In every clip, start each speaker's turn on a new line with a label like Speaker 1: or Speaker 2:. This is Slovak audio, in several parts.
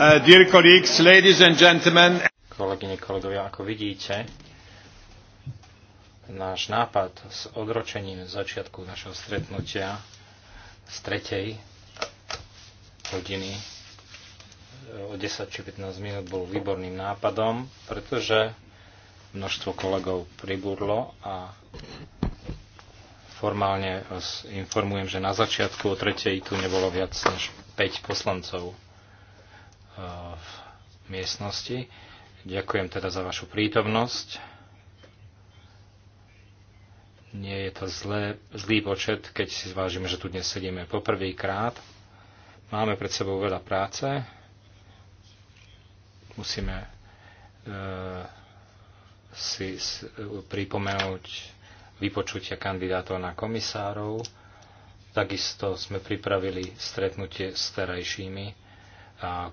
Speaker 1: Uh, dear colleagues, ladies and gentlemen.
Speaker 2: Kolegyne, kolegovia, ako vidíte, náš nápad s odročením začiatku našeho stretnutia z tretej hodiny eh, o 10 či 15 minút bol výborným nápadom, pretože množstvo kolegov pribudlo a formálne vás informujem, že na začiatku o tretej tu nebolo viac než 5 poslancov e, v miestnosti. Ďakujem teda za vašu prítomnosť. Nie je to zlé, zlý počet, keď si zvážime, že tu dnes sedíme poprvýkrát. Máme pred sebou veľa práce. Musíme e, si pripomenúť vypočutia kandidátov na komisárov. Takisto sme pripravili stretnutie s terajšími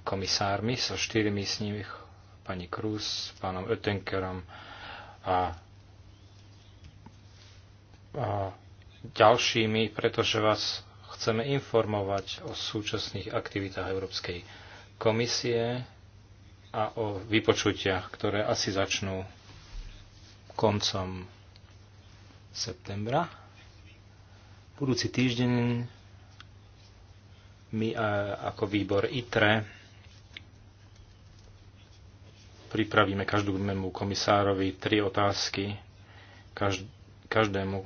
Speaker 2: komisármi, so štyrmi z nich, pani Krús, pánom Oettingerom a, a ďalšími, pretože vás chceme informovať o súčasných aktivitách Európskej komisie a o vypočutiach, ktoré asi začnú koncom septembra. Budúci týždeň my ako výbor ITRE pripravíme každému komisárovi tri otázky, každému,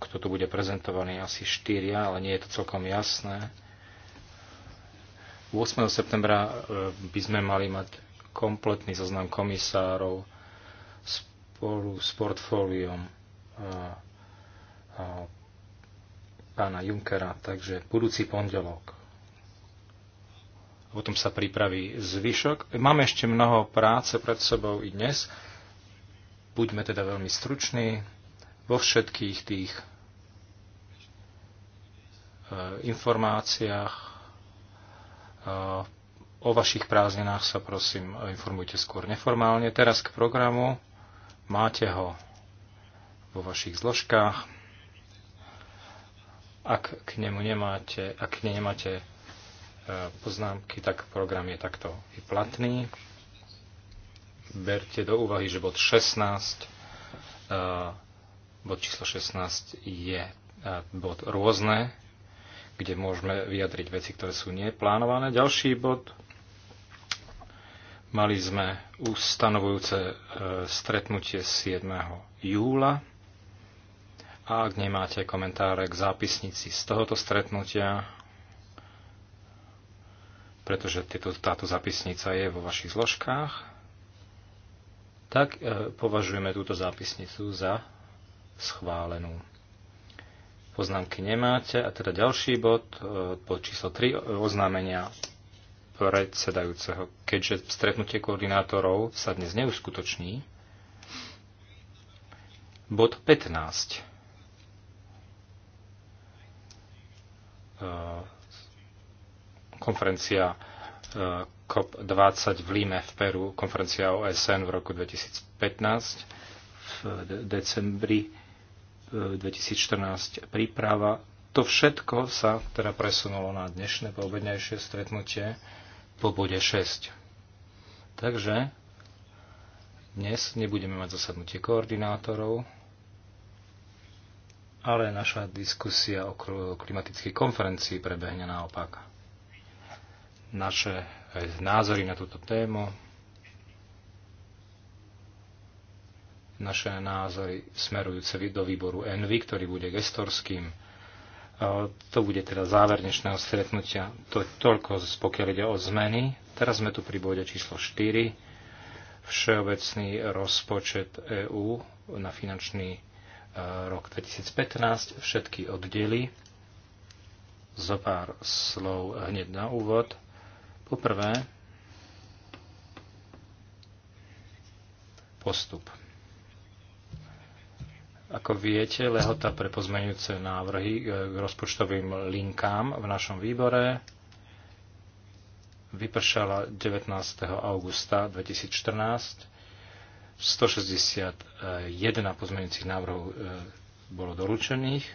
Speaker 2: kto tu bude prezentovaný, asi štyria, ale nie je to celkom jasné. 8. septembra e, by sme mali mať kompletný zoznam komisárov, spolu s portfóliom pána Junkera, takže budúci pondelok. Potom sa pripraví zvyšok. Máme ešte mnoho práce pred sebou i dnes. Buďme teda veľmi struční vo všetkých tých e, informáciách. E, o vašich prázdninách sa prosím informujte skôr neformálne. Teraz k programu. Máte ho vo vašich zložkách. Ak k nemu nemáte, ak k nemáte e, poznámky, tak program je takto i platný. Berte do úvahy, že bod 16, e, bod číslo 16 je e, bod rôzne, kde môžeme vyjadriť veci, ktoré sú neplánované. Ďalší bod Mali sme ustanovujúce e, stretnutie 7. júla. A ak nemáte komentáre k zápisnici z tohoto stretnutia, pretože tieto, táto zápisnica je vo vašich zložkách, tak e, považujeme túto zápisnicu za schválenú. Poznámky nemáte a teda ďalší bod, e, bod číslo 3, oznámenia predsedajúceho. Keďže stretnutie koordinátorov sa dnes neuskutoční, bod 15. E, konferencia e, COP20 v Lime v Peru, konferencia OSN v roku 2015 v decembri 2014 e, príprava. To všetko sa teda presunulo na dnešné poobednejšie stretnutie po bode 6. Takže dnes nebudeme mať zasadnutie koordinátorov, ale naša diskusia o klimatickej konferencii prebehne naopak. Naše e, názory na túto tému, naše názory smerujúce do výboru ENVY, ktorý bude gestorským E, to bude teda záver dnešného stretnutia. To toľko, pokiaľ ide o zmeny. Teraz sme tu pri bode číslo 4. Všeobecný rozpočet EÚ na finančný e, rok 2015. Všetky oddely. Zo pár slov hneď na úvod. Poprvé, postup. Ako viete, lehota pre pozmeňujúce návrhy e, k rozpočtovým linkám v našom výbore vypršala 19. augusta 2014. 161 pozmeňujúcich návrhov e, bolo doručených.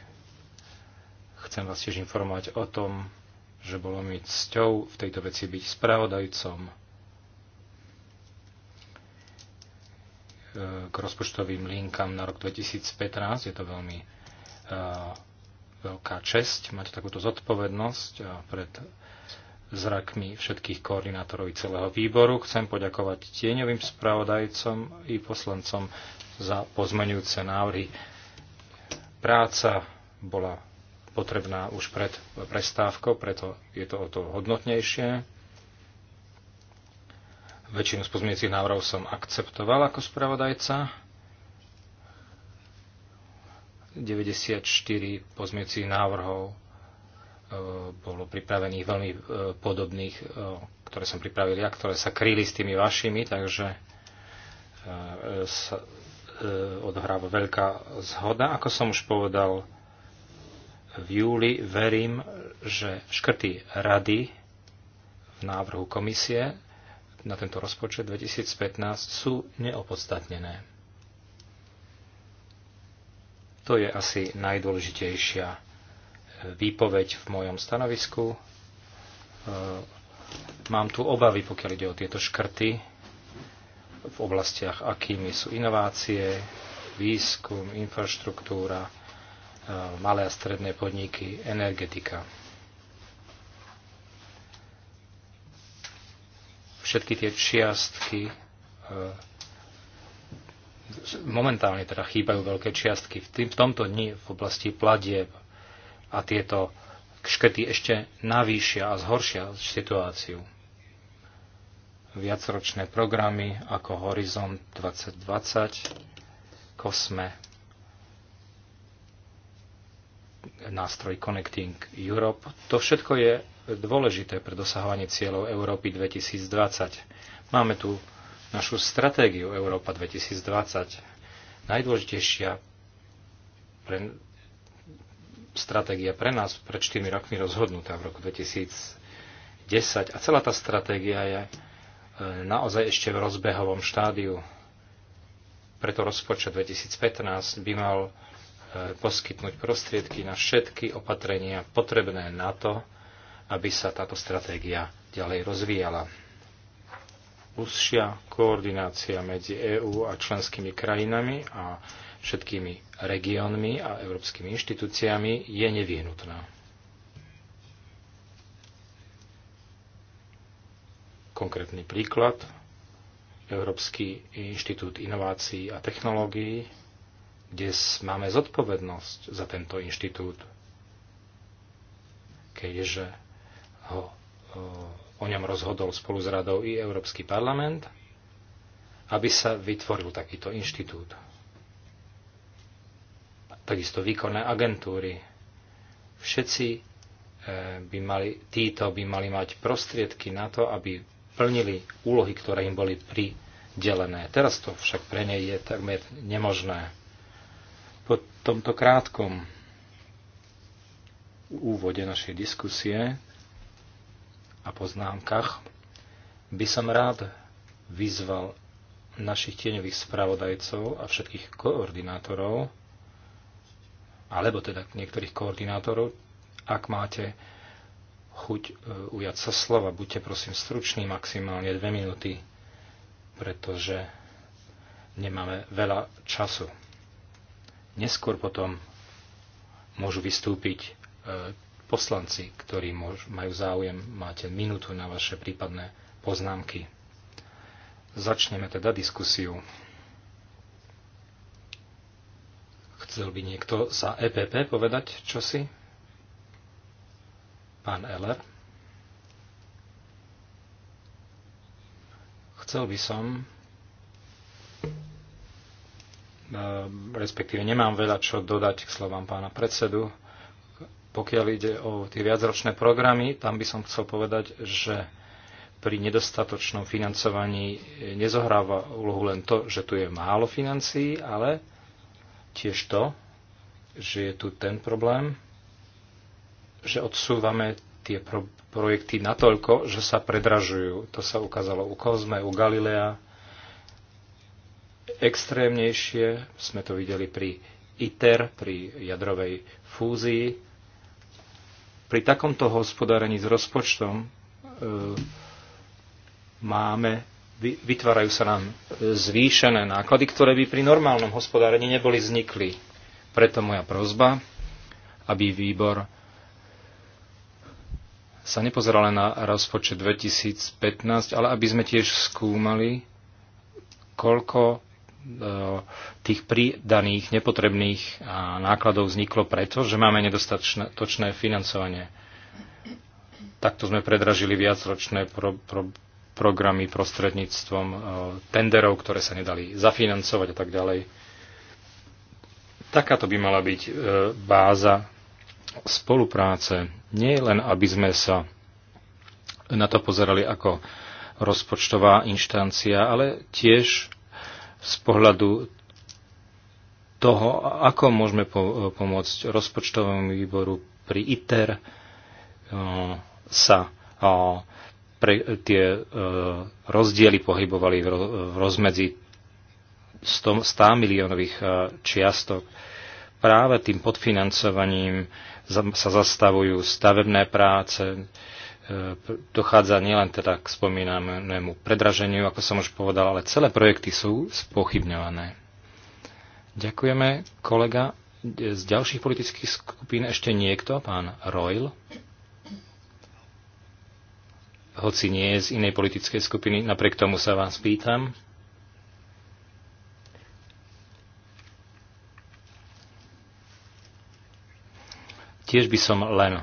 Speaker 2: Chcem vás tiež informovať o tom, že bolo mi cťou v tejto veci byť spravodajcom Eh, k rozpočtovým linkám na rok 2015. Je to veľmi eh, veľká česť mať takúto zodpovednosť eh, pred zrakmi všetkých koordinátorov i celého výboru. Chcem poďakovať tieňovým spravodajcom i poslancom za pozmenujúce návrhy. Práca bola potrebná už pred prestávkou, preto je to o to hodnotnejšie. Väčšinu z pozmiecich návrhov som akceptoval ako spravodajca. 94 pozmiecich návrhov e, bolo pripravených veľmi e, podobných, e, ktoré som pripravil ja, ktoré sa kryli s tými vašimi, takže sa odhráva veľká zhoda. Ako som už povedal v júli, verím, že škrty rady v návrhu komisie na tento rozpočet 2015 sú neopodstatnené. To je asi najdôležitejšia e, výpoveď v mojom stanovisku. E, mám tu obavy, pokiaľ ide o tieto škrty v oblastiach, akými sú inovácie, výskum, infraštruktúra, e, malé a stredné podniky, energetika. všetky tie čiastky, e, momentálne teda chýbajú veľké čiastky v, tým, v tomto dni v oblasti pladieb a tieto škety ešte navýšia a zhoršia situáciu. Viacročné programy ako Horizont 2020, Kosme, nástroj Connecting Europe, to všetko je dôležité pre dosahovanie cieľov Európy 2020. Máme tu našu stratégiu Európa 2020. Najdôležitejšia pre, stratégia pre nás pred 4 rokmi rozhodnutá v roku 2010 a celá tá stratégia je e, naozaj ešte v rozbehovom štádiu. Preto rozpočet 2015 by mal e, poskytnúť prostriedky na všetky opatrenia potrebné na to, aby sa táto stratégia ďalej rozvíjala. Úzšia koordinácia medzi EÚ a členskými krajinami a všetkými regiónmi a európskymi inštitúciami je nevyhnutná. Konkrétny príklad. Európsky inštitút inovácií a technológií, kde máme zodpovednosť za tento inštitút, keďže ho, o ňom rozhodol spolu s radou i Európsky parlament, aby sa vytvoril takýto inštitút. Takisto výkonné agentúry. Všetci e, by mali, títo by mali mať prostriedky na to, aby plnili úlohy, ktoré im boli pridelené. Teraz to však pre nej je takmer nemožné. Po tomto krátkom úvode našej diskusie a poznámkach by som rád vyzval našich tieňových spravodajcov a všetkých koordinátorov, alebo teda niektorých koordinátorov, ak máte chuť e, ujať sa slova, buďte prosím struční, maximálne dve minúty, pretože nemáme veľa času. Neskôr potom môžu vystúpiť e, Poslanci, ktorí majú záujem, máte minútu na vaše prípadné poznámky. Začneme teda diskusiu. Chcel by niekto za EPP povedať čosi? Pán Eller? Chcel by som ehm, respektíve nemám veľa čo dodať k slovám pána predsedu. Pokiaľ ide o tie viacročné programy, tam by som chcel povedať, že pri nedostatočnom financovaní nezohráva úlohu len to, že tu je málo financií, ale tiež to, že je tu ten problém, že odsúvame tie pro- projekty natoľko, že sa predražujú. To sa ukázalo u Kozme, u Galilea. Extrémnejšie sme to videli pri ITER, pri jadrovej fúzii pri takomto hospodárení s rozpočtom e, máme, vytvárajú sa nám e, zvýšené náklady, ktoré by pri normálnom hospodárení neboli vznikli. Preto moja prozba, aby výbor sa nepozeral len na rozpočet 2015, ale aby sme tiež skúmali, koľko E, tých pridaných nepotrebných nákladov vzniklo preto, že máme nedostatočné financovanie. Takto sme predražili viacročné pro, pro, programy prostredníctvom e, tenderov, ktoré sa nedali zafinancovať a tak ďalej. Takáto by mala byť e, báza spolupráce. Nie len, aby sme sa na to pozerali ako rozpočtová inštancia, ale tiež z pohľadu toho, ako môžeme pomôcť rozpočtovému výboru pri ITER e, sa e, pre, tie e, rozdiely pohybovali v rozmedzi 100 miliónových čiastok. Práve tým podfinancovaním sa zastavujú stavebné práce, E, dochádza nielen teda k spomínanému predraženiu, ako som už povedal, ale celé projekty sú spochybňované. Ďakujeme, kolega. E, z ďalších politických skupín ešte niekto, pán Royl? Hoci nie je z inej politickej skupiny, napriek tomu sa vás pýtam. Tiež by som len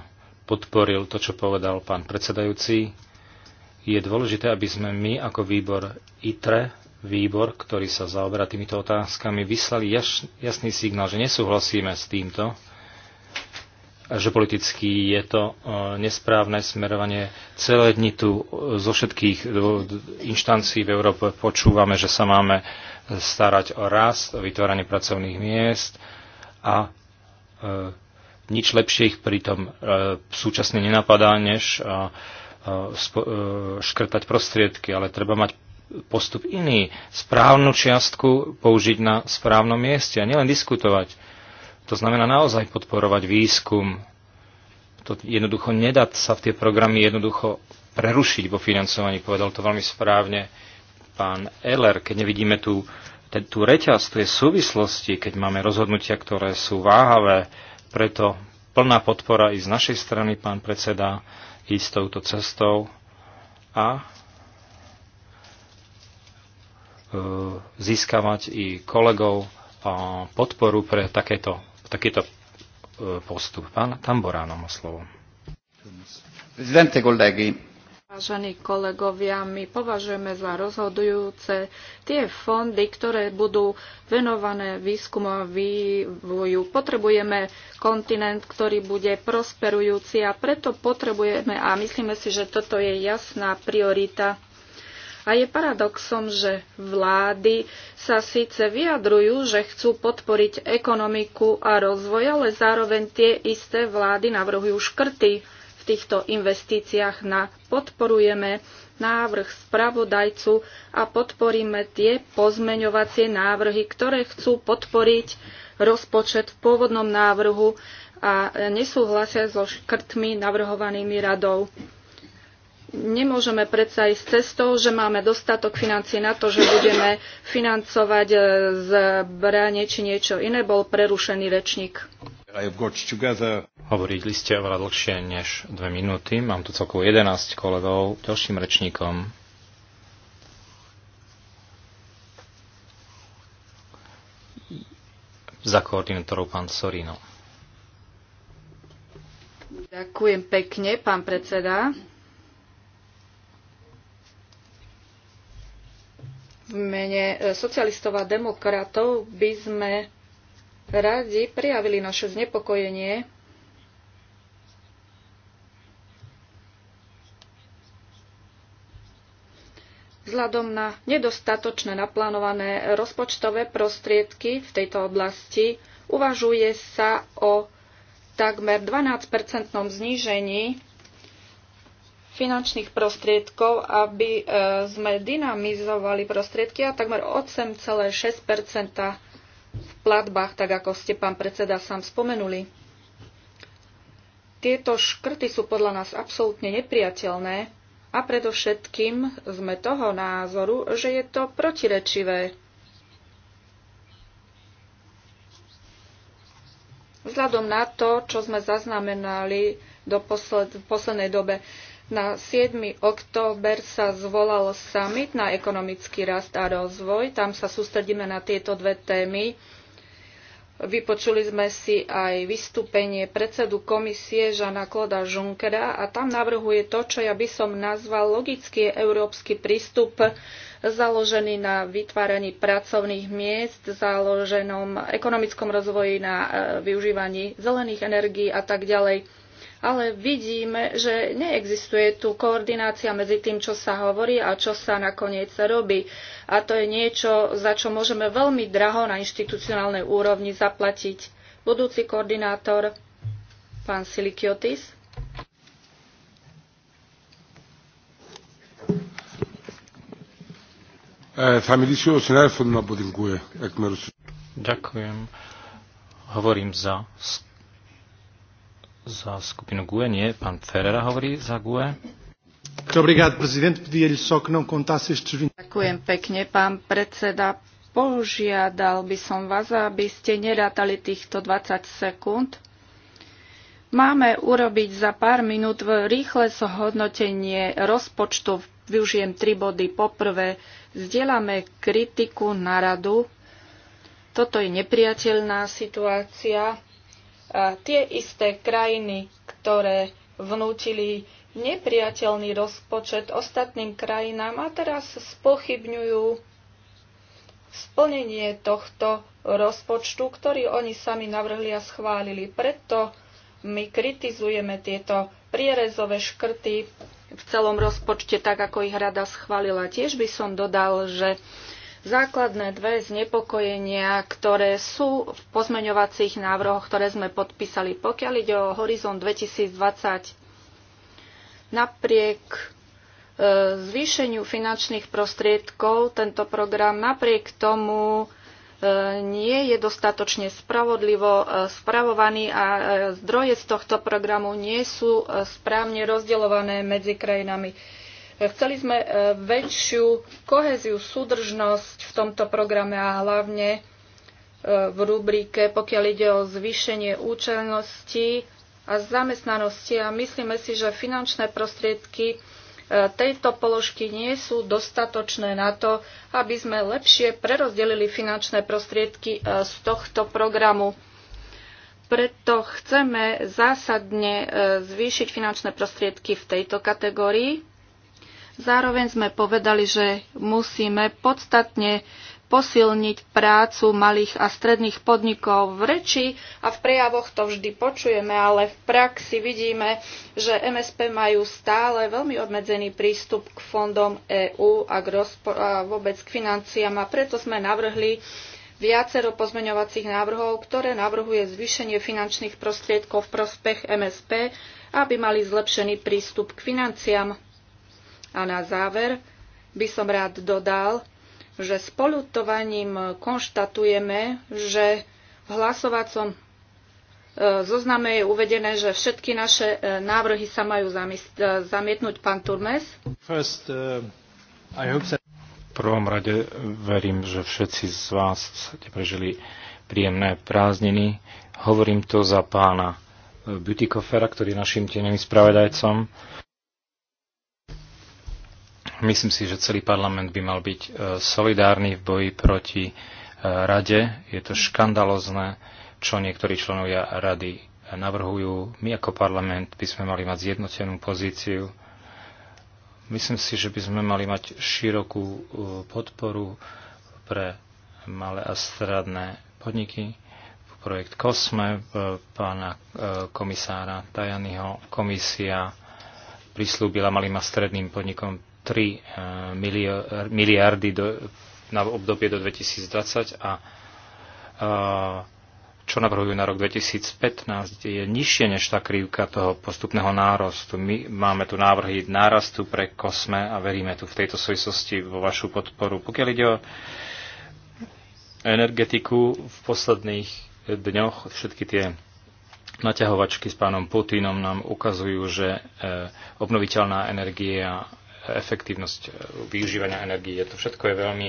Speaker 2: podporil to, čo povedal pán predsedajúci. Je dôležité, aby sme my ako výbor ITRE, výbor, ktorý sa zaoberá týmito otázkami, vyslali jasný signál, že nesúhlasíme s týmto, že politicky je to e, nesprávne smerovanie. Celé dni tu e, zo všetkých e, inštancií v Európe počúvame, že sa máme starať o rast, o vytváranie pracovných miest a nič lepšie ich pritom e, súčasne nenapadá, než e, e, škrtať prostriedky, ale treba mať postup iný. Správnu čiastku použiť na správnom mieste a nielen diskutovať. To znamená naozaj podporovať výskum. To jednoducho nedá sa v tie programy jednoducho prerušiť vo financovaní. Povedal to veľmi správne pán Eller, keď nevidíme tú, tú reťaz, tie súvislosti, keď máme rozhodnutia, ktoré sú váhavé, preto plná podpora i z našej strany, pán predseda, ísť touto cestou a e, získavať i kolegov a podporu pre takéto, takýto e, postup. Pán Tamborano má slovo. Prezidente, kolegy,
Speaker 3: Vážení kolegovia, my považujeme za rozhodujúce tie fondy, ktoré budú venované výskumu a vývoju. Potrebujeme kontinent, ktorý bude prosperujúci a preto potrebujeme a myslíme si, že toto je jasná priorita. A je paradoxom, že vlády sa síce vyjadrujú, že chcú podporiť ekonomiku a rozvoj, ale zároveň tie isté vlády navrhujú škrty týchto investíciách na podporujeme návrh spravodajcu a podporíme tie pozmeňovacie návrhy, ktoré chcú podporiť rozpočet v pôvodnom návrhu a nesúhlasia so škrtmi navrhovanými radou. Nemôžeme predsa ísť cestou, že máme dostatok financí na to, že budeme financovať zbranie či niečo iné. Bol prerušený rečník.
Speaker 2: Hovorili ste oveľa dlhšie než dve minúty. Mám tu celkovo 11 kolegov. Ďalším rečníkom za koordinátorov pán Sorino.
Speaker 3: Ďakujem pekne, pán predseda. V mene e, socialistov a demokratov by sme radi prijavili naše znepokojenie vzhľadom na nedostatočné naplánované rozpočtové prostriedky v tejto oblasti uvažuje sa o takmer 12-percentnom znížení finančných prostriedkov, aby e, sme dynamizovali prostriedky a takmer 8,6 platbách, tak ako ste, pán predseda, sám spomenuli. Tieto škrty sú podľa nás absolútne nepriateľné a predovšetkým sme toho názoru, že je to protirečivé. Vzhľadom na to, čo sme zaznamenali do posled, v poslednej dobe, na 7. október sa zvolal summit na ekonomický rast a rozvoj. Tam sa sústredíme na tieto dve témy. Vypočuli sme si aj vystúpenie predsedu komisie Žana Kloda Junckera a tam navrhuje to, čo ja by som nazval logický európsky prístup založený na vytváraní pracovných miest, založenom ekonomickom rozvoji na e, využívaní zelených energií a tak ďalej ale vidíme, že neexistuje tu koordinácia medzi tým, čo sa hovorí a čo sa nakoniec robí. A to je niečo, za čo môžeme veľmi draho na inštitucionálnej úrovni zaplatiť. Budúci koordinátor, pán Silikiotis.
Speaker 2: Ďakujem. Hovorím za za skupinu GUE nie. Pán Ferrera hovorí za GUE.
Speaker 3: Ďakujem pekne, pán predseda. Požiadal by som vás, aby ste nerátali týchto 20 sekúnd. Máme urobiť za pár minút rýchle zhodnotenie rozpočtu. Využijem tri body. Poprvé, zdieľame kritiku na radu. Toto je nepriateľná situácia tie isté krajiny, ktoré vnútili nepriateľný rozpočet ostatným krajinám a teraz spochybňujú splnenie tohto rozpočtu, ktorý oni sami navrhli a schválili. Preto my kritizujeme tieto prierezové škrty v celom rozpočte, tak ako ich rada schválila. Tiež by som dodal, že základné dve znepokojenia, ktoré sú v pozmeňovacích návrhoch, ktoré sme podpísali. Pokiaľ ide o horizont 2020, napriek e, zvýšeniu finančných prostriedkov tento program napriek tomu e, nie je dostatočne spravodlivo e, spravovaný a zdroje z tohto programu nie sú správne rozdeľované medzi krajinami. Chceli sme e, väčšiu koheziu, súdržnosť v tomto programe a hlavne e, v rubrike, pokiaľ ide o zvýšenie účelnosti a zamestnanosti. A myslíme si, že finančné prostriedky e, tejto položky nie sú dostatočné na to, aby sme lepšie prerozdelili finančné prostriedky z tohto programu. Preto chceme zásadne zvýšiť finančné prostriedky v tejto kategórii Zároveň sme povedali, že musíme podstatne posilniť prácu malých a stredných podnikov v reči a v prejavoch to vždy počujeme, ale v praxi vidíme, že MSP majú stále veľmi obmedzený prístup k fondom EÚ a, k a vôbec k financiám a preto sme navrhli viacero pozmeňovacích návrhov, ktoré navrhuje zvýšenie finančných prostriedkov v prospech MSP, aby mali zlepšený prístup k financiám. A na záver by som rád dodal, že s polutovaním konštatujeme, že v hlasovacom e, zozname je uvedené, že všetky naše e, návrhy sa majú e, zamietnúť. Pán Turmes?
Speaker 2: First, uh, V prvom rade verím, že všetci z vás ste prežili príjemné prázdniny. Hovorím to za pána Butikofera, ktorý je našim teneným spravedajcom. Myslím si, že celý parlament by mal byť e, solidárny v boji proti e, rade. Je to škandalozne, čo niektorí členovia rady navrhujú. My ako parlament by sme mali mať zjednotenú pozíciu. Myslím si, že by sme mali mať širokú e, podporu pre malé a stradné podniky. Projekt COSME pána komisára Tajanyho komisia prislúbila malým a stredným podnikom 3 eh, miliardy do, na obdobie do 2020 a eh, čo navrhujú na rok 2015, je nižšie než tá krivka toho postupného nárostu. My máme tu návrhy nárastu pre kosme a veríme tu v tejto súvislosti vo vašu podporu. Pokiaľ ide o energetiku, v posledných dňoch všetky tie naťahovačky s pánom Putinom nám ukazujú, že eh, obnoviteľná energia efektívnosť e, využívania energie. To všetko je veľmi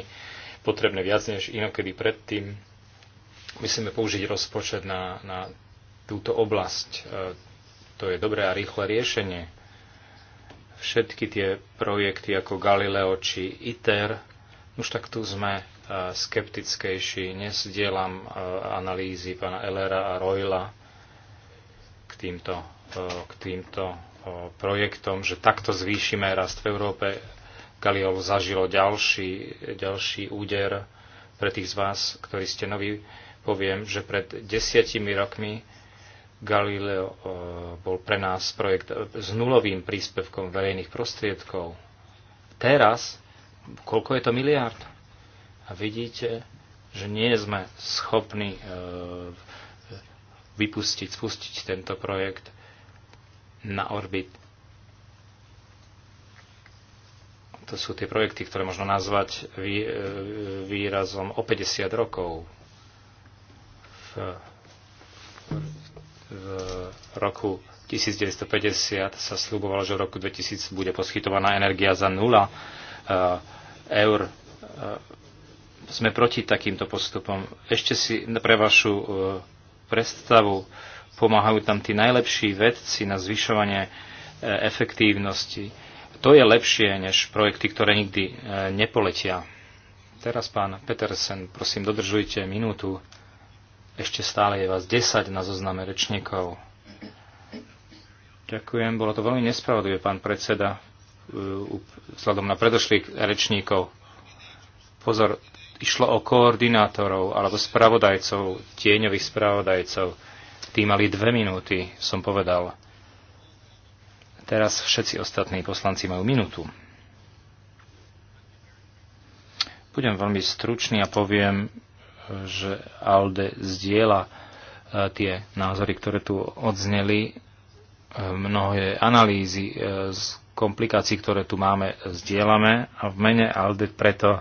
Speaker 2: potrebné viac než inokedy predtým. Musíme použiť rozpočet na, na túto oblasť. E, to je dobré a rýchle riešenie. Všetky tie projekty ako Galileo či ITER, už tak tu sme e, skeptickejší. Nesdielam analýzy pána Elera a Royla k týmto, e, k týmto e, projektom, že takto zvýšime rast v Európe. Galileo zažilo ďalší, ďalší úder. Pre tých z vás, ktorí ste noví, poviem, že pred desiatimi rokmi Galileo e, bol pre nás projekt s nulovým príspevkom verejných prostriedkov. Teraz, koľko je to miliárd? A vidíte, že nie sme schopní vypustiť, spustiť tento projekt na orbit. To sú tie projekty, ktoré možno nazvať e, výrazom o 50 rokov. V, v roku 1950 sa slubovalo, že v roku 2000 bude poskytovaná energia za 0 e, eur. E, sme proti takýmto postupom. Ešte si pre vašu predstavu. Pomáhajú tam tí najlepší vedci na zvyšovanie e, efektívnosti. To je lepšie než projekty, ktoré nikdy e, nepoletia. Teraz pán Petersen, prosím, dodržujte minútu. Ešte stále je vás 10 na zozname rečníkov. Ďakujem, bolo to veľmi nespravodlivé, pán predseda, e, vzhľadom na predošlých rečníkov. Pozor, išlo o koordinátorov alebo spravodajcov, tieňových spravodajcov. Tí mali dve minúty, som povedal. Teraz všetci ostatní poslanci majú minútu. Budem veľmi stručný a poviem, že Alde zdieľa e, tie názory, ktoré tu odzneli, e, mnohé analýzy e, z komplikácií, ktoré tu máme, zdieľame a v mene Alde preto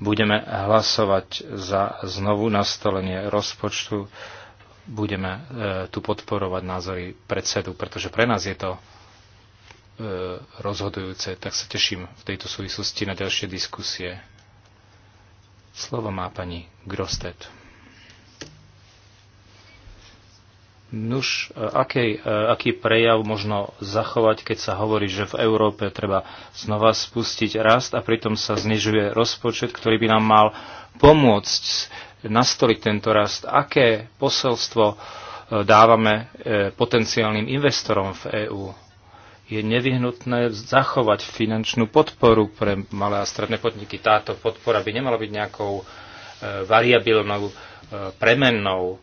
Speaker 2: budeme hlasovať za znovu nastolenie rozpočtu, budeme e, tu podporovať názory predsedu, pretože pre nás je to e, rozhodujúce. Tak sa teším v tejto súvislosti na ďalšie diskusie. Slovo má pani Grostet. Nuž, e, aký, e, aký prejav možno zachovať, keď sa hovorí, že v Európe treba znova spustiť rast a pritom sa znižuje rozpočet, ktorý by nám mal pomôcť nastoliť tento rast? Aké posolstvo e, dávame potenciálnym investorom v EÚ? Je nevyhnutné zachovať finančnú podporu pre malé a stredné podniky. Táto podpora by nemala byť nejakou variabilnou, premennou.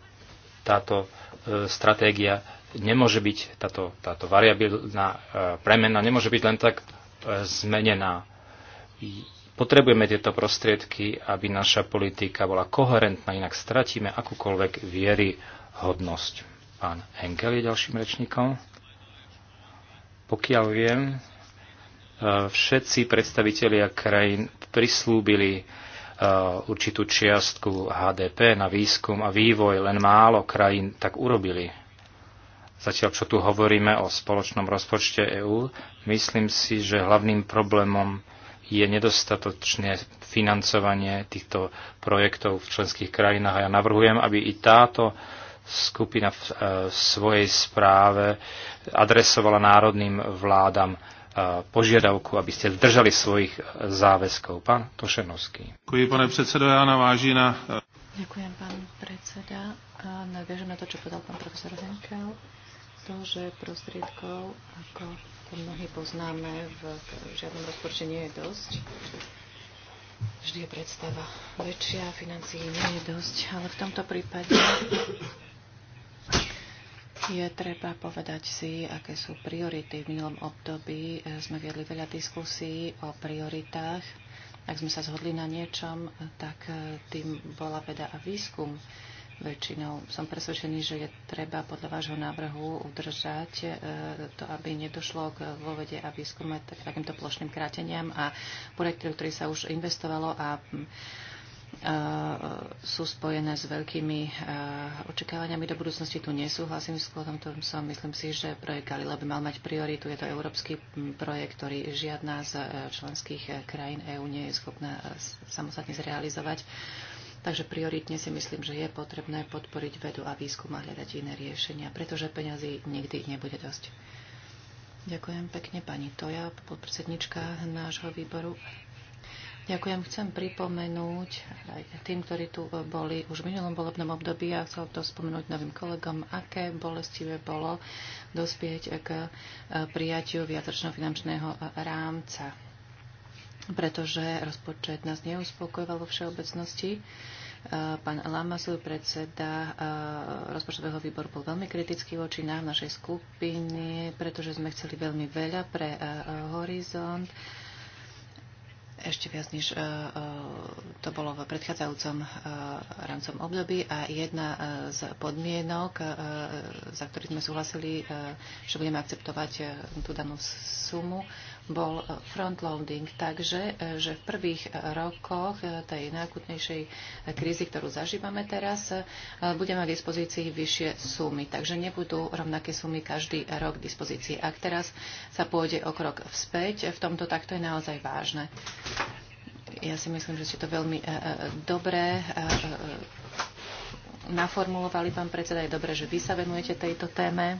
Speaker 2: Táto E, stratégia nemôže byť, táto, táto variabilná e, premena nemôže byť len tak e, zmenená. Potrebujeme tieto prostriedky, aby naša politika bola koherentná, inak stratíme akúkoľvek viery hodnosť. Pán Henkel je ďalším rečníkom. Pokiaľ viem, všetci predstavitelia krajín prislúbili Eh, určitú čiastku HDP na výskum a vývoj, len málo krajín tak urobili. Zatiaľ, čo tu hovoríme o spoločnom rozpočte EÚ, myslím si, že hlavným problémom je nedostatočné financovanie týchto projektov v členských krajinách a ja navrhujem, aby i táto skupina v eh, svojej správe adresovala národným vládam požiadavku, aby ste držali svojich záväzkov. Pán Tošenovský. Ďakujem, pane predsedo, ja naváži na...
Speaker 1: Ďakujem, pán predseda. Nadviažem na to, čo povedal pán profesor Zenčel. To, že prostriedkov, ako to mnohí poznáme, v žiadnom rozpočte nie je dosť. Vždy je predstava väčšia, financií nie je dosť, ale v tomto prípade je treba povedať si, aké sú priority. V minulom období eh, sme viedli veľa diskusí o prioritách. Ak sme sa zhodli na niečom, tak eh, tým bola veda a výskum väčšinou. Som presvedčený, že je treba podľa vášho návrhu udržať eh, to, aby nedošlo k vo vede a výskume takýmto plošným kráteniam a projekty, ktorý sa už investovalo a hm, Eh, sú spojené s veľkými eh, očakávaniami do budúcnosti. Tu nesúhlasím s Klodom Tomsom. Myslím si, že projekt Galileo by mal mať prioritu. Je to európsky mm, projekt, ktorý žiadna z eh, členských krajín EÚ nie je schopná samostatne zrealizovať. Takže prioritne si myslím, že je potrebné podporiť vedu a výskum a hľadať iné riešenia, pretože peňazí nikdy nebude dosť. Ďakujem pekne pani Toja, podpredsednička nášho výboru. Ďakujem. Chcem pripomenúť aj tým, ktorí tu boli už v minulom volebnom období a chcel to spomenúť novým kolegom, aké bolestivé bolo dospieť k e, prijatiu viacročno-finančného rámca pretože rozpočet nás neuspokojoval vo všeobecnosti. E, pán Lamasu, predseda e, rozpočtového výboru, bol veľmi kritický voči nám, našej skupine, pretože sme chceli veľmi veľa pre Horizont ešte viac, než e, e, to bolo v predchádzajúcom e, rámcom období. A jedna z podmienok, za ktorých sme súhlasili, že budeme akceptovať tú danú sumu, bol eh, frontloading, takže eh, že v prvých eh, rokoch tej najakutnejšej krízy, ktorú zažívame teraz, budeme k dispozícii vyššie sumy, takže nebudú rovnaké sumy každý rok k dispozícii. Ak teraz sa pôjde o krok vzpäť, v tomto takto je naozaj vážne. Ja si myslím, že ste to veľmi dobré naformulovali, pán predseda. Je dobré, že vy sa venujete tejto téme.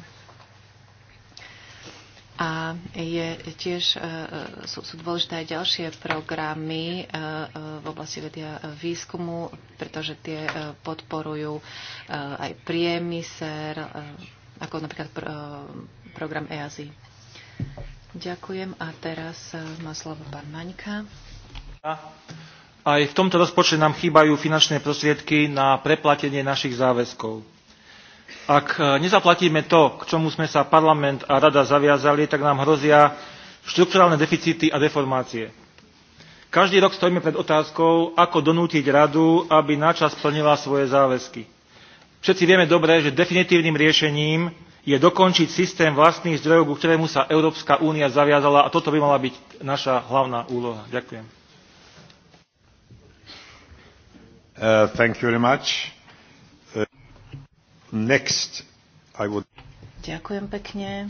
Speaker 1: A je tiež, e, e, sú, sú dôležité aj ďalšie programy e, v oblasti vedia výskumu, pretože tie podporujú aj priemysel, ako napríklad program EASI. Ďakujem a teraz má slovo pán Maňka.
Speaker 2: Aj v tomto rozpočte nám chýbajú finančné prostriedky na preplatenie našich záväzkov ak e, nezaplatíme to, k čomu sme sa parlament a rada zaviazali, tak nám hrozia štrukturálne deficity a deformácie. Každý rok stojíme pred otázkou, ako donútiť radu, aby načas plnila svoje záväzky. Všetci vieme dobre, že definitívnym riešením je dokončiť systém vlastných zdrojov, ku ktorému sa Európska únia zaviazala a toto by mala byť naša hlavná úloha. Ďakujem.
Speaker 1: Uh, thank you very much. Next, I would... Ďakujem pekne.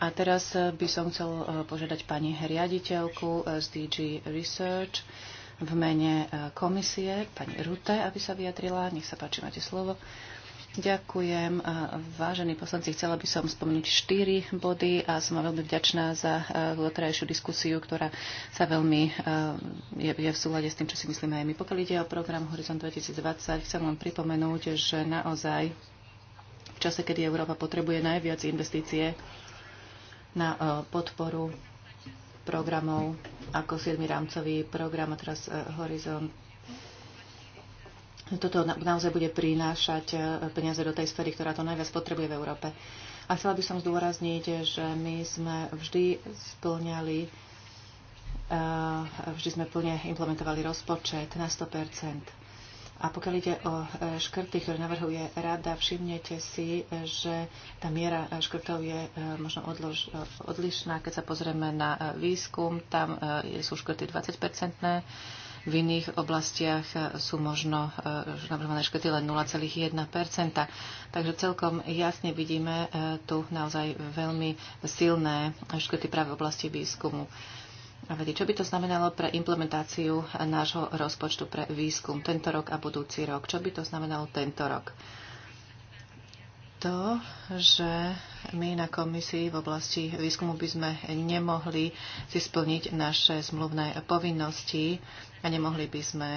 Speaker 1: A teraz eh, by som chcel eh, požiadať pani riaditeľku eh, z DG Research v mene komisie, pani Rute, aby sa vyjadrila. Nech sa páči, máte slovo. Uh, Ďakujem. Vážení poslanci, chcela by som spomenúť štyri body a som veľmi vďačná za doterajšiu e, diskusiu, ktorá sa veľmi e, je, je v súlade s tým, čo si myslíme aj my. Pokiaľ ide o program Horizon 2020, chcem len pripomenúť, že naozaj v čase, kedy Európa potrebuje najviac investície na e, podporu programov ako 7. rámcový program a teraz Horizont toto naozaj bude prinášať e, peniaze do tej sféry, ktorá to najviac potrebuje v Európe. A chcela by som zdôrazniť, že my sme vždy splňali, e, vždy sme plne implementovali rozpočet na 100%. A pokiaľ ide o e, škrty, ktoré navrhuje rada, všimnete si, že tá miera škrtov je možno odlož, odlišná. Keď sa pozrieme na výskum, tam sú škrty 20-percentné v iných oblastiach eh, sú možno eh, navrhované škety len 0,1 Takže celkom jasne vidíme eh, tu naozaj veľmi silné škety práve v oblasti výskumu. Vedi, čo by to znamenalo pre implementáciu nášho rozpočtu pre výskum tento rok a budúci rok? Čo by to znamenalo tento rok? to, že my na komisii v oblasti výskumu by sme nemohli si splniť naše zmluvné povinnosti a nemohli by sme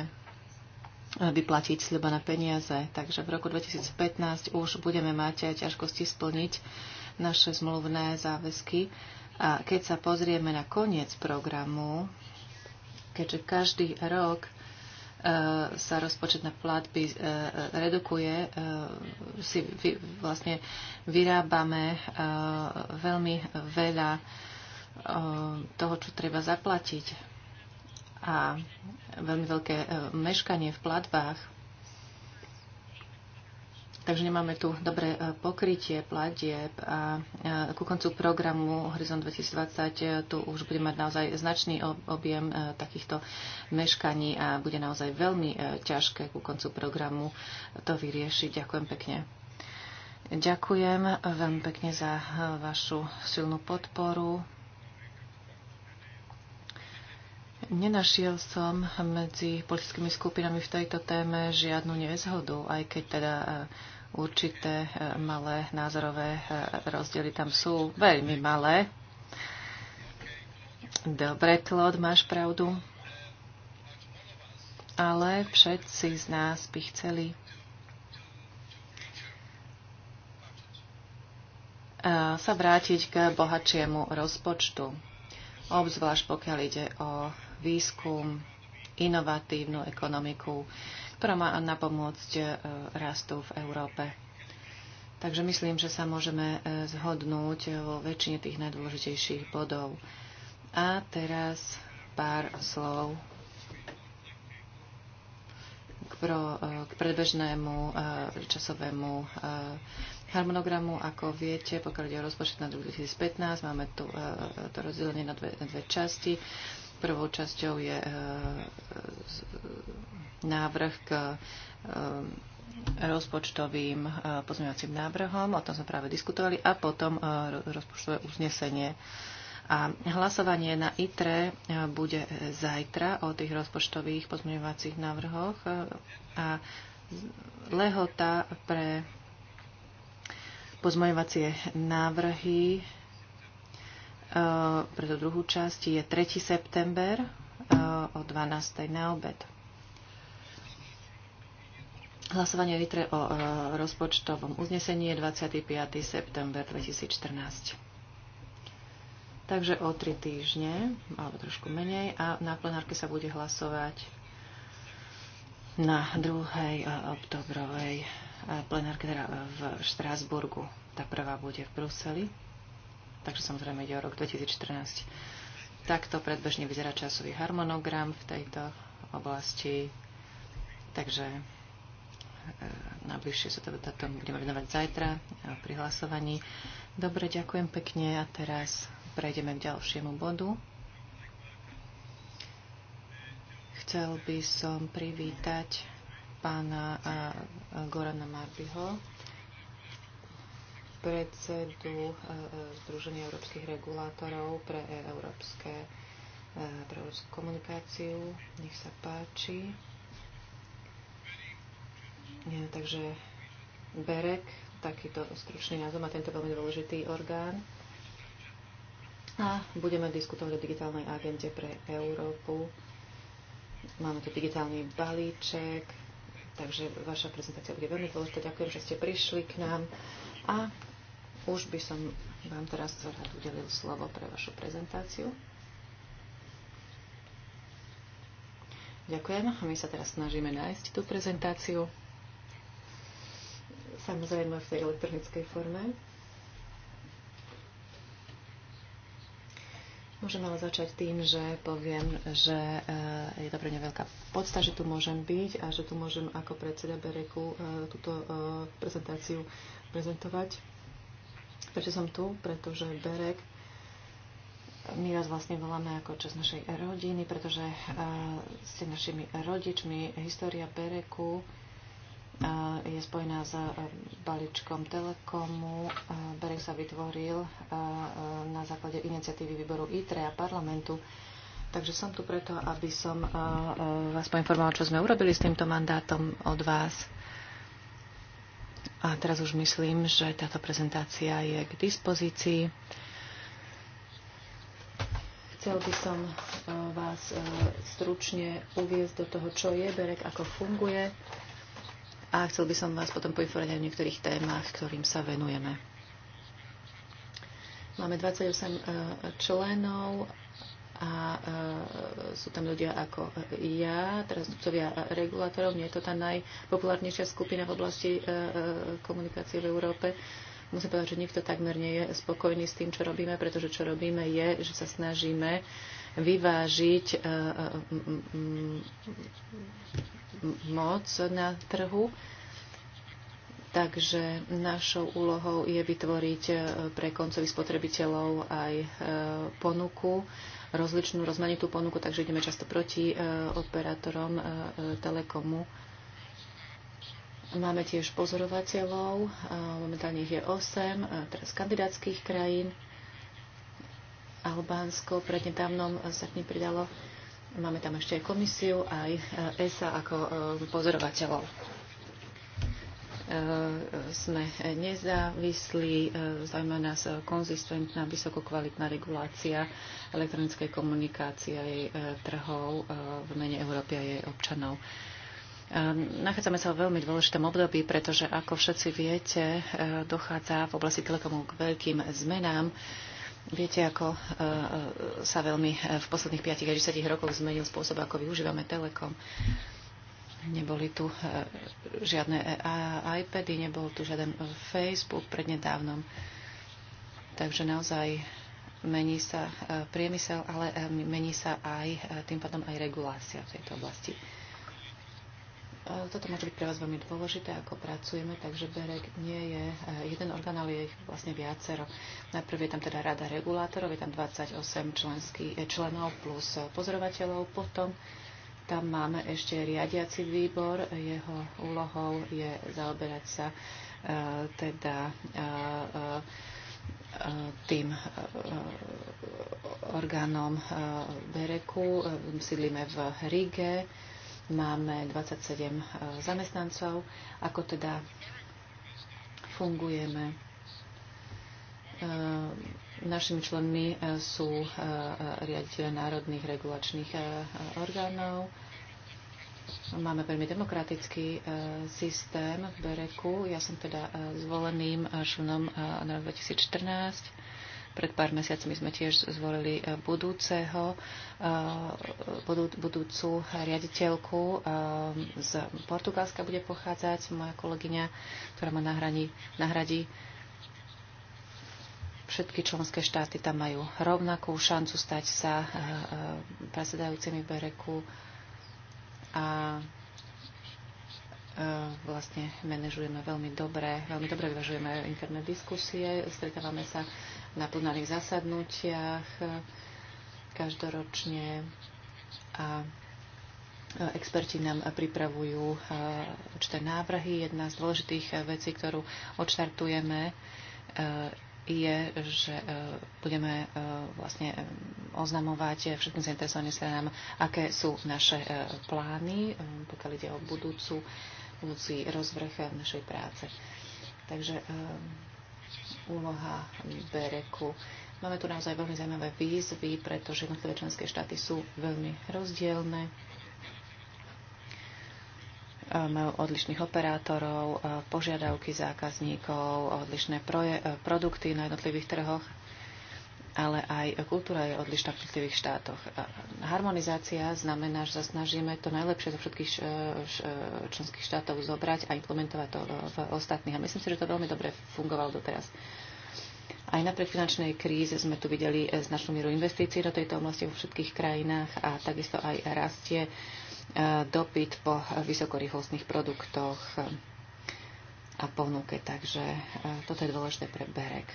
Speaker 1: vyplatiť sľuba na peniaze. Takže v roku 2015 už budeme mať ťažkosti splniť naše zmluvné záväzky. A keď sa pozrieme na koniec programu, keďže každý rok E, sa rozpočet na platby e, e, redukuje, si vlastne vyrábame veľmi veľa toho, čo treba zaplatiť a veľmi veľké meškanie v platbách takže nemáme tu dobré e, pokrytie platieb a e, ku koncu programu Horizon 2020 e, tu už bude mať naozaj značný objem takýchto meškaní a bude naozaj veľmi ťažké ku koncu programu to vyriešiť. Ďakujem pekne. Ďakujem veľmi pekne za vašu silnú podporu. Nenašiel som medzi politickými skupinami v tejto téme žiadnu nezhodu, aj keď teda určité eh, malé názorové eh, rozdiely tam sú veľmi malé. Dobre, Klod, máš pravdu. Ale všetci z nás by chceli eh, sa vrátiť k bohatšiemu rozpočtu, obzvlášť pokiaľ ide o výskum, inovatívnu ekonomiku, ktorá má napomôcť e, rastu v Európe. Takže myslím, že sa môžeme e, zhodnúť e, vo väčšine tých najdôležitejších bodov. A teraz pár slov k, pro, k predbežnému časovému harmonogramu. Ako viete, pokiaľ ide o rozpočet na 2015, máme tu to rozdelenie na dve, na dve časti. Prvou časťou je návrh k eh, rozpočtovým eh, pozmeňovacím návrhom, o tom sme práve diskutovali, a potom eh, rozpočtové uznesenie. A hlasovanie na ITRE bude zajtra o tých rozpočtových pozmeňovacích návrhoch a lehota pre pozmeňovacie návrhy pre tú druhú časť je 3. september o 12. na obed. Hlasovanie o ITRE o e, rozpočtovom uznesení je 25. september 2014. Takže o tri týždne, alebo trošku menej, a na plenárke sa bude hlasovať na 2. E, oktobrovej e, plenárke teda v Štrásburgu. Tá prvá bude v Bruseli. Takže samozrejme ide o rok 2014. Takto predbežne vyzerá časový harmonogram v tejto oblasti. Takže najbližšie sa teda tomu budeme venovať zajtra eh, pri hlasovaní. Dobre, ďakujem pekne a teraz prejdeme k ďalšiemu bodu. Chcel by som privítať pána eh, Gorana Marbyho, predsedu eh, Združenia európskych regulátorov pre európske pre komunikáciu. Nech sa páči. Nie, takže BEREK, takýto stručný názov má tento veľmi dôležitý orgán. A budeme diskutovať o digitálnej agente pre Európu. Máme tu digitálny balíček, takže vaša prezentácia bude veľmi dôležitá. Ďakujem, že ste prišli k nám. A už by som vám teraz rád udelil slovo pre vašu prezentáciu. Ďakujem. My sa teraz snažíme nájsť tú prezentáciu samozrejme v tej elektronickej forme. Môžem ale začať tým, že poviem, že eh, je to pre mňa veľká podsta, že tu môžem byť a že tu môžem ako predseda Bereku eh, túto eh, prezentáciu prezentovať. Prečo som tu? Pretože Berek my vás vlastne voláme ako čas našej rodiny, pretože ste našimi rodičmi. História Bereku je spojená s e, balíčkom Telekomu. Berek sa vytvoril e, e, na základe iniciatívy výboru ITRE a parlamentu. Takže som tu preto, aby som vás poinformoval, čo sme urobili s týmto mandátom od vás. A teraz už myslím, že táto prezentácia je k dispozícii. Chcel by som vás stručne uviezť do toho, čo je Berek, ako funguje a chcel by som vás potom poinformovať aj o niektorých témach, ktorým sa venujeme. Máme 28 e, členov a e, sú tam ľudia ako ja, teraz zúbcovia regulátorov, nie je to tá najpopulárnejšia skupina v oblasti e, komunikácie v Európe. Musím povedať, že nikto takmer nie je spokojný s tým, čo robíme, pretože čo robíme je, že sa snažíme vyvážiť moc na trhu. Takže našou úlohou je vytvoriť e, pre koncových spotrebiteľov aj e, ponuku, rozličnú, rozmanitú ponuku, takže ideme často proti e, operátorom telekomu. Máme tiež pozorovateľov, momentálne ich je 8, teraz kandidátskych krajín. Albánsko prednedávnom sa k nim pridalo Máme tam ešte aj komisiu, aj e, ESA ako e, pozorovateľov. E, sme nezávislí, zaujíma nás konzistentná, vysokokvalitná regulácia elektronickej komunikácie aj trhov v mene Európy a jej občanov. Nachádzame sa v veľmi dôležitom období, pretože ako všetci viete, dochádza v oblasti telekomu k veľkým zmenám Viete, ako e, e, sa veľmi e, v posledných 5 až 10 rokoch zmenil spôsob, ako využívame Telekom. Neboli tu žiadne iPady, nebol tu žiaden Facebook prednedávnom. Takže naozaj mení sa priemysel, ale mení sa aj tým pádom aj regulácia v tejto oblasti. E, toto môže byť pre vás veľmi dôležité, ako pracujeme, takže BEREK nie je e, jeden orgán, ale je ich vlastne viacero. Najprv je tam teda rada regulátorov, je tam 28 členský, e, členov plus pozorovateľov, potom tam máme ešte riadiaci výbor, jeho úlohou je zaoberať sa teda tým orgánom Bereku. Sídlíme v Rige Máme 27 e, zamestnancov. Ako teda fungujeme? E, našimi členmi e, sú riaditeľe národných regulačných orgánov. Máme veľmi demokratický systém v Bereku. Ja som teda zvoleným členom na 2014 pred pár mesiacmi sme tiež zvolili e, budúceho, e, budú, budúcu riaditeľku e, z Portugalska bude pochádzať moja kolegyňa, ktorá ma nahradí, nahradí. Všetky členské štáty tam majú rovnakú šancu stať sa predsedajúcimi bereku a vlastne manažujeme veľmi dobre, veľmi dobre vyvažujeme interné diskusie, stretávame sa na plnárnych zasadnutiach e, každoročne a e, Experti nám pripravujú e, určité návrhy. Jedna z dôležitých vecí, ktorú odštartujeme, je, že budeme vlastne oznamovať všetkým zainteresovaným stranám, aké sú naše plány, pokiaľ ide o budúcu, budúci rozvrh našej práce. Takže úloha Bereku. Máme tu naozaj veľmi zaujímavé výzvy, pretože jednotlivé členské štáty sú veľmi rozdielne. E, majú odlišných operátorov, e, požiadavky zákazníkov, odlišné e, produkty na jednotlivých trhoch ale aj kultúra je odlišná v jednotlivých štátoch. Harmonizácia znamená, že sa snažíme to najlepšie zo všetkých členských štátov zobrať a implementovať to v ostatných. A myslím si, že to veľmi dobre fungovalo doteraz. Aj napriek finančnej kríze sme tu videli e, značnú mieru investícií do tejto oblasti vo všetkých krajinách a takisto aj rastie e, dopyt po vysokorýchlostných produktoch ponuke. Takže e, toto je dôležité pre Berek.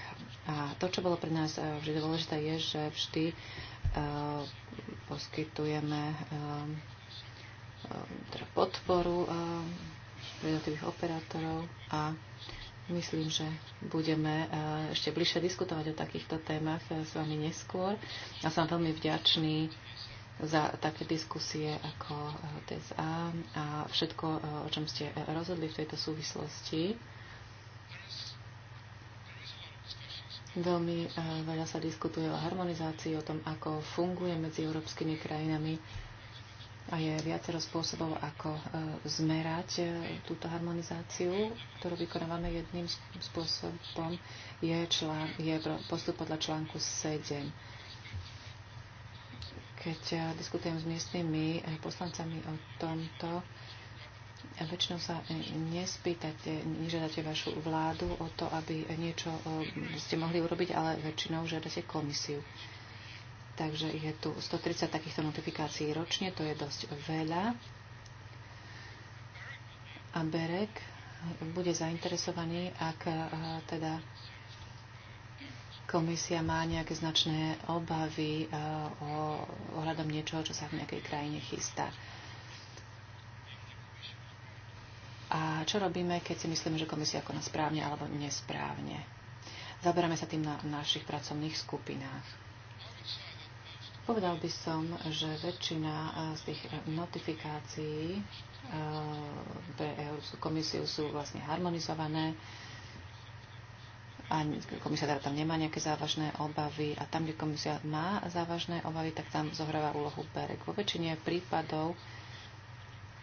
Speaker 1: A to, čo bolo pre nás e, vždy dôležité, je, že vždy e, poskytujeme teda podporu jednotlivých operátorov a myslím, že budeme ešte bližšie diskutovať o takýchto témach s vami neskôr. A som veľmi vďačný za také diskusie ako eh, TSA a všetko, eh, o čom ste eh, rozhodli v tejto súvislosti. Veľmi veľa sa diskutuje o harmonizácii, o tom, ako funguje medzi európskymi krajinami a je viacero spôsobov, ako zmerať túto harmonizáciu, ktorú vykonávame jedným spôsobom, je, člán, je postup podľa článku 7 keď e, diskutujem s miestnymi e, poslancami o tomto, väčšinou sa e, nespýtate, nežiadate vašu vládu o to, aby niečo ste mohli urobiť, ale väčšinou žiadate komisiu. Takže je tu 130 takýchto notifikácií ročne, to je dosť veľa. A Berek bude zainteresovaný, ak teda komisia má nejaké značné obavy eh, o, ohľadom niečoho, čo sa v nejakej krajine chystá. A čo robíme, keď si myslíme, že komisia koná správne alebo nesprávne? Zaberáme sa tým na našich pracovných skupinách. Povedal by som, že väčšina eh, z tých notifikácií eh, pre Európsku komisiu sú vlastne harmonizované a komisia teda tam nemá nejaké závažné obavy a tam, kde komisia má závažné obavy, tak tam zohráva úlohu BEREK. Vo väčšine prípadov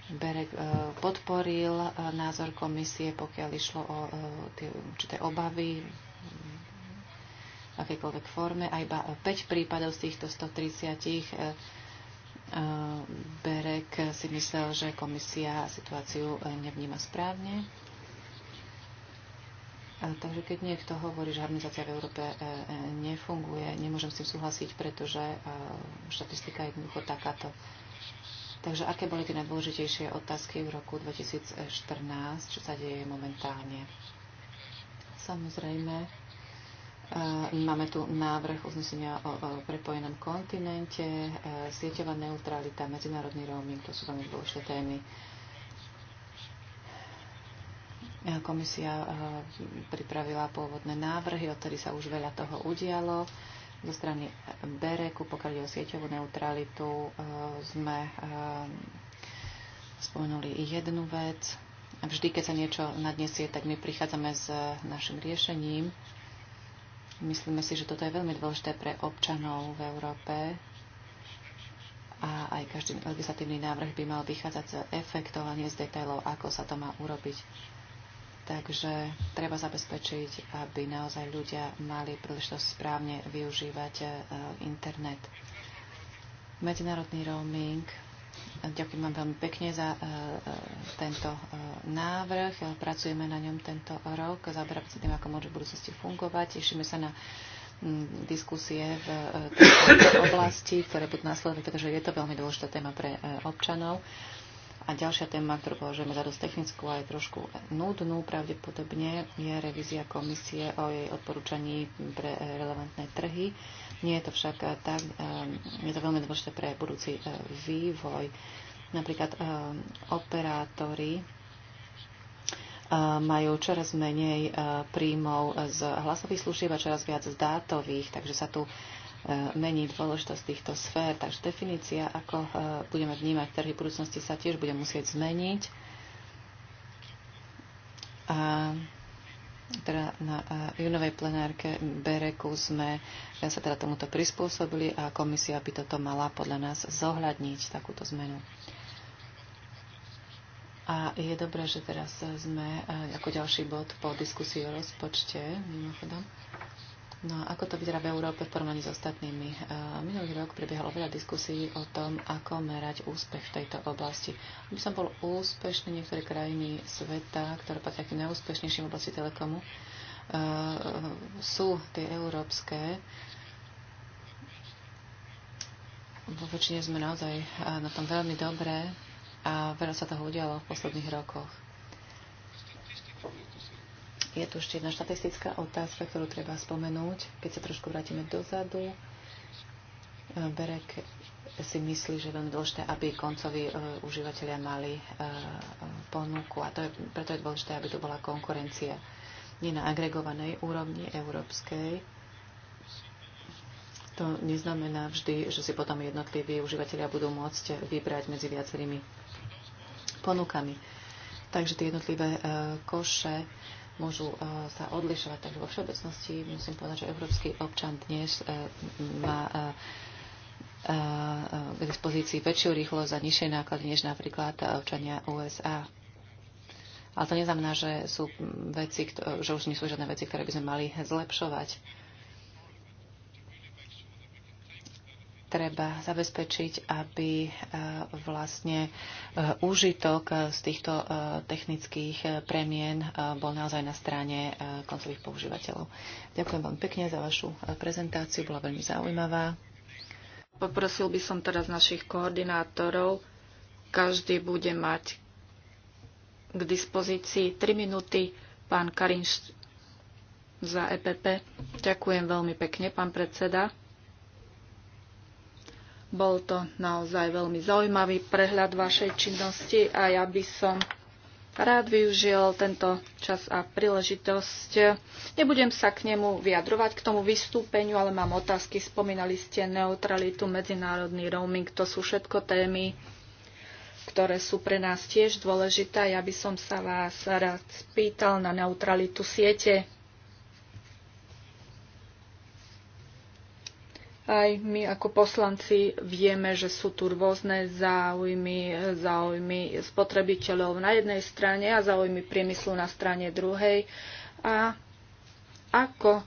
Speaker 1: Berek e, podporil e, názor komisie, pokiaľ išlo o e, tie určité obavy v akejkoľvek forme. A iba 5 prípadov z týchto 130 Berek si myslel, že komisia situáciu nevníma správne. Takže keď niekto hovorí, že harmonizácia v Európe e, e, nefunguje, nemôžem s tým súhlasiť, pretože e, štatistika je jednoducho takáto. Takže aké boli tie najdôležitejšie otázky v roku 2014, čo sa deje momentálne? Samozrejme, máme tu návrh uznesenia o prepojenom kontinente, sieťová neutralita, medzinárodný roaming, to sú veľmi dôležité témy. E, komisia e, pripravila pôvodné návrhy, odtedy sa už veľa toho udialo. Zo strany Bereku, pokiaľ o sieťovú neutralitu, e, sme spomenuli jednu vec. Vždy, keď sa niečo nadnesie, tak my prichádzame s našim riešením. Myslíme si, že toto je veľmi dôležité pre občanov v Európe, a aj každý legislatívny návrh by mal vychádzať z efektov a nie z detailov, ako sa to má urobiť. Takže treba zabezpečiť, aby naozaj ľudia mali príležitosť správne využívať e, internet. Medzinárodný roaming. Ďakujem vám veľmi pekne za e, e, tento návrh. Pracujeme na ňom tento rok. Zaberáme sa tým, ako môže v budúcnosti fungovať. Tešíme sa na diskusie v tejto oblasti, ktoré budú následovať, pretože je to veľmi dôležitá téma pre občanov. A ďalšia téma, ktorú považujeme za dosť technickú a aj trošku nudnú, pravdepodobne je revízia komisie o jej odporúčaní pre relevantné trhy. Nie je to však tak, ehm, je to veľmi dôležité pre budúci e, vývoj. Napríklad ehm, operátori e, majú čoraz menej e, príjmov z hlasových služieb a čoraz viac z dátových, takže sa tu E, mení dôležitosť týchto sfér, takže definícia, ako e, budeme vnímať trhy budúcnosti, sa tiež bude musieť zmeniť. A teda na e, junovej plenárke Bereku sme ja sa teda tomuto prispôsobili a komisia by toto mala podľa nás zohľadniť, takúto zmenu. A je dobré, že teraz sme ako ďalší bod po diskusii o rozpočte, mimochodom. No a ako to vyzerá v Európe v porovnaní s ostatnými? E, minulý rok prebiehalo veľa diskusí o tom, ako merať úspech v tejto oblasti. Aby som bol úspešný, niektoré krajiny sveta, ktoré patria k najúspešnejším oblasti telekomu, e, sú tie európske. Vo väčšine sme naozaj e, na tom veľmi dobré a veľa sa toho udialo v posledných rokoch. Je tu ešte jedna štatistická otázka, ktorú treba spomenúť. Keď sa trošku vrátime dozadu, e, Berek si myslí, že je veľmi dôležité, aby koncoví e, užívateľia mali e, ponuku a to je, preto je dôležité, aby to bola konkurencia nie na agregovanej úrovni európskej. To neznamená vždy, že si potom jednotliví užívateľia budú môcť vybrať medzi viacerými ponukami. Takže tie jednotlivé koše môžu e, sa odlišovať. Takže vo všeobecnosti musím povedať, že európsky občan dnes e, má e, k dispozícii väčšiu rýchlosť a nižšie náklady než napríklad občania USA. Ale to neznamená, že sú veci, že už nie sú žiadne veci, ktoré by sme mali zlepšovať. treba zabezpečiť, aby e, vlastne e, úžitok e, z týchto technických premien bol naozaj na strane koncových používateľov. Ďakujem vám pekne za vašu prezentáciu, bola veľmi zaujímavá.
Speaker 3: Poprosil by som teraz našich koordinátorov. Každý bude mať k dispozícii 3 minúty. Pán Karinš za EPP. Ďakujem veľmi pekne, pán predseda. Bol to naozaj veľmi zaujímavý prehľad vašej činnosti a ja by som rád využil tento čas a príležitosť. Nebudem sa k nemu vyjadrovať, k tomu vystúpeniu, ale mám otázky. Spomínali ste neutralitu, medzinárodný roaming, to sú všetko témy, ktoré sú pre nás tiež dôležité. Ja by som sa vás rád spýtal na neutralitu siete. Aj my ako poslanci vieme, že sú tu rôzne záujmy, záujmy spotrebiteľov na jednej strane a záujmy priemyslu na strane druhej. A ako e,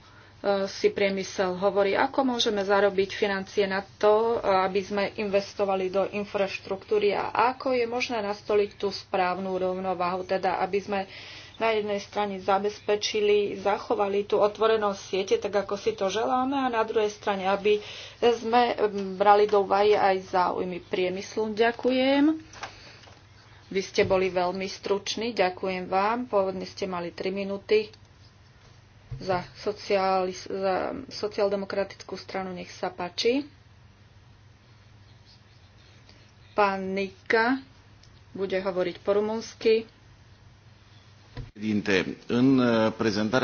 Speaker 3: si priemysel hovorí, ako môžeme zarobiť financie na to, aby sme investovali do infraštruktúry a ako je možné nastoliť tú správnu rovnováhu, teda aby sme na jednej strane zabezpečili, zachovali tú otvorenosť siete, tak ako si to želáme, a na druhej strane, aby sme brali do úvahy aj záujmy priemyslu. Ďakujem. Vy ste boli veľmi struční, ďakujem vám. Pôvodne ste mali 3 minúty. Za, sociál, za sociáldemokratickú stranu nech sa páči. Pán Nika bude hovoriť po rumunsky.
Speaker 1: Uh, uh,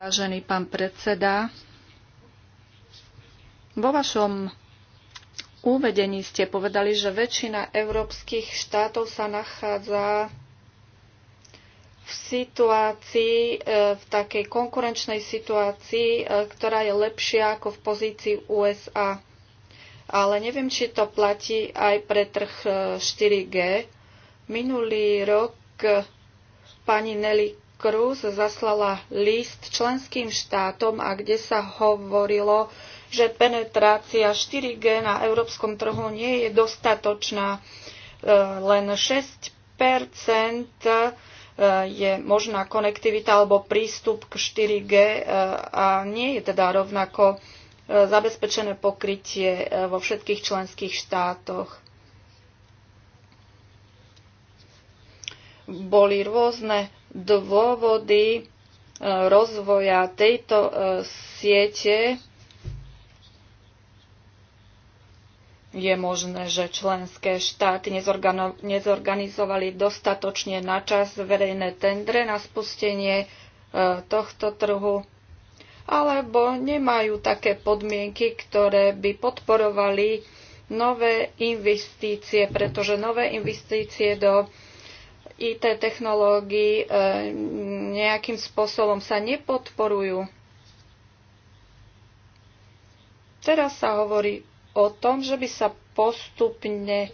Speaker 3: Vážený pán predseda, vo vašom uvedení ste povedali, že väčšina európskych štátov sa nachádza v situácii, uh, v takej konkurenčnej situácii, ktorá je lepšia ako v pozícii USA. Ale neviem, či to platí aj pre trh 4G. Minulý rok pani Nelly Cruz zaslala list členským štátom a kde sa hovorilo, že penetrácia 4G na európskom trhu nie je dostatočná. E, len 6 e, je možná konektivita alebo prístup k 4G e, a nie je teda rovnako zabezpečené pokrytie vo všetkých členských štátoch. boli rôzne dôvody e, rozvoja tejto e, siete. Je možné, že členské štáty nezorganizovali dostatočne na čas verejné tendre na spustenie e, tohto trhu, alebo nemajú také podmienky, ktoré by podporovali nové investície, pretože nové investície do IT technológií e, nejakým spôsobom sa nepodporujú. Teraz sa hovorí o tom, že by sa postupne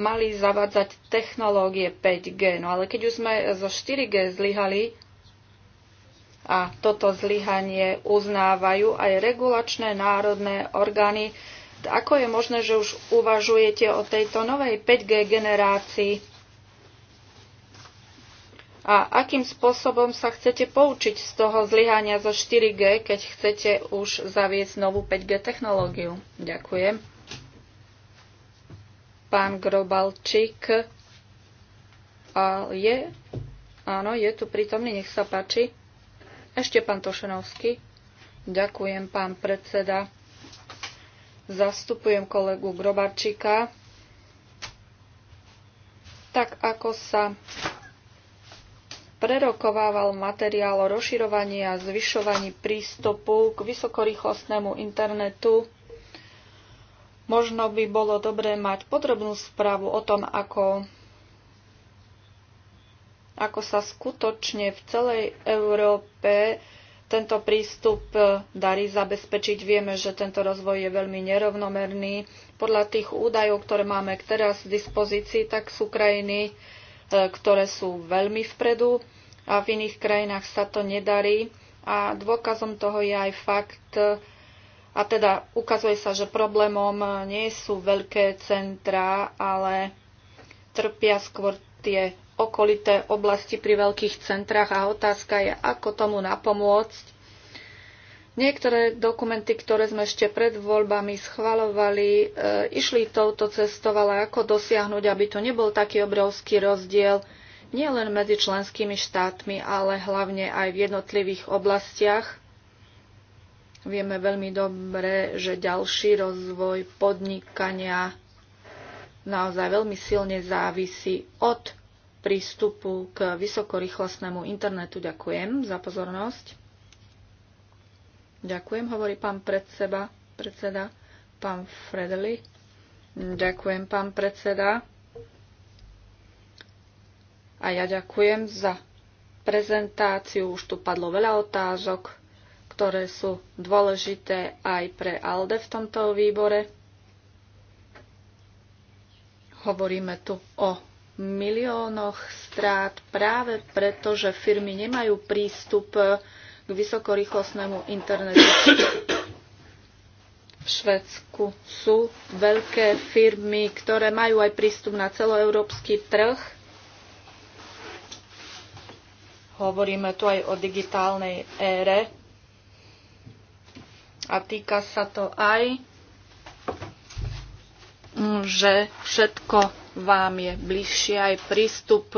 Speaker 3: mali zavádzať technológie 5G. No ale keď už sme zo 4G zlyhali a toto zlyhanie uznávajú aj regulačné národné orgány, ako je možné, že už uvažujete o tejto novej 5G generácii? a akým spôsobom sa chcete poučiť z toho zlyhania zo 4G, keď chcete už zaviesť novú 5G technológiu. Ďakujem. Pán Grobalčík a je, áno, je tu prítomný, nech sa páči. Ešte pán Tošenovský. Ďakujem, pán predseda. Zastupujem kolegu Grobarčíka. Tak ako sa prerokovával materiál o rozširovaní a zvyšovaní prístupu k vysokorýchlostnému internetu. Možno by bolo dobré mať podrobnú správu o tom, ako, ako sa skutočne v celej Európe tento prístup darí zabezpečiť. Vieme, že tento rozvoj je veľmi nerovnomerný. Podľa tých údajov, ktoré máme teraz v dispozícii, tak sú krajiny, E, ktoré sú veľmi vpredu a v iných krajinách sa to nedarí. A dôkazom toho je aj fakt, a teda ukazuje sa, že problémom nie sú veľké centrá, ale trpia skôr tie okolité oblasti pri veľkých centrách a otázka je, ako tomu napomôcť, Niektoré dokumenty, ktoré sme ešte pred voľbami schvalovali, e, išli touto cestou, ale ako dosiahnuť, aby to nebol taký obrovský rozdiel nielen medzi členskými štátmi, ale hlavne aj v jednotlivých oblastiach. Vieme veľmi dobre, že ďalší rozvoj podnikania naozaj veľmi silne závisí od prístupu k vysokorýchlostnému internetu. Ďakujem za pozornosť. Ďakujem, hovorí pán predseba, predseda, pán Fredley. Ďakujem, pán predseda. A ja ďakujem za prezentáciu. Už tu padlo veľa otázok, ktoré sú dôležité aj pre ALDE v tomto výbore. Hovoríme tu o miliónoch strát práve preto, že firmy nemajú prístup k vysokorýchlostnému internetu. V Švedsku sú veľké firmy, ktoré majú aj prístup na celoeurópsky trh. Hovoríme tu aj o digitálnej ére. A týka sa to aj, mm, že všetko vám je bližšie aj prístup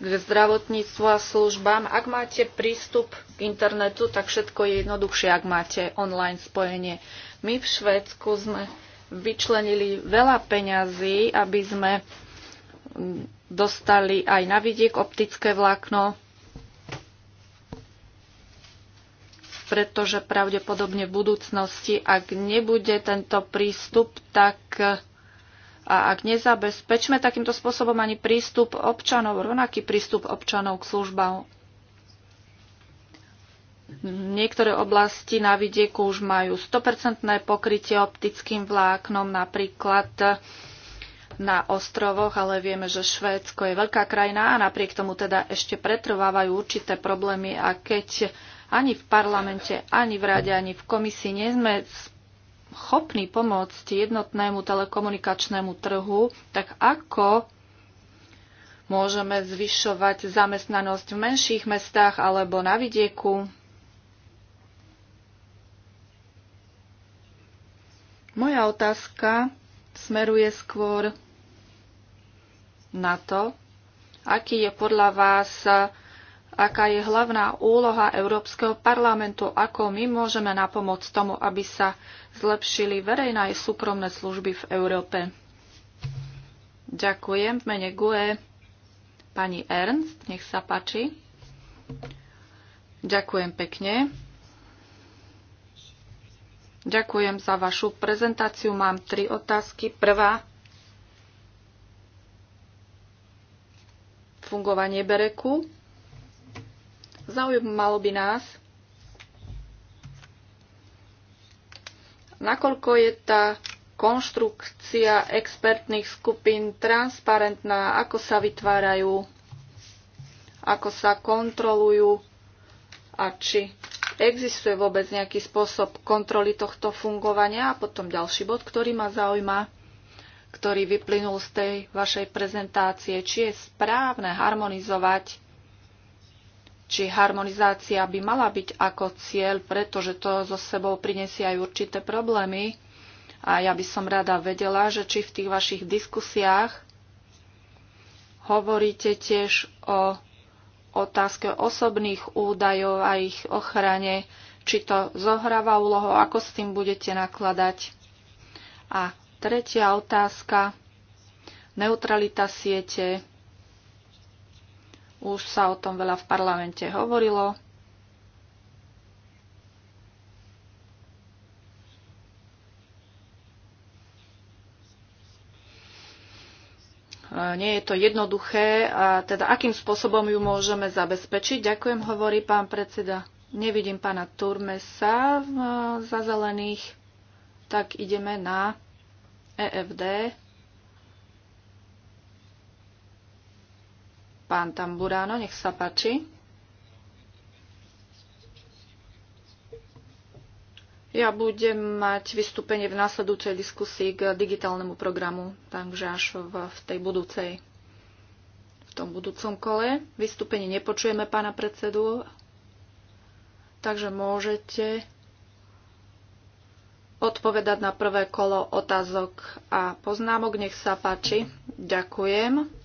Speaker 3: k zdravotníctvu a službám. Ak máte prístup k internetu, tak všetko je jednoduchšie, ak máte online spojenie. My v Švédsku sme vyčlenili veľa peňazí, aby sme mm, dostali aj na vidiek optické vlákno, pretože pravdepodobne v budúcnosti, ak nebude tento prístup, tak a ak nezabezpečme takýmto spôsobom ani prístup občanov, rovnaký prístup občanov k službám, Niektoré oblasti na vidieku už majú 100% pokrytie optickým vláknom, napríklad na ostrovoch, ale vieme, že Švédsko je veľká krajina a napriek tomu teda ešte pretrvávajú určité problémy a keď ani v parlamente, ani v rade, ani v komisii nie sme schopní pomôcť jednotnému telekomunikačnému trhu, tak ako môžeme zvyšovať zamestnanosť v menších mestách alebo na vidieku? Moja otázka smeruje skôr na to, aký je podľa vás aká je hlavná úloha Európskeho parlamentu, ako my môžeme napomôcť tomu, aby sa zlepšili verejné aj súkromné služby v Európe. Ďakujem v mene GUE. Pani Ernst, nech sa páči. Ďakujem pekne. Ďakujem za vašu prezentáciu. Mám tri otázky. Prvá. Fungovanie Bereku. Zaujímalo by nás, nakoľko je tá konštrukcia expertných skupín transparentná, ako sa vytvárajú, ako sa kontrolujú a či existuje vôbec nejaký spôsob kontroly tohto fungovania. A potom ďalší bod, ktorý ma zaujíma, ktorý vyplynul z tej vašej prezentácie, či je správne harmonizovať či harmonizácia by mala byť ako cieľ, pretože to so sebou prinesie aj určité problémy. A ja by som rada vedela, že či v tých vašich diskusiách hovoríte tiež o otázke osobných údajov a ich ochrane, či to zohráva úlohu, ako s tým budete nakladať. A tretia otázka, neutralita siete už sa o tom veľa v parlamente hovorilo. E, nie je to jednoduché. A teda akým spôsobom ju môžeme zabezpečiť? Ďakujem, hovorí pán predseda. Nevidím pána Turmesa e, za zelených. Tak ideme na EFD. Pán Tamburáno, nech sa páči. Ja budem mať vystúpenie v následujúcej diskusii k digitálnemu programu, takže až v, v tej budúcej, v tom budúcom kole. Vystúpenie nepočujeme pána predsedu, takže môžete odpovedať na prvé kolo otázok a poznámok. Nech sa páči. Ďakujem.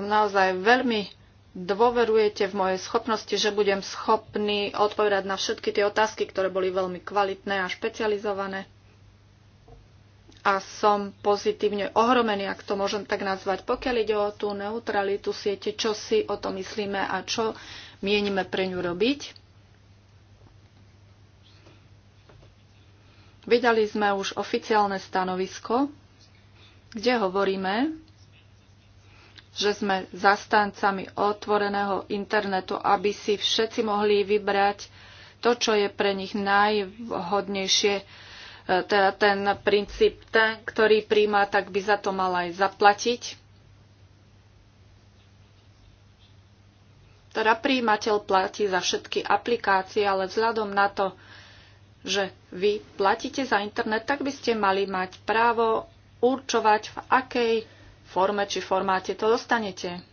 Speaker 3: naozaj veľmi dôverujete v mojej schopnosti, že budem schopný odpovedať na všetky tie otázky, ktoré boli veľmi kvalitné a špecializované. A som pozitívne ohromený, ak to môžem tak nazvať. Pokiaľ ide o tú neutralitu siete, čo si o to myslíme a čo mienime pre ňu robiť. Vydali sme už oficiálne stanovisko, kde hovoríme, že sme zastancami otvoreného internetu, aby si všetci mohli vybrať to, čo je pre nich najvhodnejšie. E, teda ten princíp, ten, ktorý príjma, tak by za to mal aj zaplatiť. Teda príjimateľ platí za všetky aplikácie, ale vzhľadom na to, že vy platíte za internet, tak by ste mali mať právo určovať, v akej forme či formáte to dostanete.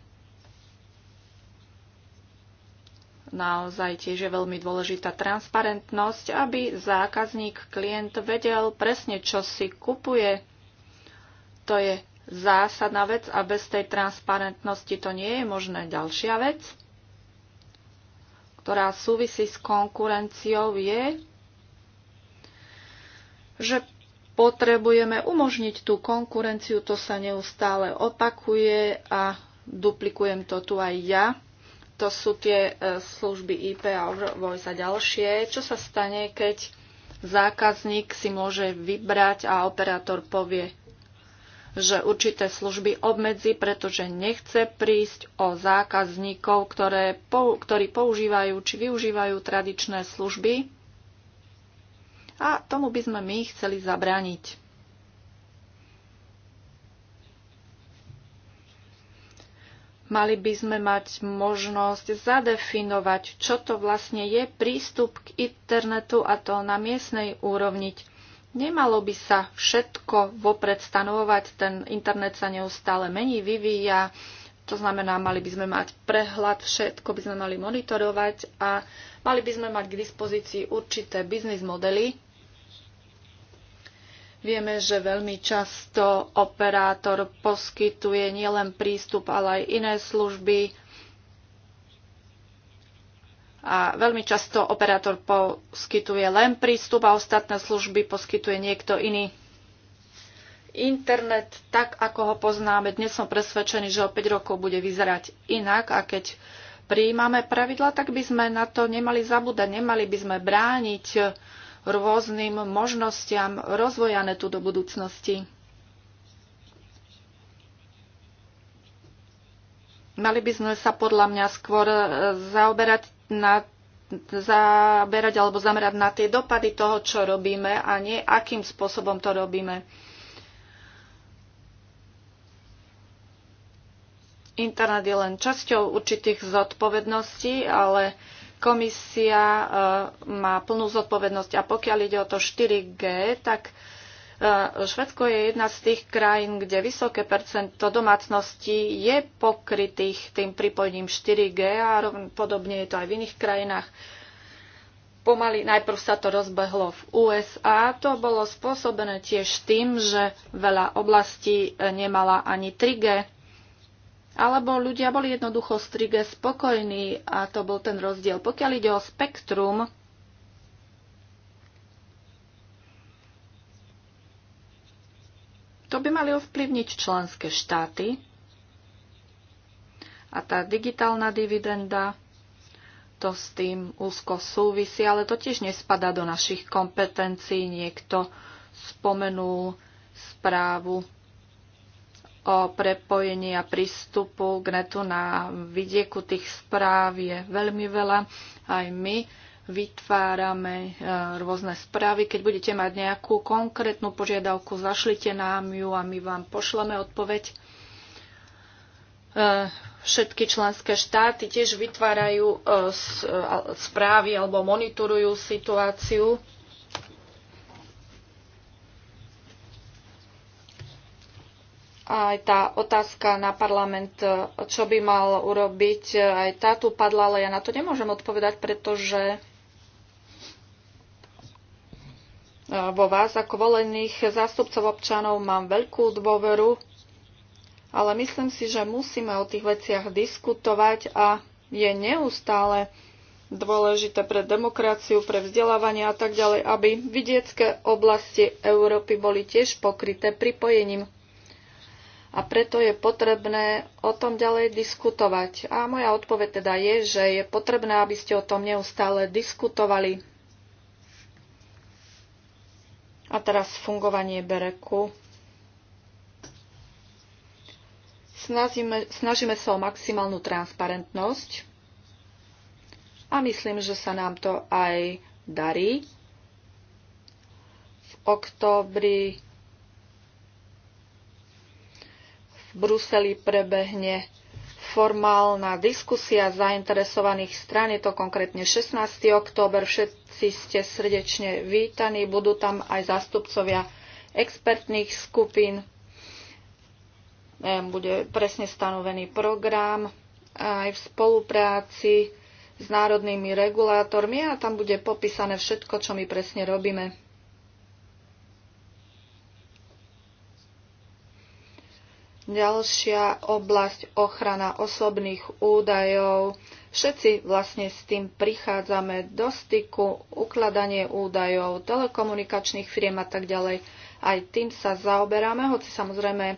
Speaker 3: Naozaj tiež je veľmi dôležitá transparentnosť, aby zákazník, klient vedel presne, čo si kupuje. To je zásadná vec a bez tej transparentnosti to nie je možné. Ďalšia vec, ktorá súvisí s konkurenciou, je, že potrebujeme umožniť tú konkurenciu, to sa neustále opakuje a duplikujem to tu aj ja. To sú tie e, služby IP a Voice a ďalšie. Čo sa stane, keď zákazník si môže vybrať a operátor povie, že určité služby obmedzi, pretože nechce prísť o zákazníkov, ktoré, ktorí používajú či využívajú tradičné služby a tomu by sme my chceli zabrániť. Mali by sme mať možnosť zadefinovať, čo to vlastne je prístup k internetu a to na miestnej úrovni. Nemalo by sa všetko vopred stanovovať, ten internet sa neustále mení, vyvíja, to znamená, mali by sme mať prehľad, všetko by sme mali monitorovať a mali by sme mať k dispozícii určité biznis modely, Vieme, že veľmi často operátor poskytuje nielen prístup, ale aj iné služby. A veľmi často operátor poskytuje len prístup a ostatné služby poskytuje niekto iný. Internet, tak ako ho poznáme, dnes som presvedčený, že o 5 rokov bude vyzerať inak a keď prijímame pravidla, tak by sme na to nemali zabúdať, nemali by sme brániť rôznym možnostiam rozvoja netu do budúcnosti. Mali by sme sa podľa mňa skôr e, zaoberať, na, zaoberať alebo zamerať na tie dopady toho, čo robíme a nie akým spôsobom to robíme. Internet je len časťou určitých zodpovedností, ale Komisia e, má plnú zodpovednosť a pokiaľ ide o to 4G, tak e, Švedsko je jedna z tých krajín, kde vysoké percento domácností je pokrytých tým pripojením 4G a podobne je to aj v iných krajinách. Pomaly najprv sa to rozbehlo v USA. To bolo spôsobené tiež tým, že veľa oblastí e, nemala ani 3G alebo ľudia boli jednoducho strige spokojní a to bol ten rozdiel. Pokiaľ ide o spektrum, to by mali ovplyvniť členské štáty a tá digitálna dividenda to s tým úzko súvisí, ale to tiež nespadá do našich kompetencií. Niekto spomenul správu o prepojení a prístupu k netu na vidieku tých správ je veľmi veľa. Aj my vytvárame e, rôzne správy. Keď budete mať nejakú konkrétnu požiadavku, zašlite nám ju a my vám pošleme odpoveď. E, všetky členské štáty tiež vytvárajú e, správy alebo monitorujú situáciu aj tá otázka na parlament, čo by mal urobiť, aj tá tu padla, ale ja na to nemôžem odpovedať, pretože e, vo vás ako volených zástupcov občanov mám veľkú dôveru, ale myslím si, že musíme o tých veciach diskutovať a je neustále dôležité pre demokraciu, pre vzdelávanie a tak ďalej, aby vidiecké oblasti Európy boli tiež pokryté pripojením a preto je potrebné o tom ďalej diskutovať. A moja odpoveď teda je, že je potrebné, aby ste o tom neustále diskutovali. A teraz fungovanie Bereku. Snažíme, snažíme sa o maximálnu transparentnosť a myslím, že sa nám to aj darí. V októbri Bruseli prebehne formálna diskusia zainteresovaných strán, je to konkrétne 16. október, všetci ste srdečne vítaní, budú tam aj zástupcovia expertných skupín, bude presne stanovený program aj v spolupráci s národnými regulátormi a tam bude popísané všetko, čo my presne robíme. Ďalšia oblasť ochrana osobných údajov. Všetci vlastne s tým prichádzame do styku, ukladanie údajov, telekomunikačných firiem a tak ďalej. Aj tým sa zaoberáme, hoci samozrejme e,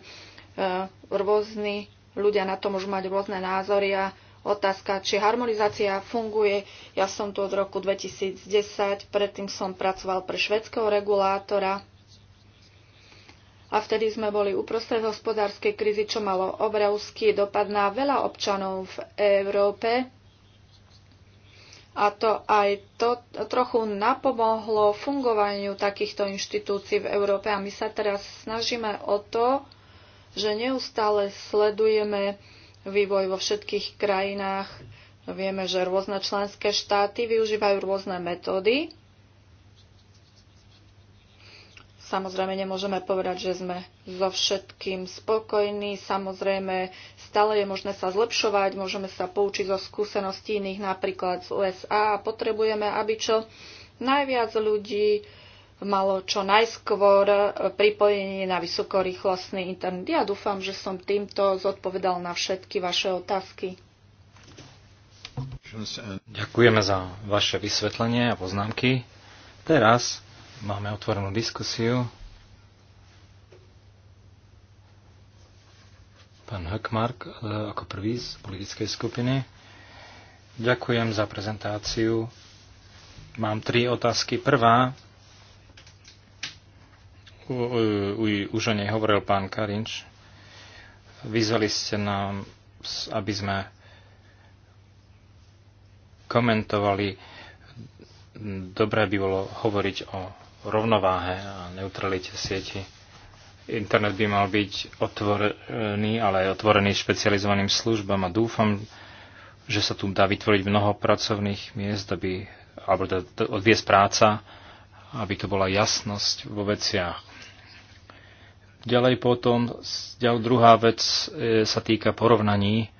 Speaker 3: rôzni ľudia na to môžu mať rôzne názory a otázka, či harmonizácia funguje. Ja som tu od roku 2010, predtým som pracoval pre švedského regulátora a vtedy sme boli uprostred hospodárskej krízy, čo malo obrovský dopad na veľa občanov v Európe. A to aj to trochu napomohlo fungovaniu takýchto inštitúcií v Európe. A my sa teraz snažíme o to, že neustále sledujeme vývoj vo všetkých krajinách. Vieme, že rôzne členské štáty využívajú rôzne metódy Samozrejme nemôžeme povedať, že sme so všetkým spokojní. Samozrejme stále je možné sa zlepšovať, môžeme sa poučiť zo skúseností iných, napríklad z USA a potrebujeme, aby čo najviac ľudí malo čo najskôr pripojenie na vysokorýchlostný internet. Ja dúfam, že som týmto zodpovedal na všetky vaše otázky.
Speaker 2: Ďakujeme za vaše vysvetlenie a poznámky. Teraz Máme otvorenú diskusiu. Pán Hökmark e, ako prvý z politickej skupiny. Ďakujem za prezentáciu. Mám tri otázky. Prvá, u, u, u, už o nej hovoril pán Karinč. Vyzvali ste nám, aby sme komentovali, dobré by bolo hovoriť o rovnováhe a neutralite sieti. Internet by mal byť otvorený, ale aj otvorený špecializovaným službám a dúfam, že sa tu dá vytvoriť mnoho pracovných miest, aby, alebo da, odviesť práca, aby to bola jasnosť vo veciach. Ďalej potom, ďal druhá vec e, sa týka porovnaní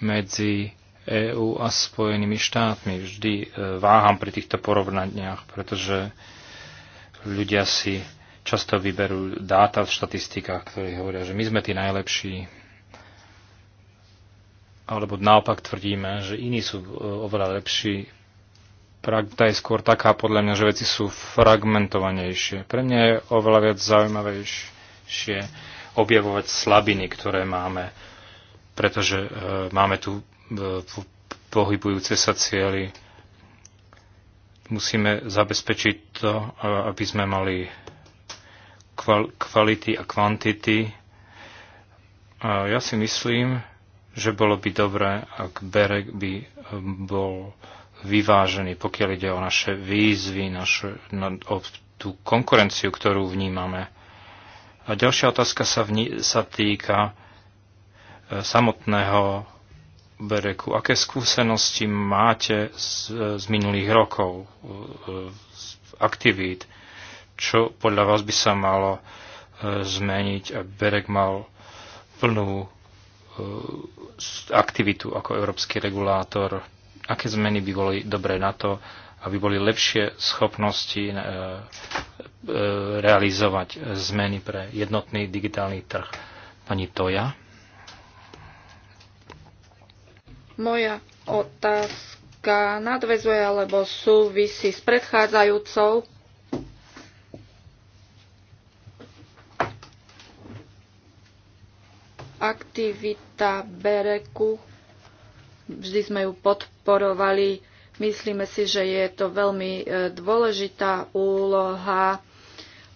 Speaker 2: medzi EÚ a Spojenými štátmi. Vždy e, váham pri týchto porovnaniach, pretože e, Ľudia si často vyberú dáta v štatistikách, ktorí hovoria, že my sme tí najlepší, alebo naopak tvrdíme, že iní sú e, oveľa lepší. Pravda je skôr taká, podľa mňa, že veci sú fragmentovanejšie. Pre mňa je oveľa viac zaujímavejšie objavovať slabiny, ktoré máme, pretože e, máme tu e, pohybujúce sa cieľy, Musíme zabezpečiť to, aby sme mali kvality a kvantity. A ja si myslím, že bolo by dobré, ak Berek by e, bol vyvážený, pokiaľ ide o naše výzvy, naše, na, o tú konkurenciu, ktorú vnímame. A ďalšia otázka sa, vní, sa týka e, samotného Bereku. Aké skúsenosti máte z, z minulých rokov, e, z aktivít? Čo podľa vás by sa malo e, zmeniť, aby Berek mal plnú e, aktivitu ako európsky regulátor? Aké zmeny by boli dobré na to, aby boli lepšie schopnosti realizovať zmeny pre jednotný digitálny trh? Pani Toja.
Speaker 3: Moja otázka nadvezuje alebo súvisí s predchádzajúcou. Aktivita Bereku, vždy sme ju podporovali. Myslíme si, že je to veľmi e, dôležitá úloha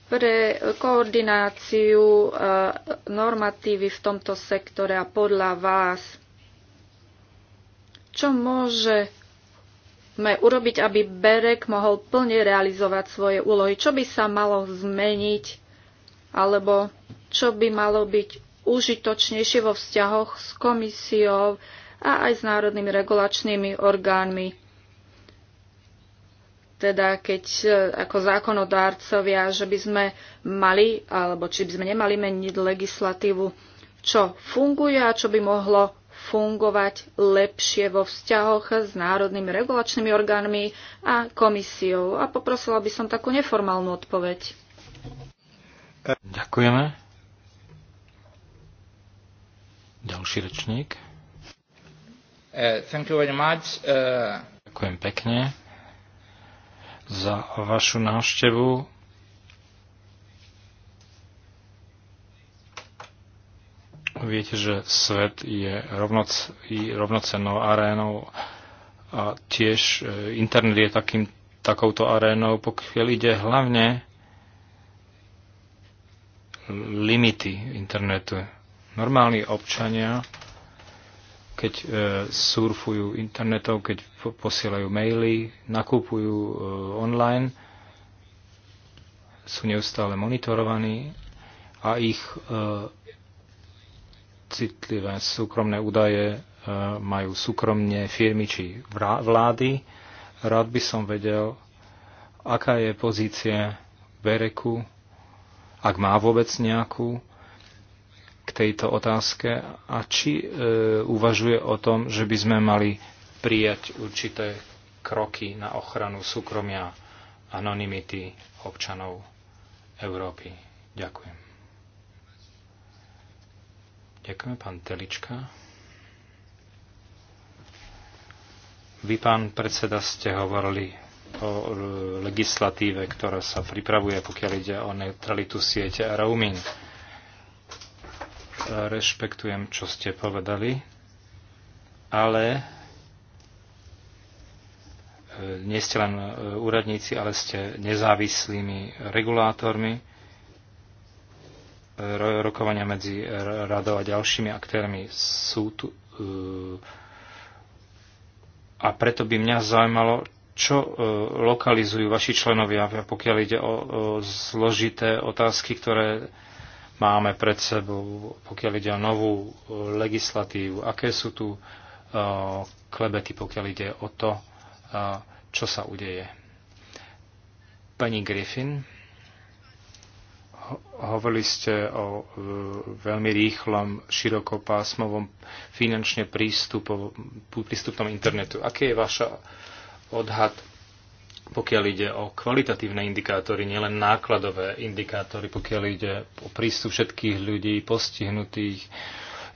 Speaker 3: pre koordináciu e, normatívy v tomto sektore a podľa vás čo môžeme urobiť, aby Berek mohol plne realizovať svoje úlohy? Čo by sa malo zmeniť? Alebo čo by malo byť užitočnejšie vo vzťahoch s komisiou a aj s národnými regulačnými orgánmi? teda keď e, ako zákonodárcovia, že by sme mali, alebo či by sme nemali meniť legislatívu, čo funguje a čo by mohlo fungovať lepšie vo vzťahoch s národnými regulačnými orgánmi a komisiou. A poprosila by som takú neformálnu odpoveď.
Speaker 2: Ďakujeme. Ďalší rečník. Uh, thank you very much. Uh, Ďakujem pekne za vašu návštevu Viete, že svet je rovnoc, rovnocennou arénou a tiež e, internet je takým, takouto arénou, pokiaľ ide hlavne limity internetu. Normálni občania, keď e, surfujú internetom, keď po- posielajú maily, nakupujú e, online, sú neustále monitorovaní a ich e, citlivé súkromné údaje e, majú súkromne firmy či vlády. Rád by som vedel, aká je pozícia Bereku, ak má vôbec nejakú, k tejto otázke a či e, uvažuje o tom, že by sme mali prijať určité kroky na ochranu súkromia anonymity občanov Európy. Ďakujem. Ďakujeme, pán Telička. Vy, pán predseda, ste hovorili o legislatíve, ktorá sa pripravuje, pokiaľ ide o neutralitu siete a roaming. Rešpektujem, čo ste povedali, ale e, nie ste len e, úradníci, ale ste nezávislými regulátormi rokovania medzi radou a ďalšími aktérmi sú tu. E, a preto by mňa zaujímalo, čo e, lokalizujú vaši členovia, pokiaľ ide o, zložité otázky, ktoré máme pred sebou, pokiaľ ide o novú e, legislatívu. Aké sú tu klebety, pokiaľ ide o to, čo sa udeje. Pani Griffin. Hovorili ste o e, veľmi rýchlom, širokopásmovom, finančne prístupnom internetu. Aký je váš odhad, pokiaľ ide o kvalitatívne indikátory, nielen nákladové indikátory, pokiaľ ide o prístup všetkých ľudí, postihnutých,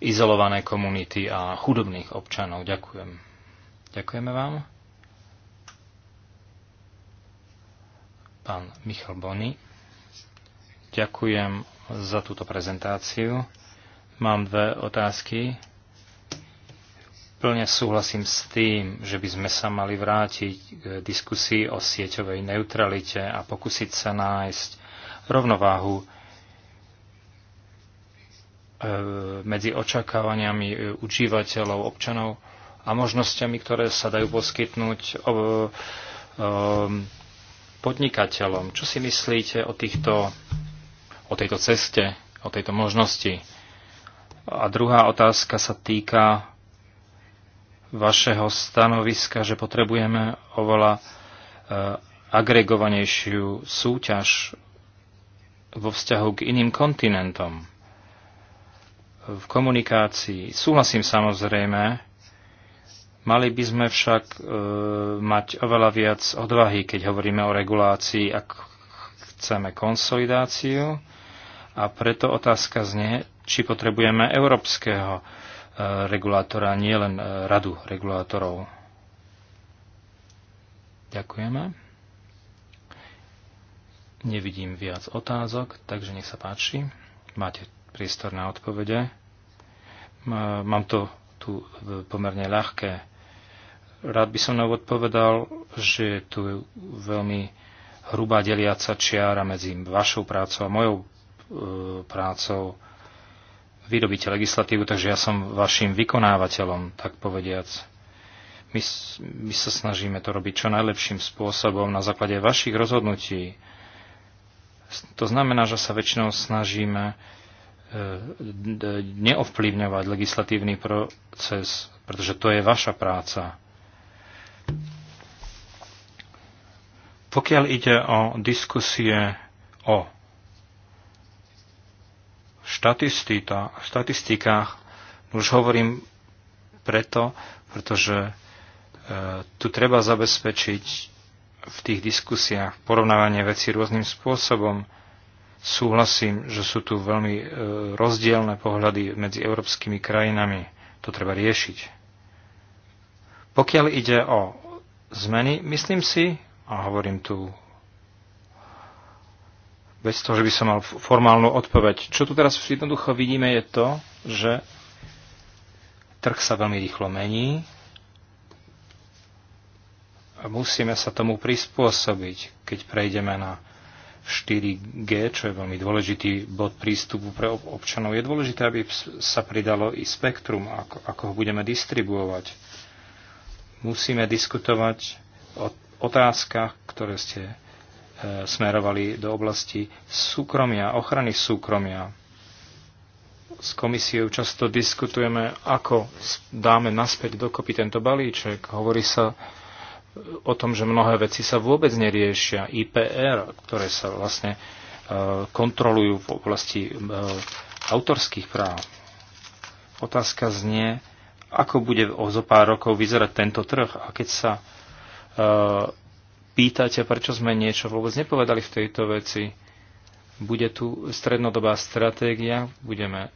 Speaker 2: izolované komunity a chudobných občanov? Ďakujem. Ďakujeme vám. Pán Michal Bony. Ďakujem za túto prezentáciu. Mám dve otázky. Plne súhlasím s tým, že by sme sa mali vrátiť k diskusii o sieťovej neutralite a pokúsiť sa nájsť rovnováhu e, medzi očakávaniami užívateľov, občanov a možnosťami, ktoré sa dajú poskytnúť e, e, podnikateľom. Čo si myslíte o týchto o tejto ceste, o tejto možnosti. A druhá otázka sa týka vašeho stanoviska, že potrebujeme oveľa eh, agregovanejšiu súťaž vo vzťahu k iným kontinentom. V komunikácii súhlasím samozrejme, mali by sme však e, mať oveľa viac odvahy, keď hovoríme o regulácii, ak chceme konsolidáciu a preto otázka znie, či potrebujeme európskeho e, regulátora, nie len e, radu regulátorov. Ďakujeme. Nevidím viac otázok, takže nech sa páči. Máte priestor na odpovede. Mám to tu e, pomerne ľahké. Rád by som nám odpovedal, že je tu veľmi hrubá deliaca čiara medzi vašou prácou a mojou E, prácou vyrobíte legislatívu, takže ja som vašim vykonávateľom, tak povediac. My, my sa snažíme to robiť čo najlepším spôsobom na základe vašich rozhodnutí. To znamená, že sa väčšinou snažíme e, neovplyvňovať legislatívny proces, pretože to je vaša práca. Pokiaľ ide o diskusie o v štatistikách. No už hovorím preto, pretože e, tu treba zabezpečiť v tých diskusiách porovnávanie veci rôznym spôsobom. Súhlasím, že sú tu veľmi e, rozdielne pohľady medzi európskymi krajinami. To treba riešiť. Pokiaľ ide o zmeny, myslím si, a hovorím tu bez toho, že by som mal formálnu odpoveď. Čo tu teraz jednoducho vidíme je to, že trh sa veľmi rýchlo mení a musíme sa tomu prispôsobiť, keď prejdeme na 4G, čo je veľmi dôležitý bod prístupu pre občanov. Je dôležité, aby sa pridalo i spektrum, ako, ako ho budeme distribuovať. Musíme diskutovať o otázkach, ktoré ste smerovali do oblasti súkromia, ochrany súkromia. S komisiou často diskutujeme, ako dáme naspäť dokopy tento balíček. Hovorí sa o tom, že mnohé veci sa vôbec neriešia. IPR, ktoré sa vlastne e, kontrolujú v oblasti e, autorských práv. Otázka znie, ako bude o zo pár rokov vyzerať tento trh a keď sa e, pýtate, prečo sme niečo vôbec nepovedali v tejto veci. Bude tu strednodobá stratégia, budeme,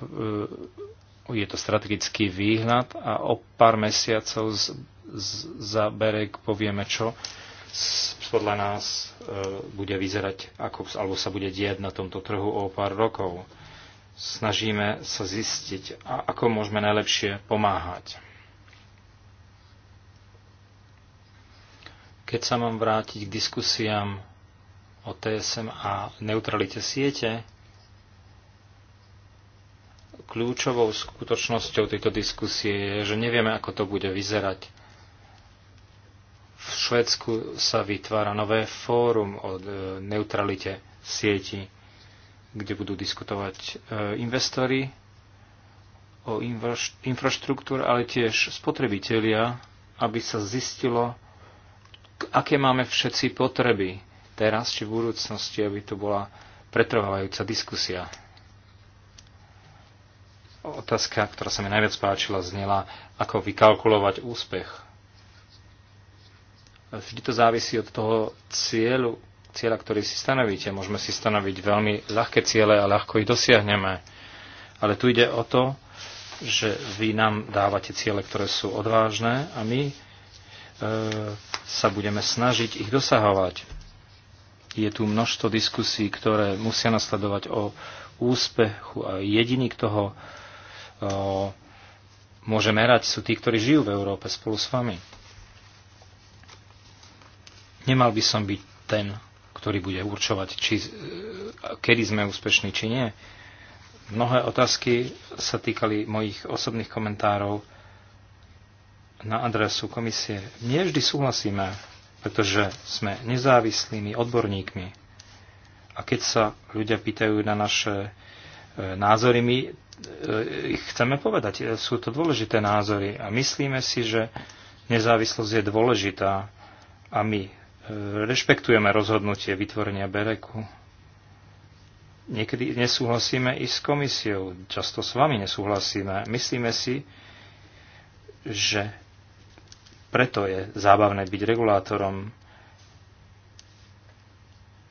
Speaker 2: e, je to strategický výhľad a o pár mesiacov z, z, za berek povieme, čo podľa nás e, bude vyzerať, ako, alebo sa bude diať na tomto trhu o pár rokov. Snažíme sa zistiť, ako môžeme najlepšie pomáhať. Keď sa mám vrátiť k diskusiám o TSM a neutralite siete, kľúčovou skutočnosťou tejto diskusie je, že nevieme, ako to bude vyzerať. V Švedsku sa vytvára nové fórum o e, neutralite sieti, kde budú diskutovať e, investori o infraštruktúre, ale tiež spotrebitelia, aby sa zistilo, aké máme všetci potreby teraz či v budúcnosti, aby to bola pretrvávajúca diskusia. Otázka, ktorá sa mi najviac páčila, znela, ako vykalkulovať úspech. Vždy to závisí od toho cieľu, cieľa, ktorý si stanovíte. Môžeme si stanoviť veľmi ľahké ciele a ľahko ich dosiahneme. Ale tu ide o to, že vy nám dávate ciele, ktoré sú odvážne a my e, sa budeme snažiť ich dosahovať. Je tu množstvo diskusí, ktoré musia nasledovať o úspechu a jediní, kto ho môže merať, sú tí, ktorí žijú v Európe spolu s vami. Nemal by som byť ten, ktorý bude určovať, či, e, kedy sme úspešní, či nie. Mnohé otázky sa týkali mojich osobných komentárov, na adresu komisie. Nie vždy súhlasíme, pretože sme nezávislými odborníkmi. A keď sa ľudia pýtajú na naše e, názory, my e, ich chceme povedať. E, sú to dôležité názory a myslíme si, že nezávislosť je dôležitá a my rešpektujeme rozhodnutie vytvorenia Bereku. Niekedy nesúhlasíme i s komisiou, často s vami nesúhlasíme. Myslíme si, že preto je zábavné byť regulátorom.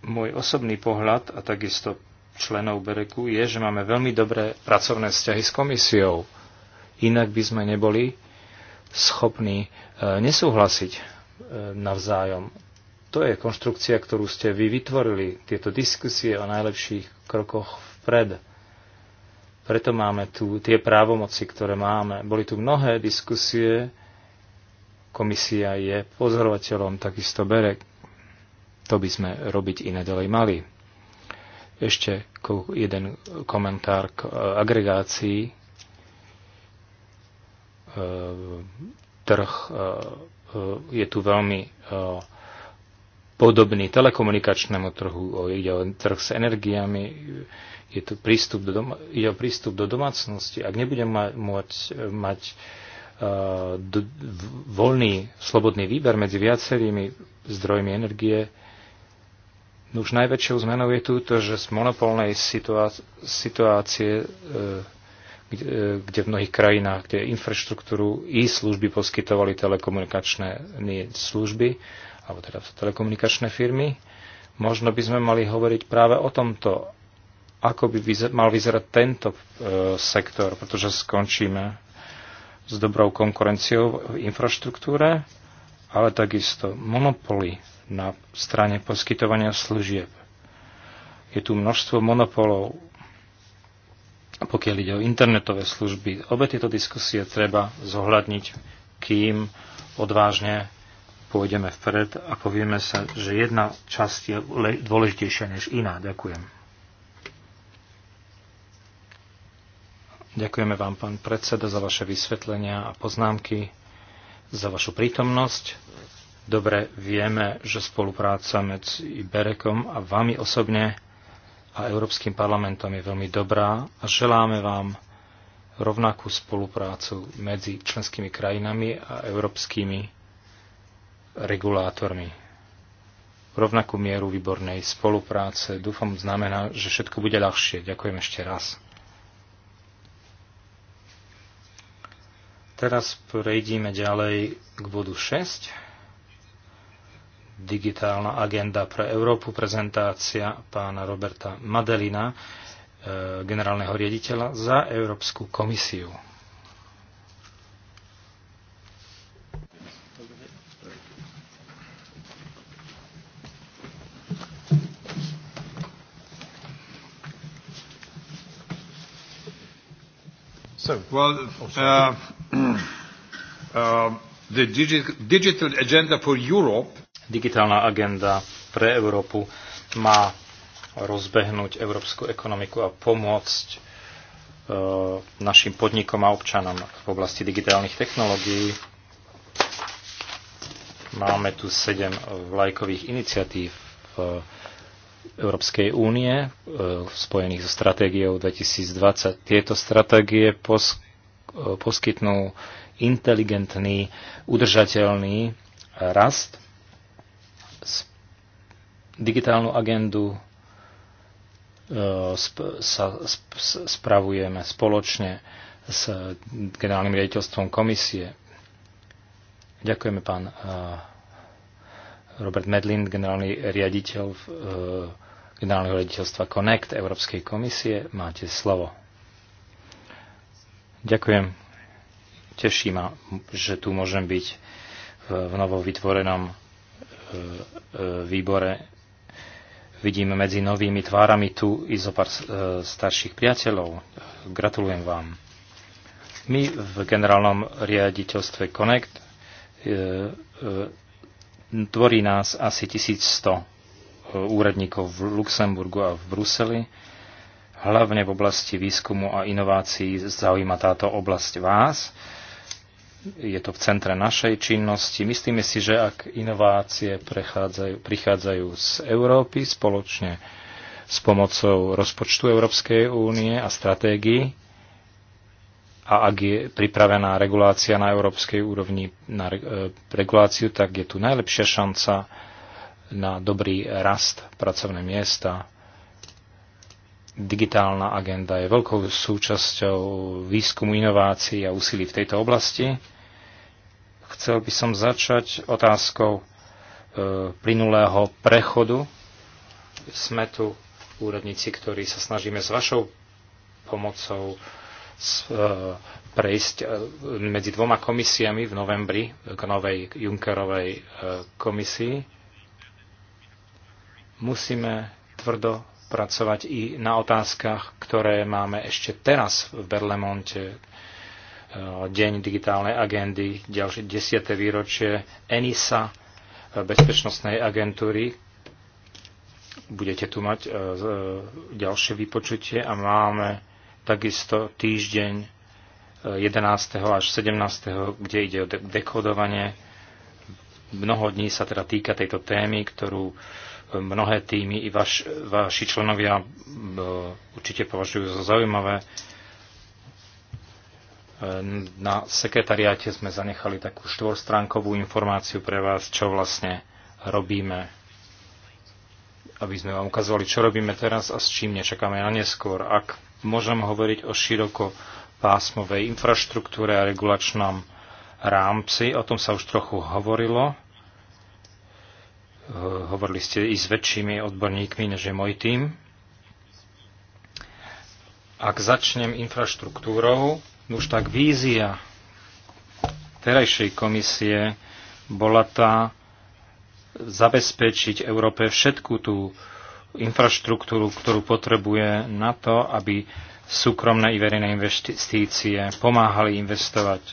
Speaker 2: Môj osobný pohľad a takisto členov Bereku je, že máme veľmi dobré pracovné vzťahy s komisiou. Inak by sme neboli schopní e, nesúhlasiť e, navzájom. To je konštrukcia, ktorú ste vy vytvorili, tieto diskusie o najlepších krokoch vpred. Preto máme tu tie právomoci, ktoré máme. Boli tu mnohé diskusie, Komisia je pozorovateľom, takisto bere. To by sme robiť i nadalej mali. Ešte jeden komentár k e, agregácii. E, trh e, je tu veľmi podobný telekomunikačnému trhu, ide o trh s energiami, je tu prístup do, doma, ide o prístup do domácnosti. Ak nebudem mať, mať, mať voľný, slobodný výber medzi viacerými zdrojmi energie. No už najväčšou zmenou je túto, že z monopolnej situácie, e, e, kde v mnohých krajinách, kde infraštruktúru i služby poskytovali telekomunikačné služby, alebo teda telekomunikačné firmy, možno by sme mali hovoriť práve o tomto, ako by mal vyzerať tento e, sektor, pretože skončíme s dobrou konkurenciou v infraštruktúre, ale takisto monopoly na strane poskytovania služieb. Je tu množstvo monopolov, pokiaľ ide o internetové služby. Obe tieto diskusie treba zohľadniť, kým odvážne pôjdeme vpred a povieme sa, že jedna časť je dôležitejšia než iná. Ďakujem. Ďakujeme vám, pán predseda, za vaše vysvetlenia a poznámky, za vašu prítomnosť. Dobre vieme, že spolupráca medzi Berekom a vami osobne a Európskym parlamentom je veľmi dobrá a želáme vám rovnakú spoluprácu medzi členskými krajinami a európskymi regulátormi. Rovnakú mieru výbornej spolupráce dúfam znamená, že všetko bude ľahšie. Ďakujem ešte raz. Teraz prejdime ďalej k bodu 6. Digitálna agenda pre Európu, prezentácia pána Roberta Madelina, e, generálneho riaditeľa za Európsku komisiu.
Speaker 3: So, well, uh, Um, the digital
Speaker 2: agenda for Europe. Digitálna agenda pre Európu má rozbehnúť európsku ekonomiku a pomôcť uh, našim podnikom a občanom v oblasti digitálnych technológií. Máme tu sedem vlajkových iniciatív v uh, Európskej únie, uh, spojených so stratégiou 2020. Tieto stratégie pos, poskytnú inteligentný, udržateľný rast, digitálnu agendu e, sa spravujeme spoločne s generálnym riaditeľstvom komisie. Ďakujeme pán e, Robert Medlin, generálny riaditeľ e, generálneho riaditeľstva Connect Európskej komisie. Máte slovo. Ďakujem. Teší ma, že tu môžem byť v novovytvorenom e, e, výbore. Vidím medzi novými tvárami tu i zo pár e, starších priateľov. Gratulujem vám. My v generálnom riaditeľstve Connect tvorí nás asi 1100 úradníkov v Luxemburgu a v Bruseli hlavne v oblasti výskumu a inovácií zaujíma táto oblasť vás je to v centre našej činnosti. Myslíme si, že ak inovácie prichádzajú z Európy spoločne s pomocou rozpočtu Európskej únie a stratégií a ak je pripravená regulácia na európskej úrovni na e, reguláciu, tak je tu najlepšia šanca na dobrý rast pracovné miesta. Digitálna agenda je veľkou súčasťou výskumu inovácií a úsilí v tejto oblasti Chcel by som začať otázkou e, plynulého prechodu. Sme tu úradníci, ktorí sa snažíme s vašou pomocou e, prejsť e, medzi dvoma komisiami v novembri k novej Junckerovej komisii. Musíme tvrdo pracovať i na otázkach, ktoré máme ešte teraz v Berlemonte, Eh, deň digitálnej agendy, ďalšie 10. výročie ENISA, eh, bezpečnostnej agentúry. Budete tu mať eh, ďalšie vypočutie a máme takisto týždeň 11. až 17., kde ide o dekodovanie. Mnoho dní sa teda týka tejto témy, ktorú mnohé týmy i vaš, vaši členovia určite považujú za zaujímavé na sekretariáte sme zanechali takú štvorstránkovú informáciu pre vás, čo vlastne robíme, aby sme vám ukazovali, čo robíme teraz a s čím nečakáme na neskôr. Ak môžem hovoriť o široko pásmovej infraštruktúre a regulačnom rámci, o tom sa už trochu hovorilo. Hovorili ste i s väčšími odborníkmi, než je môj tým. Ak začnem infraštruktúrou, už tak vízia terajšej komisie bola tá zabezpečiť Európe všetku tú infraštruktúru, ktorú potrebuje na to, aby súkromné i verejné investície pomáhali investovať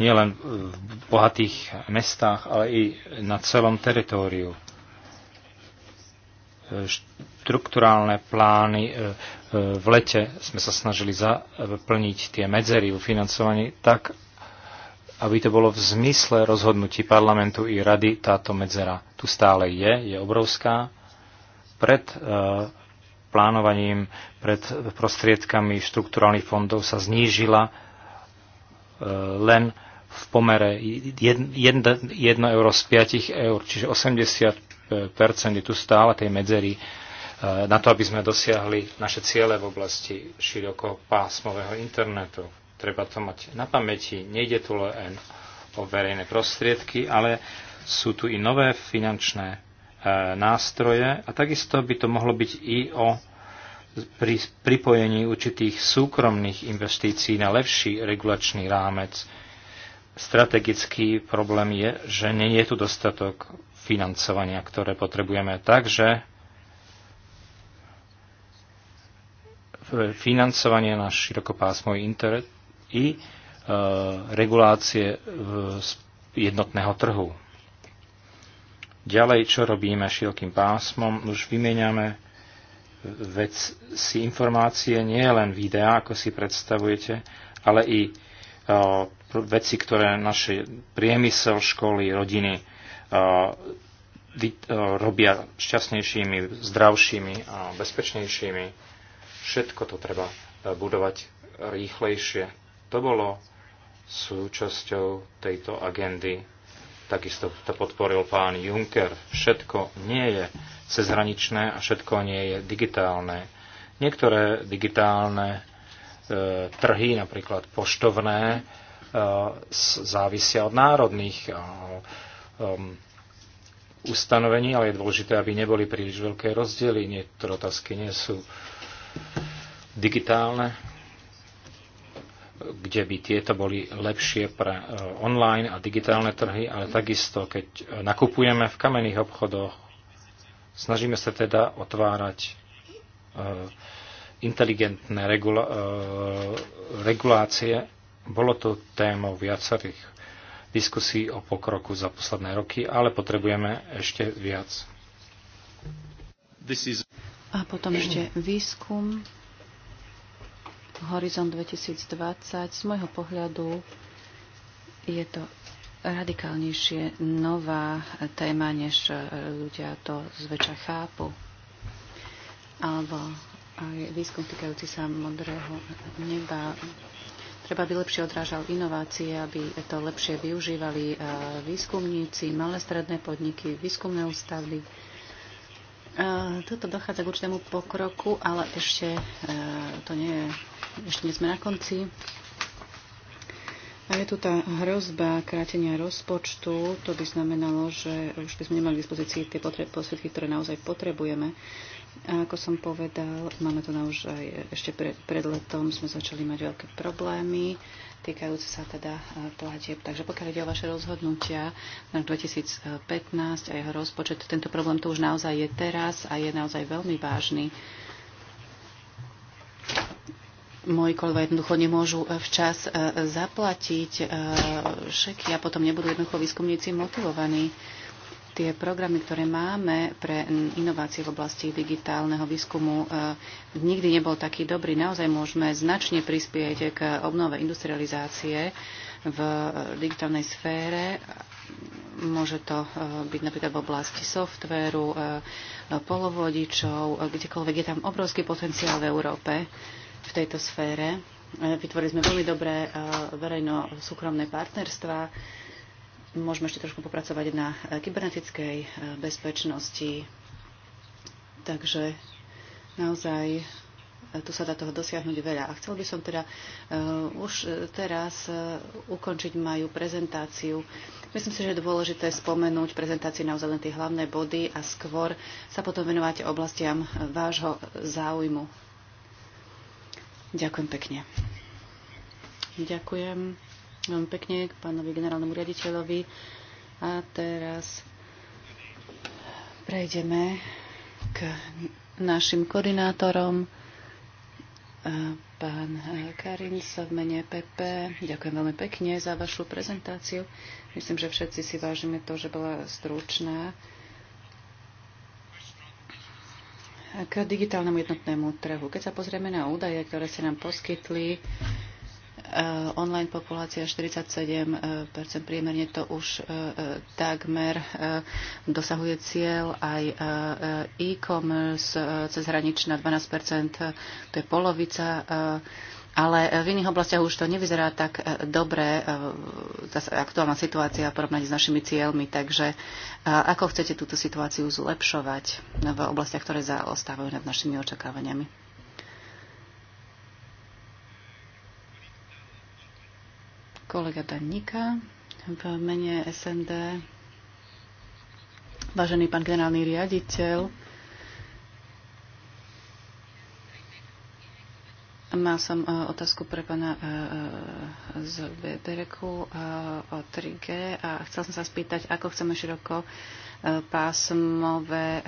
Speaker 2: nielen v bohatých mestách, ale i na celom teritóriu štrukturálne plány e, e, v lete sme sa snažili zaplniť e, tie medzery vo financovaní tak, aby to bolo v zmysle rozhodnutí parlamentu i rady. Táto medzera tu stále je, je obrovská. Pred plánovaním, pred prostriedkami štrukturálnych fondov sa znížila len v pomere 1 euro z 5 eur, čiže 80 je tu stále tej medzery Eh, na to, aby sme dosiahli naše ciele v oblasti širokopásmového internetu. Treba to mať na pamäti. Nejde tu len o verejné prostriedky, ale sú tu i nové finančné eh, nástroje a takisto by to mohlo byť i o pri pripojení určitých súkromných investícií na lepší regulačný rámec. Strategický problém je, že nie je tu dostatok financovania, ktoré potrebujeme. Takže financovanie na širokopásmový internet i e, regulácie e, jednotného trhu. Ďalej, čo robíme širokým pásmom? Už vymeniame vec si informácie, nie len videá, ako si predstavujete, ale i e, veci, ktoré naše priemysel, školy, rodiny robia šťastnejšími, zdravšími a bezpečnejšími Všetko to treba e, budovať rýchlejšie. To bolo súčasťou tejto agendy. Takisto to podporil pán Juncker. Všetko nie je cezhraničné a všetko nie je digitálne. Niektoré digitálne e, trhy, napríklad poštovné, e, závisia od národných e, e, ustanovení, ale je dôležité, aby neboli príliš veľké rozdiely. Niektoré otázky nie sú digitálne, kde by tieto boli lepšie pre e, online a digitálne trhy, ale takisto, keď nakupujeme v kamenných obchodoch, snažíme sa teda otvárať e, inteligentné e, regulácie. Bolo to témou viacerých diskusí o pokroku za posledné roky, ale potrebujeme ešte viac.
Speaker 1: A potom ešte výskum Horizon 2020. Z môjho pohľadu je to radikálnejšie nová téma, než e, ľudia to zväčša chápu. Alebo aj výskum týkajúci sa modrého neba treba, by lepšie odrážal inovácie, aby to lepšie využívali e, výskumníci, malé stredné podniky, výskumné ústavy. Toto dochádza k určitému pokroku, ale ešte e, to nie je, ešte nie sme na konci. A je tu tá hrozba krátenia rozpočtu. To by znamenalo, že už by sme nemali k dispozícii tie posvedky, ktoré naozaj potrebujeme. A ako som povedal, máme to naozaj ešte pred letom, sme začali mať veľké problémy. Uh, týkajúce sa teda e, platieb. Takže pokiaľ ide o vaše rozhodnutia na 2015 a jeho rozpočet, tento problém tu už naozaj je teraz a je naozaj veľmi vážny. Moji kolegovia jednoducho nemôžu e, včas e, zaplatiť šeky a potom nebudú jednoducho výskumníci motivovaní tie programy, ktoré máme pre inovácie v oblasti digitálneho výskumu, eh, nikdy nebol taký dobrý. Naozaj môžeme značne prispieť k obnove industrializácie v eh, digitálnej sfére. Môže to eh, byť napríklad v oblasti softvéru, polovodičov, kdekoľvek je tam obrovský potenciál v Európe v tejto sfére. Vytvorili sme veľmi dobré verejno-súkromné partnerstva Môžeme ešte trošku popracovať na eh, kybernetickej eh, bezpečnosti. Takže naozaj eh, tu sa dá toho dosiahnuť veľa. A chcel by som teda uh, už teraz uh, ukončiť moju prezentáciu. Myslím si, že je dôležité spomenúť prezentácii naozaj len tie hlavné body a skôr sa potom venovať oblastiam vášho záujmu. Ďakujem pekne. Ďakujem. Veľmi pekne k pánovi generálnemu riaditeľovi. A teraz prejdeme k našim koordinátorom. Pán Karin sa v mene PP. Ďakujem veľmi pekne za vašu prezentáciu. Myslím, že všetci si vážime to, že bola stručná. K digitálnemu jednotnému trhu. Keď sa pozrieme na údaje, ktoré ste nám poskytli, Eh, online populácia 47 eh, priemerne to už eh, takmer dosahuje cieľ aj e-commerce na 12 to je polovica ale v iných oblastiach už to nevyzerá tak dobre, tá aktuálna situácia porovnať s našimi cieľmi. Takže ako chcete túto situáciu zlepšovať v oblastiach, ktoré zaostávajú nad našimi očakávaniami? kolega Danika v mene SND. Vážený pán generálny riaditeľ, Má som e, otázku pre pána e, e, z Bedereku o 3G a chcel som sa spýtať, ako chceme široko pásmové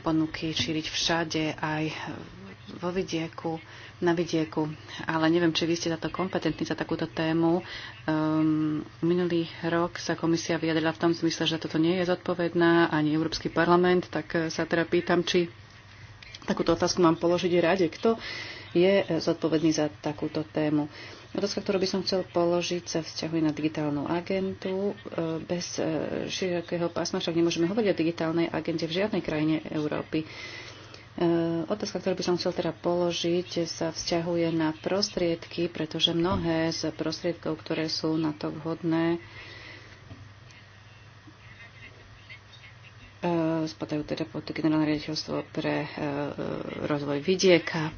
Speaker 1: ponuky šíriť všade aj v vo vidieku, na vidieku. Ale neviem, či vy ste za to kompetentní za takúto tému. Um, minulý rok sa komisia vyjadrila v tom zmysle, že toto nie je zodpovedná, ani Európsky parlament, tak eh, sa teda pýtam, či takúto otázku mám položiť rade. Kto je eh, zodpovedný za takúto tému? Otázka, ktorú by som chcel položiť, sa vzťahuje na digitálnu agentu. Eh, bez širokého pásma však nemôžeme hovoriť o digitálnej agente v žiadnej krajine Európy. E, otázka, ktorú by som chcel teda položiť, sa vzťahuje na prostriedky, pretože mnohé z prostriedkov, ktoré sú na to vhodné, e, spadajú teda pod generálne riaditeľstvo pre e, rozvoj vidieka.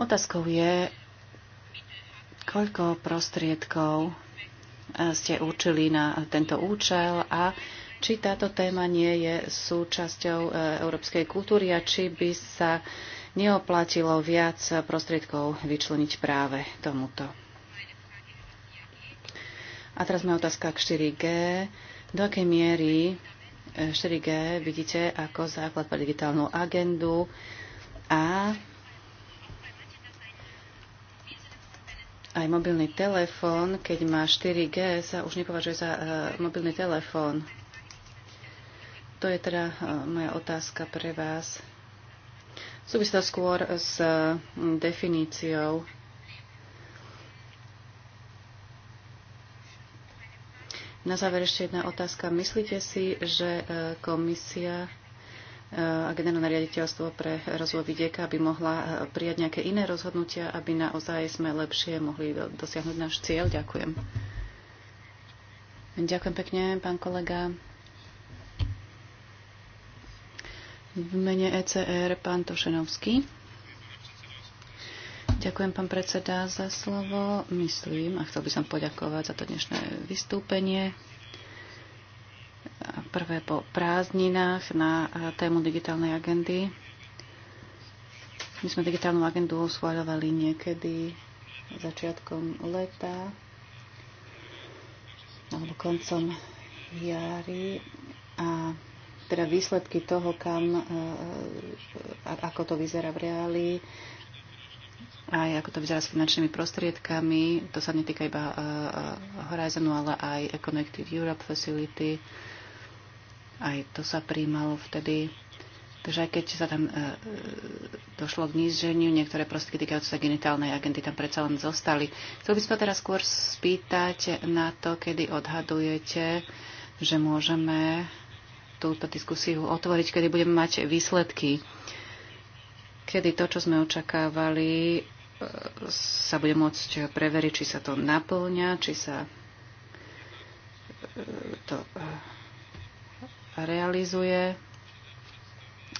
Speaker 1: Otázkou je, koľko prostriedkov ste určili na tento účel a či táto téma nie je súčasťou e, európskej kultúry a či by sa neoplatilo viac prostriedkov vyčleniť práve tomuto. A teraz moja otázka k 4G. Do akej miery 4G e, vidíte ako základ pre digitálnu agendu a aj mobilný telefón, keď má 4G, sa už nepovažuje za uh, mobilný telefón. To je teda eh, moja otázka pre vás. Súvisí to skôr s mm, definíciou Na záver ešte jedna otázka. Myslíte si, že eh, komisia eh, a generálne riaditeľstvo pre rozvoj vidieka by mohla prijať nejaké iné rozhodnutia, aby naozaj sme lepšie mohli dosiahnuť náš cieľ? Ďakujem. Ďakujem pekne, pán kolega. V mene ECR pán Tošenovský. Ďakujem, pán predseda, za slovo. Myslím a chcel by som poďakovať za to dnešné vystúpenie. Prvé po prázdninách na tému digitálnej agendy. My sme digitálnu agendu schváľovali niekedy začiatkom leta alebo koncom jary a teda výsledky toho, kam, e, e, ako to vyzerá v reálii, aj ako to vyzerá s finančnými prostriedkami. To sa netýka iba e, Horizonu, ale aj Connected Europe Facility. Aj to sa príjmalo vtedy. Takže aj keď sa tam e, došlo k níženiu, niektoré prostriedky týkajúce sa genitálnej agendy tam predsa len zostali. Chcel by som teraz skôr spýtať na to, kedy odhadujete, že môžeme túto diskusiu otvoriť, kedy budeme mať výsledky, kedy to, čo sme očakávali, sa bude môcť preveriť, či sa to naplňa, či sa e, to e, realizuje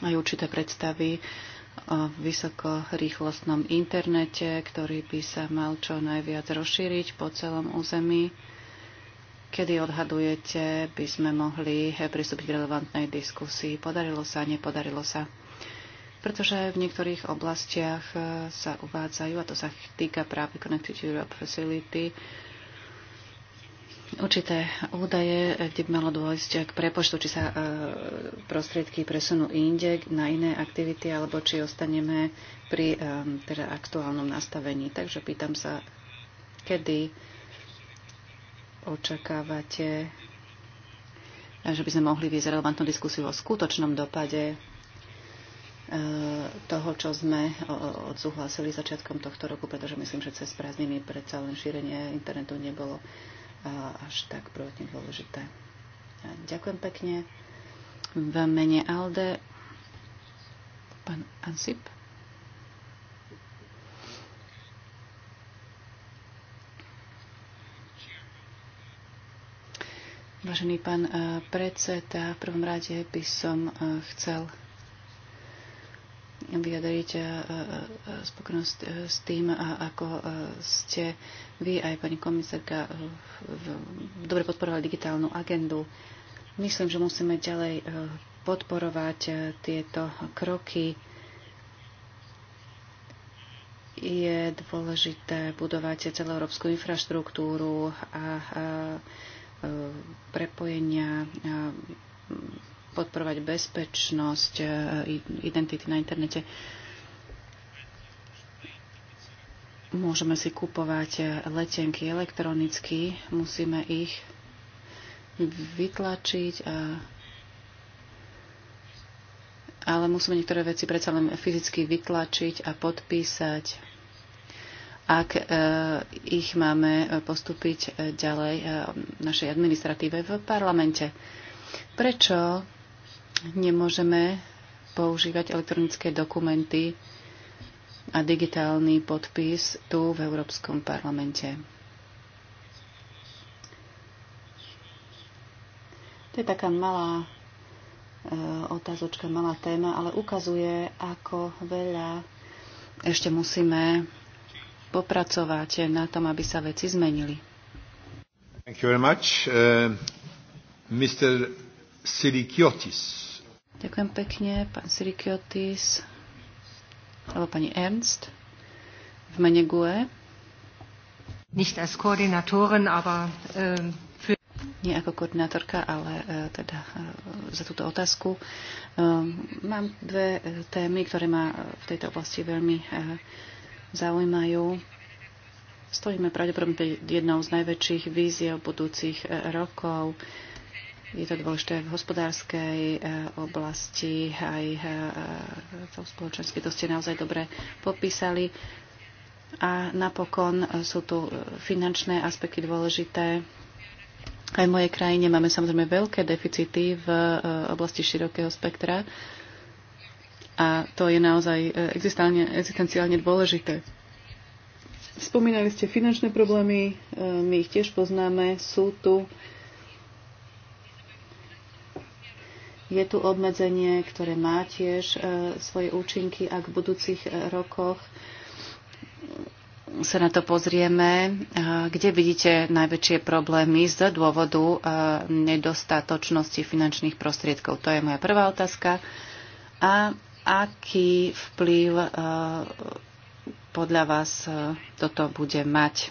Speaker 1: aj určité predstavy o vysokorýchlostnom internete, ktorý by sa mal čo najviac rozšíriť po celom území. Kedy odhadujete, by sme mohli pristúpiť k relevantnej diskusii? Podarilo sa, nepodarilo sa? Pretože v niektorých oblastiach e, sa uvádzajú, a to sa týka práve Connected Europe Facility, určité údaje, e, kde by malo dôjsť k prepočtu, či sa e, prostriedky presunú inde na iné aktivity, alebo či ostaneme pri teda aktuálnom nastavení. Takže pýtam sa, kedy očakávate, že by sme mohli viesť relevantnú diskusiu o skutočnom dopade eh, toho, čo sme odsúhlasili začiatkom tohto roku, pretože myslím, že cez prázdniny predsa len šírenie internetu nebolo eh, až tak prvotne dôležité. Ďakujem pekne. V mene Alde pán Ansip. Vážený pán e, predseda, v prvom rade by som e, chcel vyjadriť e, spokojnosť s tým, ako ste vy aj pani komisárka dobre podporovali digitálnu agendu. Myslím, že musíme ďalej podporovať tieto kroky. Je dôležité budovať celoeurópsku infraštruktúru a, a prepojenia, eh, podporovať bezpečnosť eh, identity na internete. Môžeme si kupovať eh, letenky elektronicky, musíme ich vytlačiť a ale musíme niektoré veci predsa len fyzicky vytlačiť a podpísať ak e, ich máme e, postúpiť e, ďalej v našej administratíve v parlamente. Prečo nemôžeme používať elektronické dokumenty a digitálny podpis tu v Európskom parlamente? To je taká malá otázočka, malá téma, ale ukazuje, ako veľa ešte musíme popracováte na tom, aby sa veci zmenili.
Speaker 2: Thank you very much. Uh, Mr. Sirikiotis.
Speaker 1: Ďakujem pekne, pán Sirikiotis, alebo pani Ernst, v mene GUE. Nicht als Koordinatorin, aber uh, für nie ako koordinátorka, ale uh, teda uh, za túto otázku. Uh, Mám dve uh, témy, ktoré ma v tejto oblasti veľmi uh, zaujímajú. Stojíme pravdepodobne pred jednou z najväčších víziev budúcich e, rokov. Je to dôležité v hospodárskej e, oblasti aj v e, spoločenské To ste naozaj dobre popísali. A napokon sú tu finančné aspekty dôležité. Aj v mojej krajine máme samozrejme veľké deficity v oblasti širokého spektra a to je naozaj e, existenciálne dôležité. Spomínali ste finančné problémy, e, my ich tiež poznáme, sú tu. Je tu obmedzenie, ktoré má tiež e, svoje účinky, ak v budúcich rokoch sa na to pozrieme, kde vidíte najväčšie problémy z dôvodu nedostatočnosti finančných prostriedkov. To je moja prvá otázka. A aký vplyv eh, podľa vás eh, toto bude mať.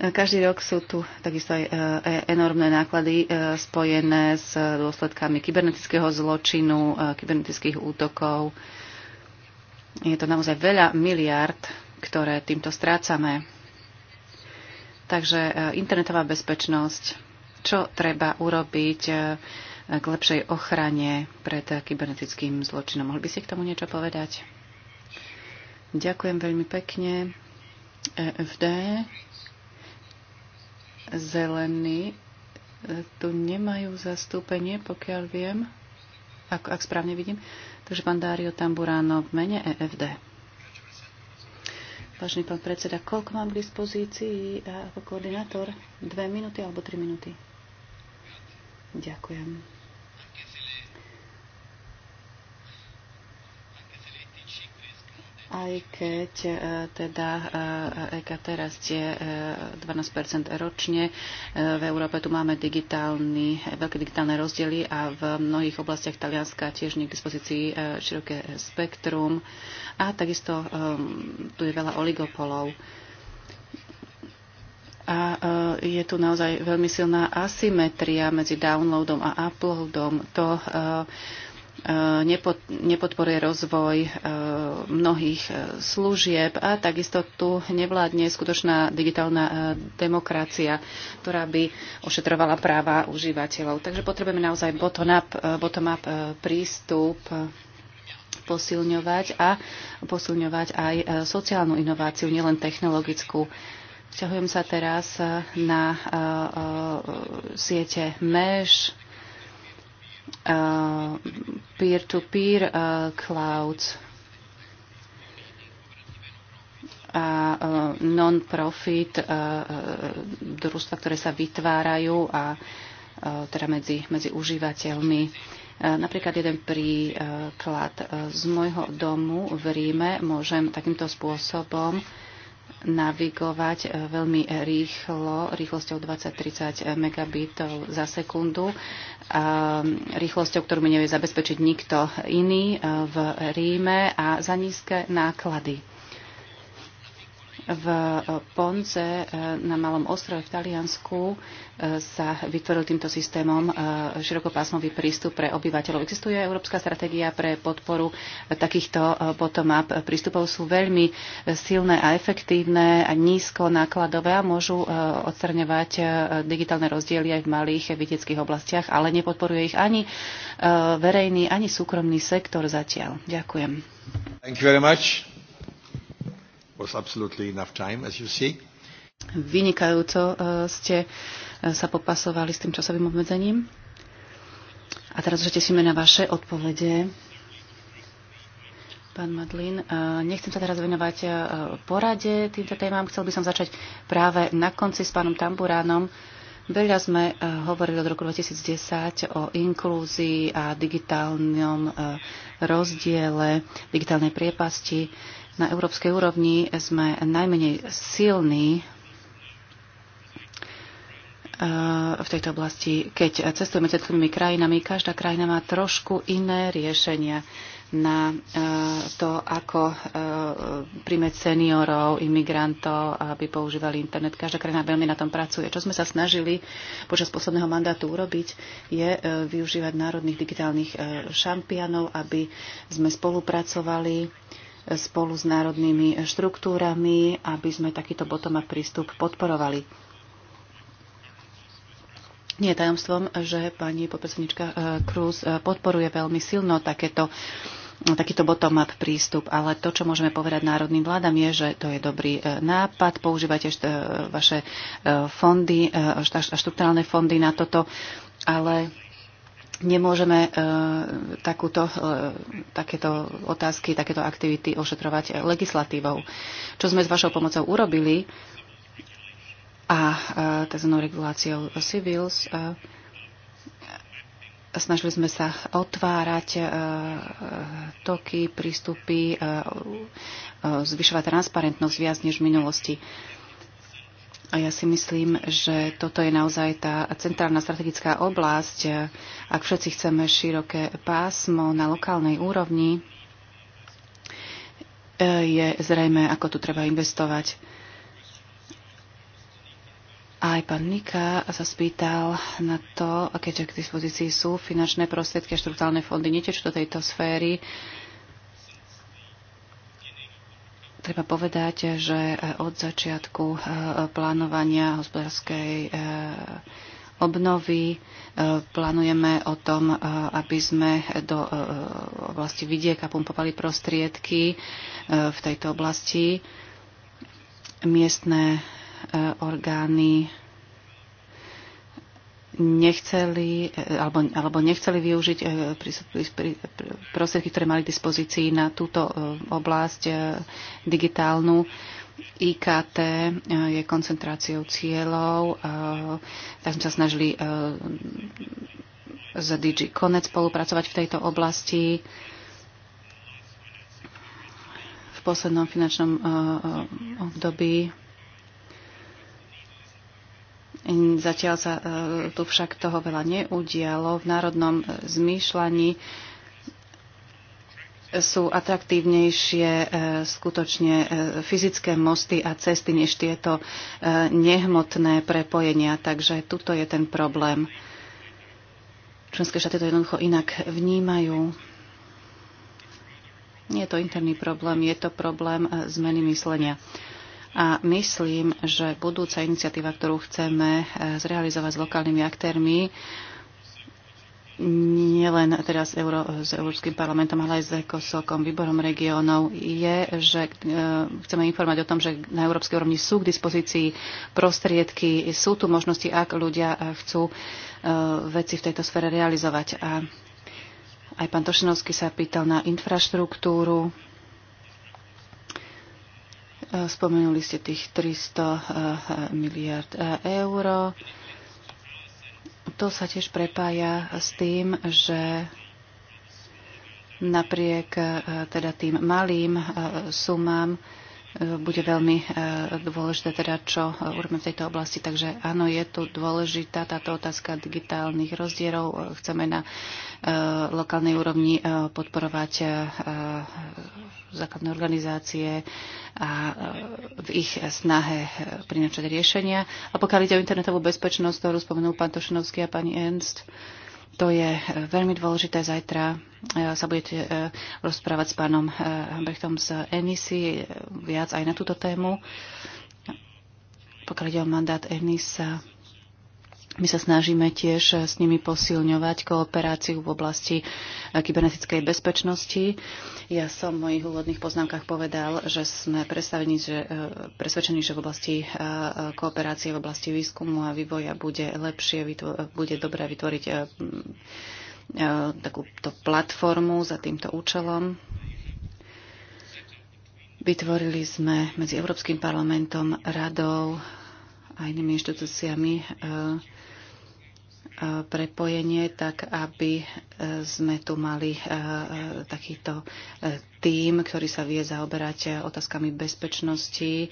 Speaker 1: Eh, každý rok sú tu takisto aj e- enormné náklady spojené s dôsledkami kybernetického zločinu, kybernetických útokov. Je to naozaj veľa miliard, ktoré týmto strácame. Takže internetová bezpečnosť, čo treba urobiť, k lepšej ochrane pred kybernetickým zločinom. Mohli by ste k tomu niečo povedať? Ďakujem veľmi pekne. EFD, zelení, e, tu nemajú zastúpenie, pokiaľ viem, ak, ak správne vidím. Takže pán Dario Tamburano v mene EFD. Vážený pán predseda, koľko mám k dispozícii e, ako koordinátor? Dve minúty alebo tri minúty? Ďakujem. Aj keď e, teda EK e teraz je 12 e, ročne, v Európe tu máme digitálny, veľké digitálne rozdiely a v mnohých oblastiach Talianska tiež nie k dispozícii široké spektrum a takisto tu je veľa oligopolov a je tu naozaj veľmi silná asymetria medzi downloadom a uploadom. To E, nepodporuje rozvoj e, mnohých e, služieb a takisto tu nevládne skutočná digitálna demokracia, ktorá by ošetrovala práva užívateľov. Takže potrebujeme naozaj bottom-up bottom up prístup posilňovať a posilňovať aj sociálnu inováciu, nielen technologickú. Vťahujem sa teraz na siete MESH Uh, peer-to-peer uh, -peer, uh, clouds a uh, non-profit uh, uh, družstva, ktoré sa vytvárajú a uh, teda medzi, medzi užívateľmi. Uh, napríklad jeden príklad uh, z môjho domu v Ríme môžem takýmto spôsobom uh, navigovať e, veľmi rýchlo, rýchlosťou 20-30 megabitov za sekundu, rýchlosťou, ktorú mi nevie zabezpečiť nikto iný e, v Ríme a za nízke náklady. V Ponce eh, na malom ostrove v Taliansku eh, sa vytvoril týmto systémom eh, širokopásmový prístup pre obyvateľov. Existuje európska stratégia pre podporu takýchto bottom-up prístupov. Sú veľmi silné a efektívne a nízko nákladové a môžu odstraňovať digitálne rozdiely aj v malých vidieckých oblastiach, ale nepodporuje ich ani verejný, ani súkromný sektor zatiaľ. Ďakujem.
Speaker 3: Thank you very much was absolutely enough time, as you see.
Speaker 1: Vynikajúco eh, ste eh, sa popasovali s tým časovým obmedzením. A teraz už tešíme na vaše odpovede. Pán Madlin, eh, nechcem sa teraz venovať porade týmto témam. Chcel by som začať práve na konci s pánom Tamburánom. Veľa sme hovorili od roku 2010 o inklúzii a digitálnom rozdiele, digitálnej priepasti. Na európskej úrovni sme najmenej silní eh, v tejto oblasti. Keď cestujeme cestujúcimi krajinami, každá krajina má trošku iné riešenia na eh, to, ako eh, príjmeť seniorov, imigrantov, aby používali internet. Každá krajina veľmi na tom pracuje. Čo sme sa snažili počas posledného mandátu urobiť, je využívať národných digitálnych šampiánov, aby sme spolupracovali spolu s národnými štruktúrami, aby sme takýto bottom-up prístup podporovali. Nie je tajomstvom, že pani podpredsednička eh, Cruz eh, podporuje veľmi silno takéto takýto bottom-up prístup, ale to, čo môžeme povedať národným vládam, je, že to je dobrý eh, nápad, Používate vaše fondy, štruktúrálne fondy na toto, ale nemôžeme e, takúto, e, takéto otázky, takéto aktivity ošetrovať e, legislatívou. Čo sme s vašou pomocou urobili a tzv. reguláciou civils, snažili sme sa otvárať toky, prístupy, zvyšovať transparentnosť viac než v minulosti. A ja si myslím, že toto je naozaj tá centrálna strategická oblasť. Ak všetci chceme široké pásmo na lokálnej úrovni, e, je zrejme, ako tu treba investovať. aj pán Nika sa spýtal na to, keďže k dispozícii sú finančné prostriedky a štruktálne fondy, niečo do tejto sféry, Treba povedať, že e, od začiatku e, plánovania hospodárskej e, obnovy plánujeme o tom, aby sme do oblasti vidieka pumpovali prostriedky v tejto oblasti. Miestne orgány nechceli, eh, alebo, alebo nechceli využiť eh, prostriedky, ktoré mali k dispozícii na túto eh, oblasť digitálnu. IKT je koncentráciou cieľov. Tak sme sa snažili z DG konec spolupracovať v tejto oblasti. V poslednom finančnom období Zatiaľ sa e, tu však toho veľa neudialo. V národnom e, zmýšľaní sú atraktívnejšie e, skutočne fyzické mosty a cesty než tieto nehmotné prepojenia. Takže tuto je ten problém. Členské štáty to jednoducho inak vnímajú. Nie je to interný problém, je to problém zmeny myslenia. A myslím, že budúca iniciatíva, ktorú chceme eh, zrealizovať s lokálnymi aktérmi, nielen teraz Euró- s Európskym parlamentom, ale aj s ECOSOKom, výborom regiónov, je, že e, chceme informovať o tom, že na európskej úrovni sú k dispozícii prostriedky, sú tu možnosti, ak ľudia eh, chcú e, veci v tejto sfere realizovať. A aj pán Tošinovský sa pýtal na infraštruktúru Spomenuli ste tých 300 eh, miliard eh, eur. To sa tiež prepája s tým, že napriek eh, teda tým malým sumám bude veľmi e, dôležité, teda čo e, urobíme v tejto oblasti. Takže áno, je tu dôležitá táto otázka digitálnych rozdierov. E, chceme na lokálnej úrovni podporovať základné organizácie a v ich snahe prinačať riešenia. A pokiaľ ide o internetovú bezpečnosť, ktorú spomenul pán Tošinovský a pani Ernst, to je e, veľmi dôležité. Zajtra e, sa budete e, rozprávať s pánom Hambrechtom z Enisy viac aj na túto tému. Pokiaľ ide o mandát Enisa, my sa snažíme tiež s nimi posilňovať kooperáciu v oblasti eh, kybernetickej bezpečnosti. Ja som v mojich úvodných poznámkach povedal, že sme že, eh, presvedčení, že v oblasti eh, kooperácie, v oblasti výskumu a vývoja bude lepšie, bude dobré vytvoriť takúto platformu za týmto účelom. Vytvorili sme medzi Európskym parlamentom, radou a inými inštitúciami prepojenie, tak aby e, sme tu mali e, e, takýto tím, ktorý sa vie zaoberať otázkami bezpečnosti.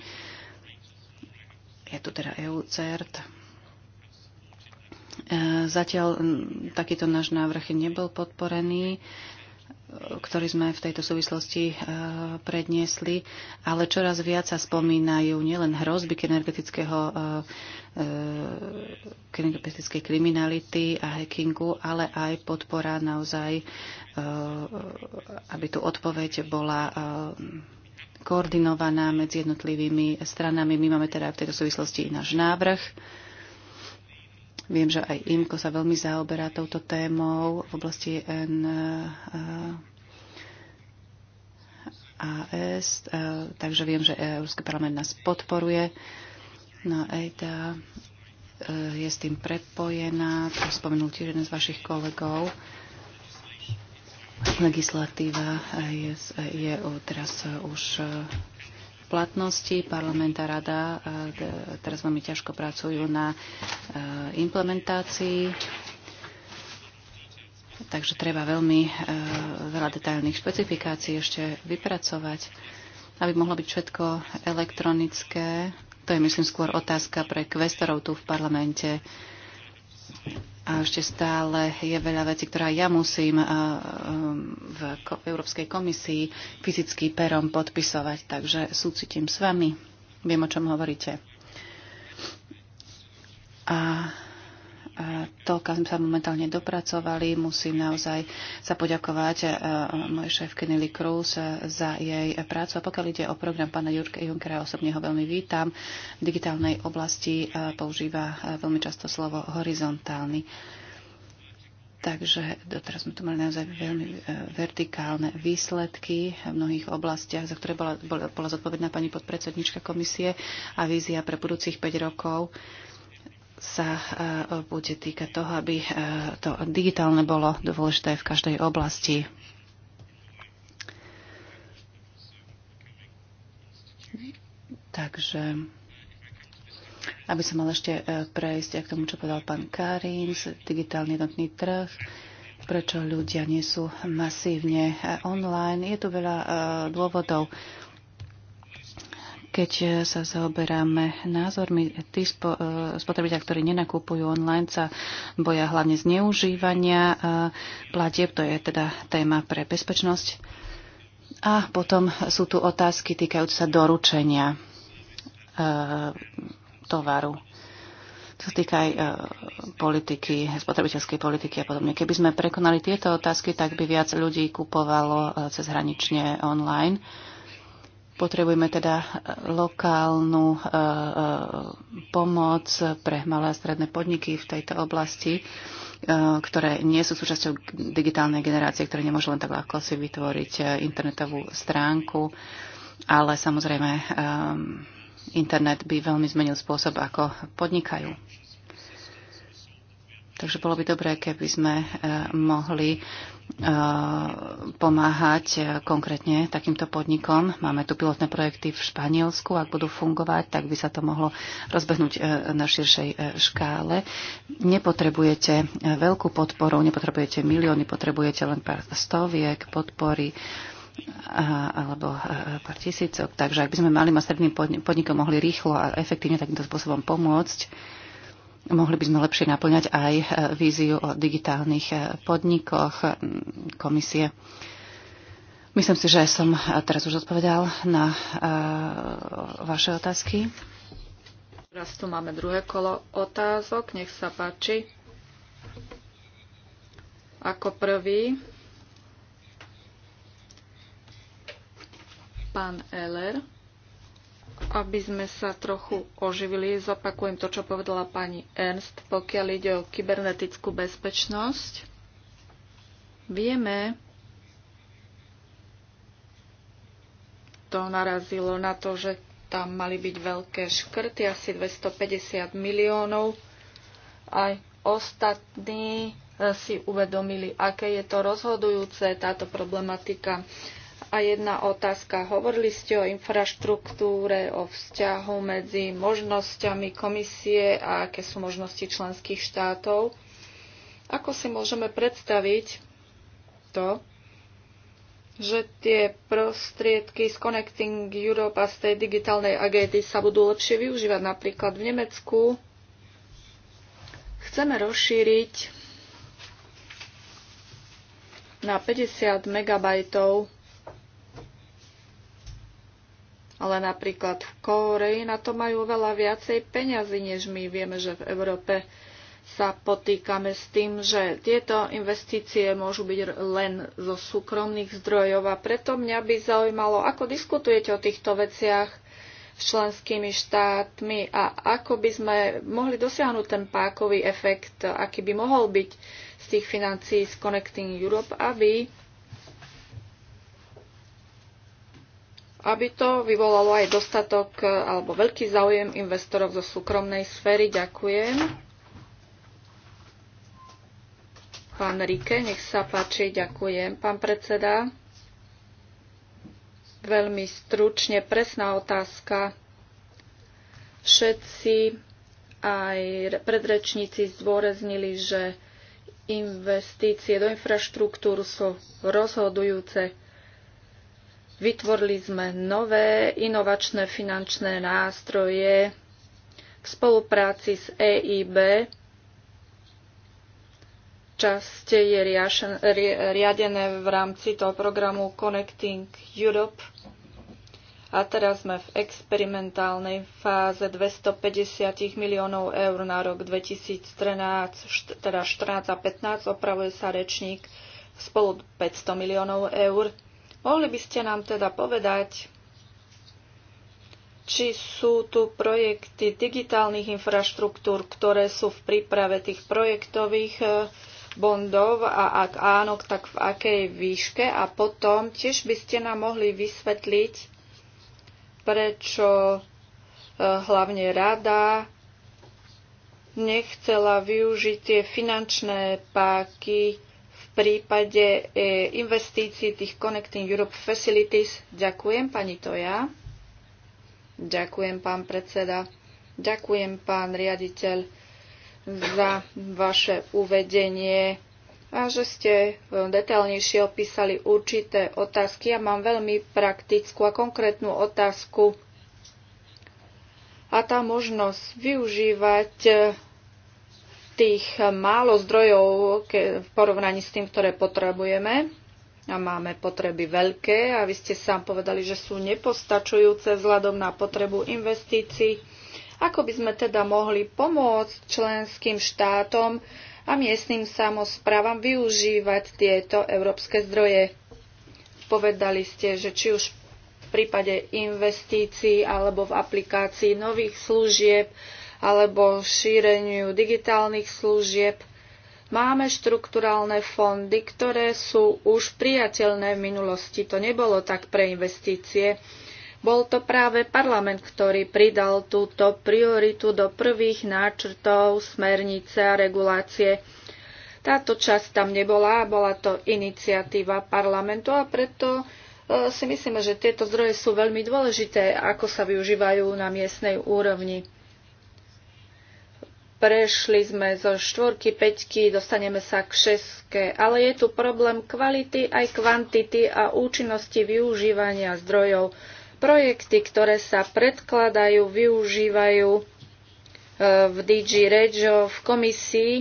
Speaker 1: Je tu teda EUCERT. Zatiaľ takýto náš návrh nebol podporený ktorý sme v tejto súvislosti e, predniesli, ale čoraz viac sa spomínajú nielen hrozby energetického, e, e, energetickej kriminality a hackingu, ale aj podpora naozaj, aby tu odpoveď bola koordinovaná medzi jednotlivými stranami. My máme teda v tejto súvislosti i náš návrh Viem, že aj IMKO sa veľmi zaoberá touto témou v oblasti N uh, takže viem, že Európsky parlament nás podporuje. No EITA eh, je s tým prepojená, to spomenul tiež jeden z vašich kolegov. Legislatíva je, je teraz už platnosti. Parlament a rada e, teraz veľmi ťažko pracujú na e, implementácii. Takže treba veľmi e, veľa detailných špecifikácií ešte vypracovať, aby mohlo byť všetko elektronické. To je, myslím, skôr otázka pre kvestorov tu v parlamente a ešte stále je veľa vecí, ktorá ja musím um, v Európskej komisii fyzicky perom podpisovať, takže súcitím s vami. Viem, o čom hovoríte. A toľka sme sa momentálne dopracovali. Musím naozaj sa poďakovať e, mojej šéfke Nelly Cruz e, za jej prácu. A pokiaľ ide o program pána Jurka Junkera, osobne ho veľmi vítam. V digitálnej oblasti e, používa veľmi často slovo horizontálny. Takže doteraz sme tu mali naozaj veľmi vertikálne výsledky v mnohých oblastiach, za ktoré bola, bola, bola zodpovedná pani podpredsednička komisie a vízia pre budúcich 5 rokov sa e, bude týkať toho, aby e, to digitálne bolo dôležité v každej oblasti. Takže aby som mal ešte e, prejsť k tomu, čo povedal pán Karim, digitálny jednotný trh, prečo ľudia nie sú masívne online. Je tu veľa dôvodov keď e, sa zaoberáme názormi, tí spo, e, spotrebiteľ, ktorí nenakupujú online, sa boja hlavne zneužívania e, platieb, to je teda téma pre bezpečnosť. A potom sú tu otázky týkajúce sa doručenia uh, tovaru. To sa týka aj e, politiky, spotrebiteľskej politiky a podobne. Keby sme prekonali tieto otázky, tak by viac ľudí kupovalo e, cezhranične online. E, Potrebujeme teda e, lokálnu e, e, pomoc pre malé a stredné podniky v tejto oblasti, ktoré nie sú súčasťou digitálnej generácie, ktoré nemôžu len tak ľahko si vytvoriť internetovú stránku, ale samozrejme internet by veľmi zmenil spôsob, ako podnikajú. Takže bolo by dobré, keby sme mohli pomáhať e, konkrétne takýmto podnikom. Máme tu pilotné projekty v Španielsku. Ak budú fungovať, tak by sa to mohlo rozbehnúť e, na širšej e, škále. Nepotrebujete veľkú podporu, nepotrebujete milióny, potrebujete len pár stoviek podpory alebo pár tisícok. Takže ak by sme malým a stredným podnikom mohli rýchlo a efektívne takýmto spôsobom pomôcť, Mohli by sme lepšie naplňať aj e, víziu o digitálnych e, podnikoch komisie. Myslím si, že som e, teraz už odpovedal na vaše
Speaker 3: otázky. Teraz tu máme druhé kolo otázok. Nech sa páči. Ako prvý pán Eller aby sme sa trochu oživili, zopakujem to, čo povedala pani Ernst, pokiaľ ide o kybernetickú bezpečnosť. Vieme, to narazilo na to, že tam mali byť veľké škrty, asi 250 miliónov. Aj ostatní eh, si uvedomili, aké je to rozhodujúce táto problematika a jedna otázka. Hovorili ste o infraštruktúre, o vzťahu medzi možnosťami komisie a aké sú možnosti členských štátov. Ako si môžeme predstaviť to, že tie prostriedky z Connecting Europe a z tej digitálnej agendy sa budú lepšie využívať. Napríklad v Nemecku chceme rozšíriť na 50 megabajtov ale napríklad v Kóreji na to majú veľa viacej peňazí, než my vieme, že v Európe sa potýkame s tým, že tieto investície môžu byť len zo súkromných zdrojov a preto mňa by zaujímalo, ako diskutujete o týchto veciach s členskými štátmi a ako by sme mohli dosiahnuť ten pákový efekt, aký by mohol byť z tých financií z Connecting Europe, aby aby to vyvolalo aj dostatok eh, alebo veľký záujem investorov zo súkromnej sféry. Ďakujem. Pán Rike, nech sa páči, ďakujem. Pán predseda, veľmi stručne, presná otázka. Všetci aj predrečníci zdôraznili, že investície do infraštruktúru sú rozhodujúce Vytvorili sme nové inovačné finančné nástroje v spolupráci s EIB. Časť je riadené v rámci toho programu Connecting Europe. A teraz sme v experimentálnej fáze 250 miliónov eur na rok 2013, teda 14 a 15, opravuje sa rečník spolu 500 miliónov eur Mohli by ste nám teda povedať, či sú tu projekty digitálnych infraštruktúr, ktoré sú v príprave tých projektových e, bondov a ak áno, tak v akej výške. A potom tiež by ste nám mohli vysvetliť, prečo e, hlavne rada nechcela využiť tie finančné páky prípade e, investícií tých Connecting Europe Facilities. Ďakujem pani Toja. Ďakujem pán predseda. Ďakujem pán riaditeľ za vaše uvedenie a že ste e, detailnejšie opísali určité otázky. Ja mám veľmi praktickú a konkrétnu otázku. A tá možnosť využívať e, tých málo zdrojov v porovnaní s tým, ktoré potrebujeme, a máme potreby veľké a vy ste sám povedali, že sú nepostačujúce vzhľadom na potrebu investícií. Ako by sme teda mohli pomôcť členským štátom a miestnym samozprávam využívať tieto európske zdroje? Povedali ste, že či už v prípade investícií alebo v aplikácii nových služieb alebo šíreniu digitálnych služieb. Máme štrukturálne fondy, ktoré sú už priateľné v minulosti. To nebolo tak pre investície. Bol to práve parlament, ktorý pridal túto prioritu do prvých náčrtov, smernice a regulácie. Táto časť tam nebola, bola to iniciatíva parlamentu a preto e, si myslíme, že tieto zdroje sú veľmi dôležité, ako sa využívajú na miestnej úrovni. Prešli sme zo štvorky, peťky, dostaneme sa k šeske, ale je tu problém kvality aj kvantity a účinnosti využívania zdrojov. Projekty, ktoré sa predkladajú, využívajú eh, v DG Regio v komisii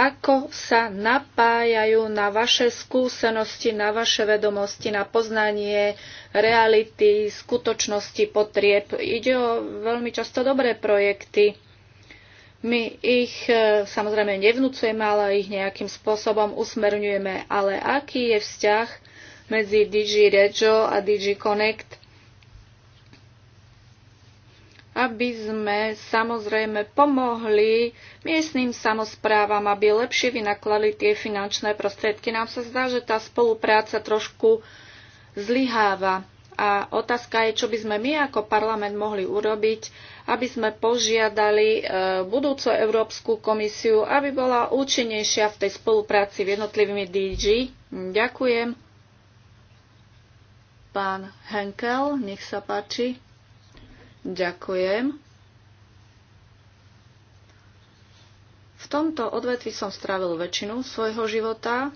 Speaker 3: ako sa napájajú na vaše skúsenosti, na vaše vedomosti, na poznanie reality, skutočnosti, potrieb. Ide o veľmi často dobré projekty. My ich e, samozrejme nevnúcujeme, ale ich nejakým spôsobom usmerňujeme. Ale aký je vzťah medzi DigiRegio a DigiConnect? aby sme samozrejme pomohli miestnym samozprávam, aby lepšie vynakladali tie finančné prostriedky. Nám sa zdá, že tá spolupráca trošku zlyháva. A otázka je, čo by sme my ako parlament mohli urobiť, aby sme požiadali e, budúcu Európsku komisiu, aby bola účinnejšia v tej spolupráci v jednotlivými DG. Ďakujem. Pán Henkel, nech sa páči. Ďakujem. V tomto odvetvi som strávil väčšinu svojho života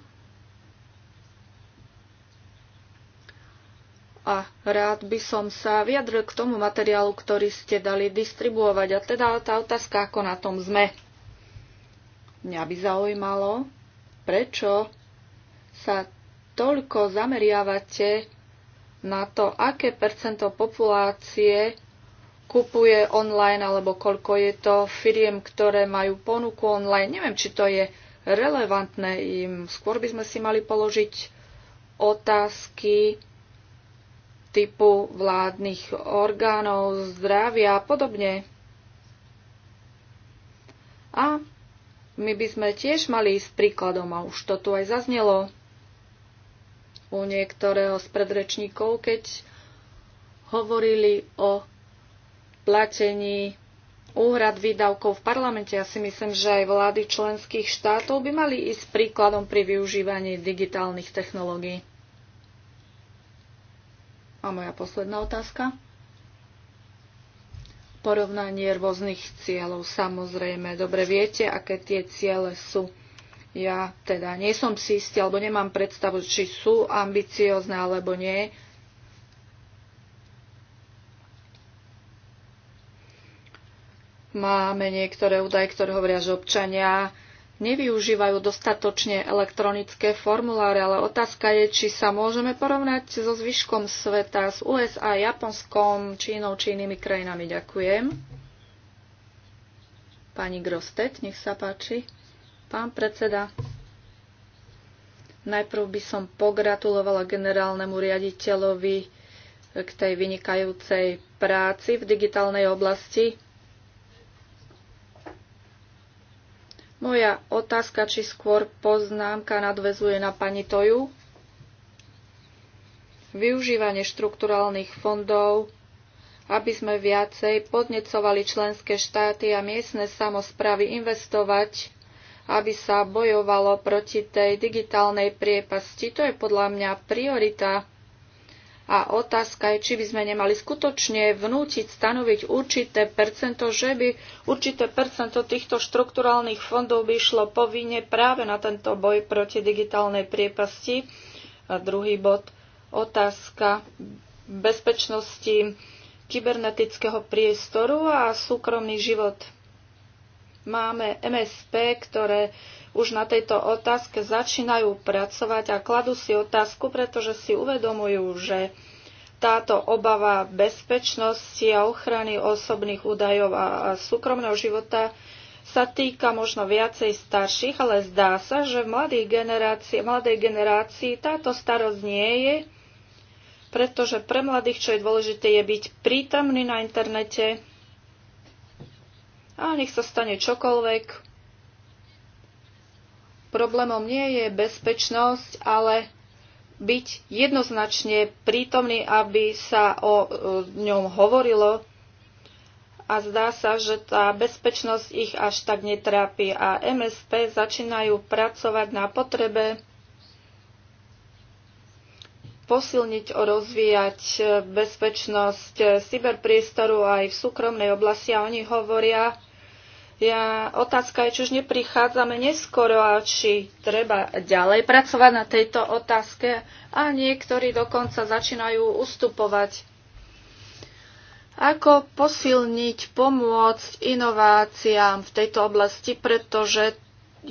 Speaker 3: a rád by som sa vyjadril k tomu materiálu, ktorý ste dali distribuovať. A teda tá otázka, ako na tom sme. Mňa by zaujímalo, prečo sa toľko zameriavate na to, aké percento populácie kupuje online, alebo koľko je to firiem, ktoré majú ponuku online. Neviem, či to je relevantné im. Skôr by sme si mali položiť otázky typu vládnych orgánov, zdravia a podobne. A my by sme tiež mali ísť príkladom, a už to tu aj zaznelo u niektorého z predrečníkov, keď hovorili o platení úhrad výdavkov v parlamente. Ja si myslím, že aj vlády členských štátov by mali ísť príkladom pri využívaní digitálnych technológií. A moja posledná otázka. Porovnanie rôznych cieľov. Samozrejme, dobre viete, aké tie ciele sú. Ja teda nie som si istý, alebo nemám predstavu, či sú ambiciozne alebo nie Máme niektoré údaje, ktoré hovoria, že občania nevyužívajú dostatočne elektronické formuláre, ale otázka je, či sa môžeme porovnať so zvyškom sveta, s USA, Japonskom, Čínou či inými krajinami. Ďakujem. Pani Grostet, nech sa páči. Pán predseda, najprv by som pogratulovala generálnemu riaditeľovi k tej vynikajúcej práci v digitálnej oblasti Moja otázka, či skôr poznámka nadvezuje na pani Toju. Využívanie štrukturálnych fondov, aby sme viacej podnecovali členské štáty a miestne samozpravy investovať, aby sa bojovalo proti tej digitálnej priepasti. To je podľa mňa priorita a otázka je, či by sme nemali skutočne vnútiť, stanoviť určité percento, že by určité percento týchto štrukturálnych fondov by išlo povinne práve na tento boj proti digitálnej priepasti. A druhý bod, otázka bezpečnosti kybernetického priestoru a súkromný život máme MSP, ktoré už na tejto otázke začínajú pracovať a kladú si otázku, pretože si uvedomujú, že táto obava bezpečnosti a ochrany osobných údajov a súkromného života sa týka možno viacej starších, ale zdá sa, že v mladej generácii, mladej generácii táto starosť nie je, pretože pre mladých, čo je dôležité, je byť prítomný na internete, a nech sa stane čokoľvek. Problémom nie je bezpečnosť, ale byť jednoznačne prítomný, aby sa o ňom hovorilo. A zdá sa, že tá bezpečnosť ich až tak netrápi a MSP začínajú pracovať na potrebe posilniť, rozvíjať e, bezpečnosť e, cyberpriestoru aj v súkromnej oblasti a oni hovoria, ja, otázka je, či už neprichádzame neskoro a či treba ďalej pracovať na tejto otázke a niektorí dokonca začínajú ustupovať. Ako posilniť, pomôcť inováciám v tejto oblasti, pretože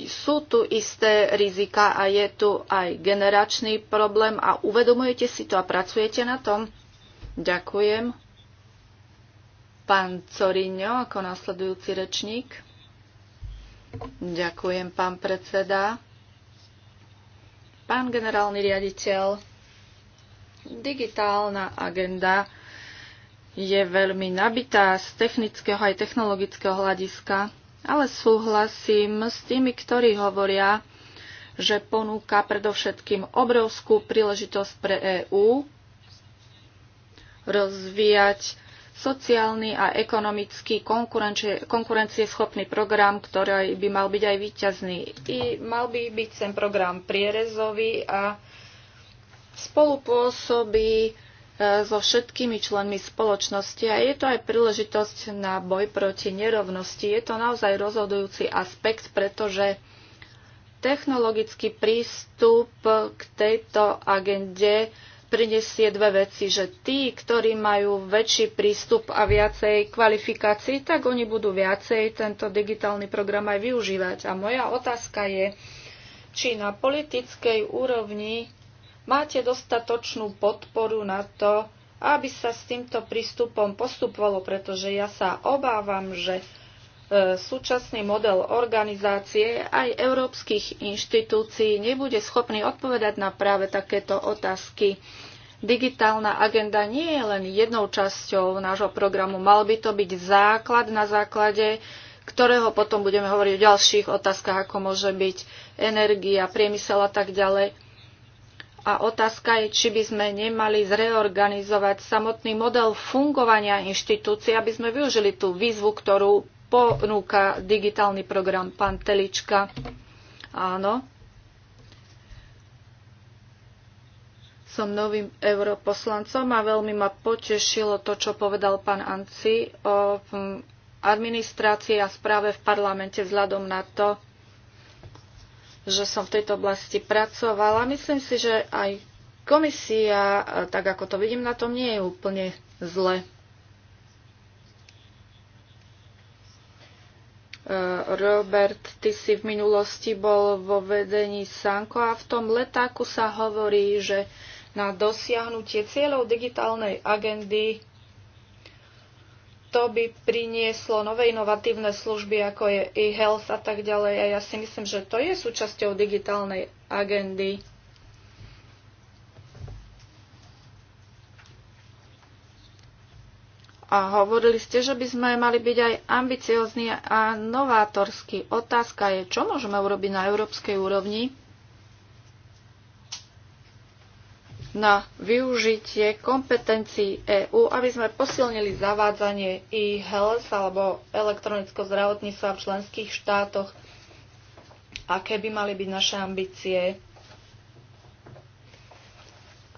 Speaker 3: sú tu isté rizika a je tu aj generačný problém a uvedomujete si to a pracujete na tom? Ďakujem. Pán Coriňo ako následujúci rečník. Ďakujem, pán predseda. Pán generálny riaditeľ, digitálna agenda je veľmi nabitá z technického aj technologického hľadiska ale súhlasím s tými, ktorí hovoria, že ponúka predovšetkým obrovskú príležitosť pre EÚ rozvíjať sociálny a ekonomický konkurencieschopný program, ktorý by mal byť aj výťazný. I mal by byť ten program prierezový a spolupôsobí so všetkými členmi spoločnosti a je to aj príležitosť na boj proti nerovnosti. Je to naozaj rozhodujúci aspekt, pretože technologický prístup k tejto agende prinesie dve veci, že tí, ktorí majú väčší prístup a viacej kvalifikácií, tak oni budú viacej tento digitálny program aj využívať. A moja otázka je, či na politickej úrovni máte dostatočnú podporu na to, aby sa s týmto prístupom postupovalo, pretože ja sa obávam, že e, súčasný model organizácie aj európskych inštitúcií nebude schopný odpovedať na práve takéto otázky. Digitálna agenda nie je len jednou časťou nášho programu. Mal by to byť základ, na základe ktorého potom budeme hovoriť o ďalších otázkach, ako môže byť energia, priemysel a tak ďalej. A otázka je, či by sme nemali zreorganizovať samotný model fungovania inštitúcií, aby sme využili tú výzvu, ktorú ponúka digitálny program pán Telička. Áno. Som novým europoslancom a veľmi ma potešilo to, čo povedal pán Anci o administrácii a správe v parlamente vzhľadom na to, že som v tejto oblasti pracovala. Myslím si, že aj komisia, tak ako to vidím, na tom nie je úplne zle. E, Robert, ty si v minulosti bol vo vedení Sanko a v tom letáku sa hovorí, že na dosiahnutie cieľov digitálnej agendy to by prinieslo nové inovatívne služby, ako je e-health a tak ďalej. A ja si myslím, že to je súčasťou digitálnej agendy. A hovorili ste, že by sme mali byť aj ambiciozní a novátorskí. Otázka je, čo môžeme urobiť na európskej úrovni, na využitie kompetencií EÚ, aby sme posilnili zavádzanie e-health alebo elektronického zdravotníctva v členských štátoch. Aké by mali byť naše ambície?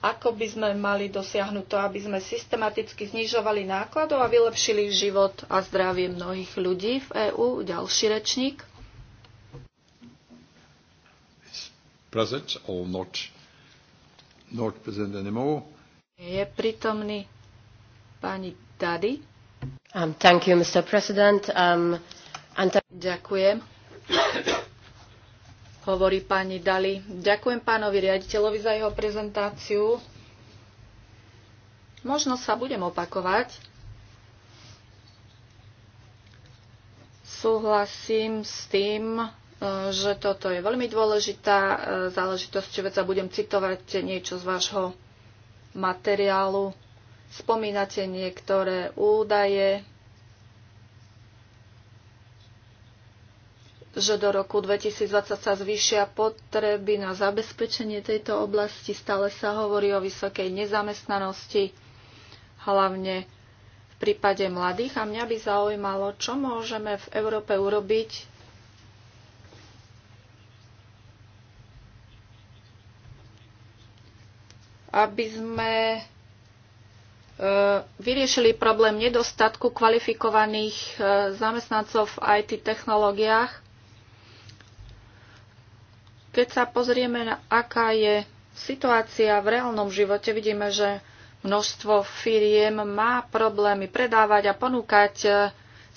Speaker 3: Ako by sme mali dosiahnuť to, aby sme systematicky znižovali nákladov a vylepšili život a zdravie mnohých ľudí v EÚ? Ďalší rečník.
Speaker 2: Present or not present anymore.
Speaker 3: Je prítomný pani Dady. Um, thank you, Mr.
Speaker 1: President. Um, and
Speaker 3: Ďakujem. Hovorí pani Dali. Ďakujem pánovi riaditeľovi za jeho prezentáciu. Možno sa budem opakovať. Súhlasím s tým, že toto je veľmi dôležitá e, záležitosť, či veca budem citovať niečo z vášho materiálu. Spomínate niektoré údaje, že do roku 2020 sa zvýšia potreby na zabezpečenie tejto oblasti. Stále sa hovorí o vysokej nezamestnanosti, hlavne v prípade mladých. A mňa by zaujímalo, čo môžeme v Európe urobiť, aby sme e, vyriešili problém nedostatku kvalifikovaných e, zamestnancov v IT technológiách. Keď sa pozrieme, na aká je situácia v reálnom živote, vidíme, že množstvo firiem má problémy predávať a ponúkať e,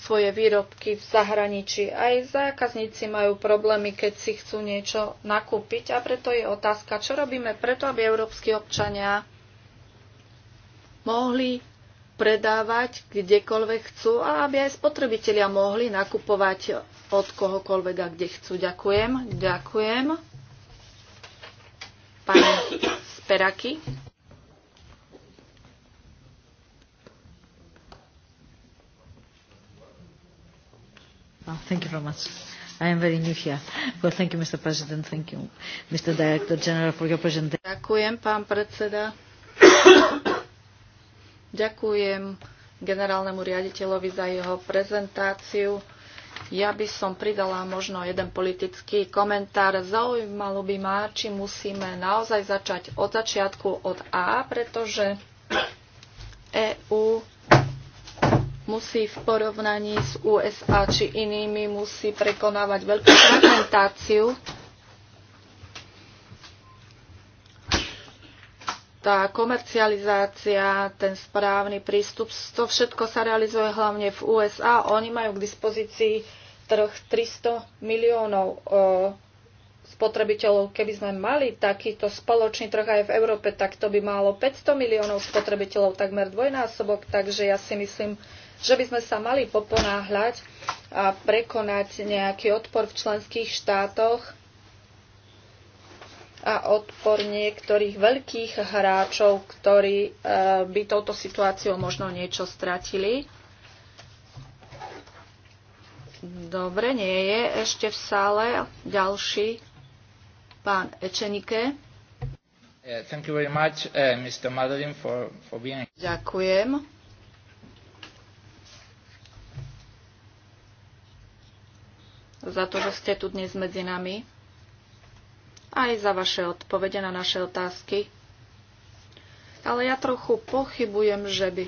Speaker 3: svoje výrobky v zahraničí. Aj zákazníci majú problémy, keď si chcú niečo nakúpiť a preto je otázka, čo robíme preto, aby európsky občania mohli predávať kdekoľvek chcú a aby aj spotrebitelia mohli nakupovať od kohokoľvek a kde chcú. Ďakujem. Ďakujem. Pán Speraky.
Speaker 1: thank you very much. I am very new here. Well, thank you, Mr. President. Thank you, Mr. Director General, for your presentation.
Speaker 3: Ďakujem, pán predseda. Ďakujem generálnemu riaditeľovi za jeho prezentáciu. Ja by som pridala možno jeden politický komentár. Zaujímalo by ma, či musíme naozaj začať od začiatku, od A, pretože EÚ musí v porovnaní s USA či inými musí prekonávať veľkú fragmentáciu. Tá komercializácia, ten správny prístup, to všetko sa realizuje hlavne v USA. Oni majú k dispozícii trh 300 miliónov e, spotrebiteľov. Keby sme mali takýto spoločný trh aj v Európe, tak to by malo 500 miliónov spotrebiteľov, takmer dvojnásobok. Takže ja si myslím, že by sme sa mali poponáhľať a prekonať nejaký odpor v členských štátoch a odpor niektorých veľkých hráčov, ktorí e, by touto situáciou možno niečo stratili. Dobre, nie je ešte v sále ďalší pán Ečenike.
Speaker 2: Thank you very much, uh, Mr. Madeline, for, for being...
Speaker 3: Ďakujem za to, že ste tu dnes medzi nami, aj za vaše odpovede na naše otázky. Ale ja trochu pochybujem, že by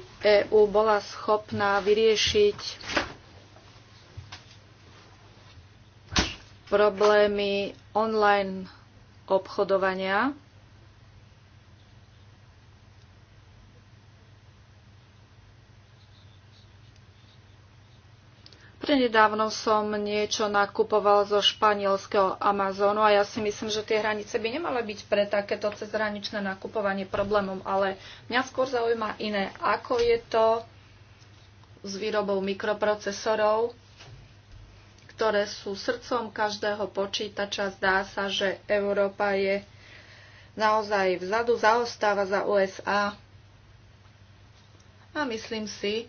Speaker 3: EÚ bola schopná vyriešiť problémy online obchodovania nedávno som niečo nakupoval zo španielského Amazonu a ja si myslím, že tie hranice by nemali byť pre takéto cezhraničné nakupovanie problémom, ale mňa skôr zaujíma iné. Ako je to s výrobou mikroprocesorov, ktoré sú srdcom každého počítača. Zdá sa, že Európa je naozaj vzadu, zaostáva za USA. A myslím si,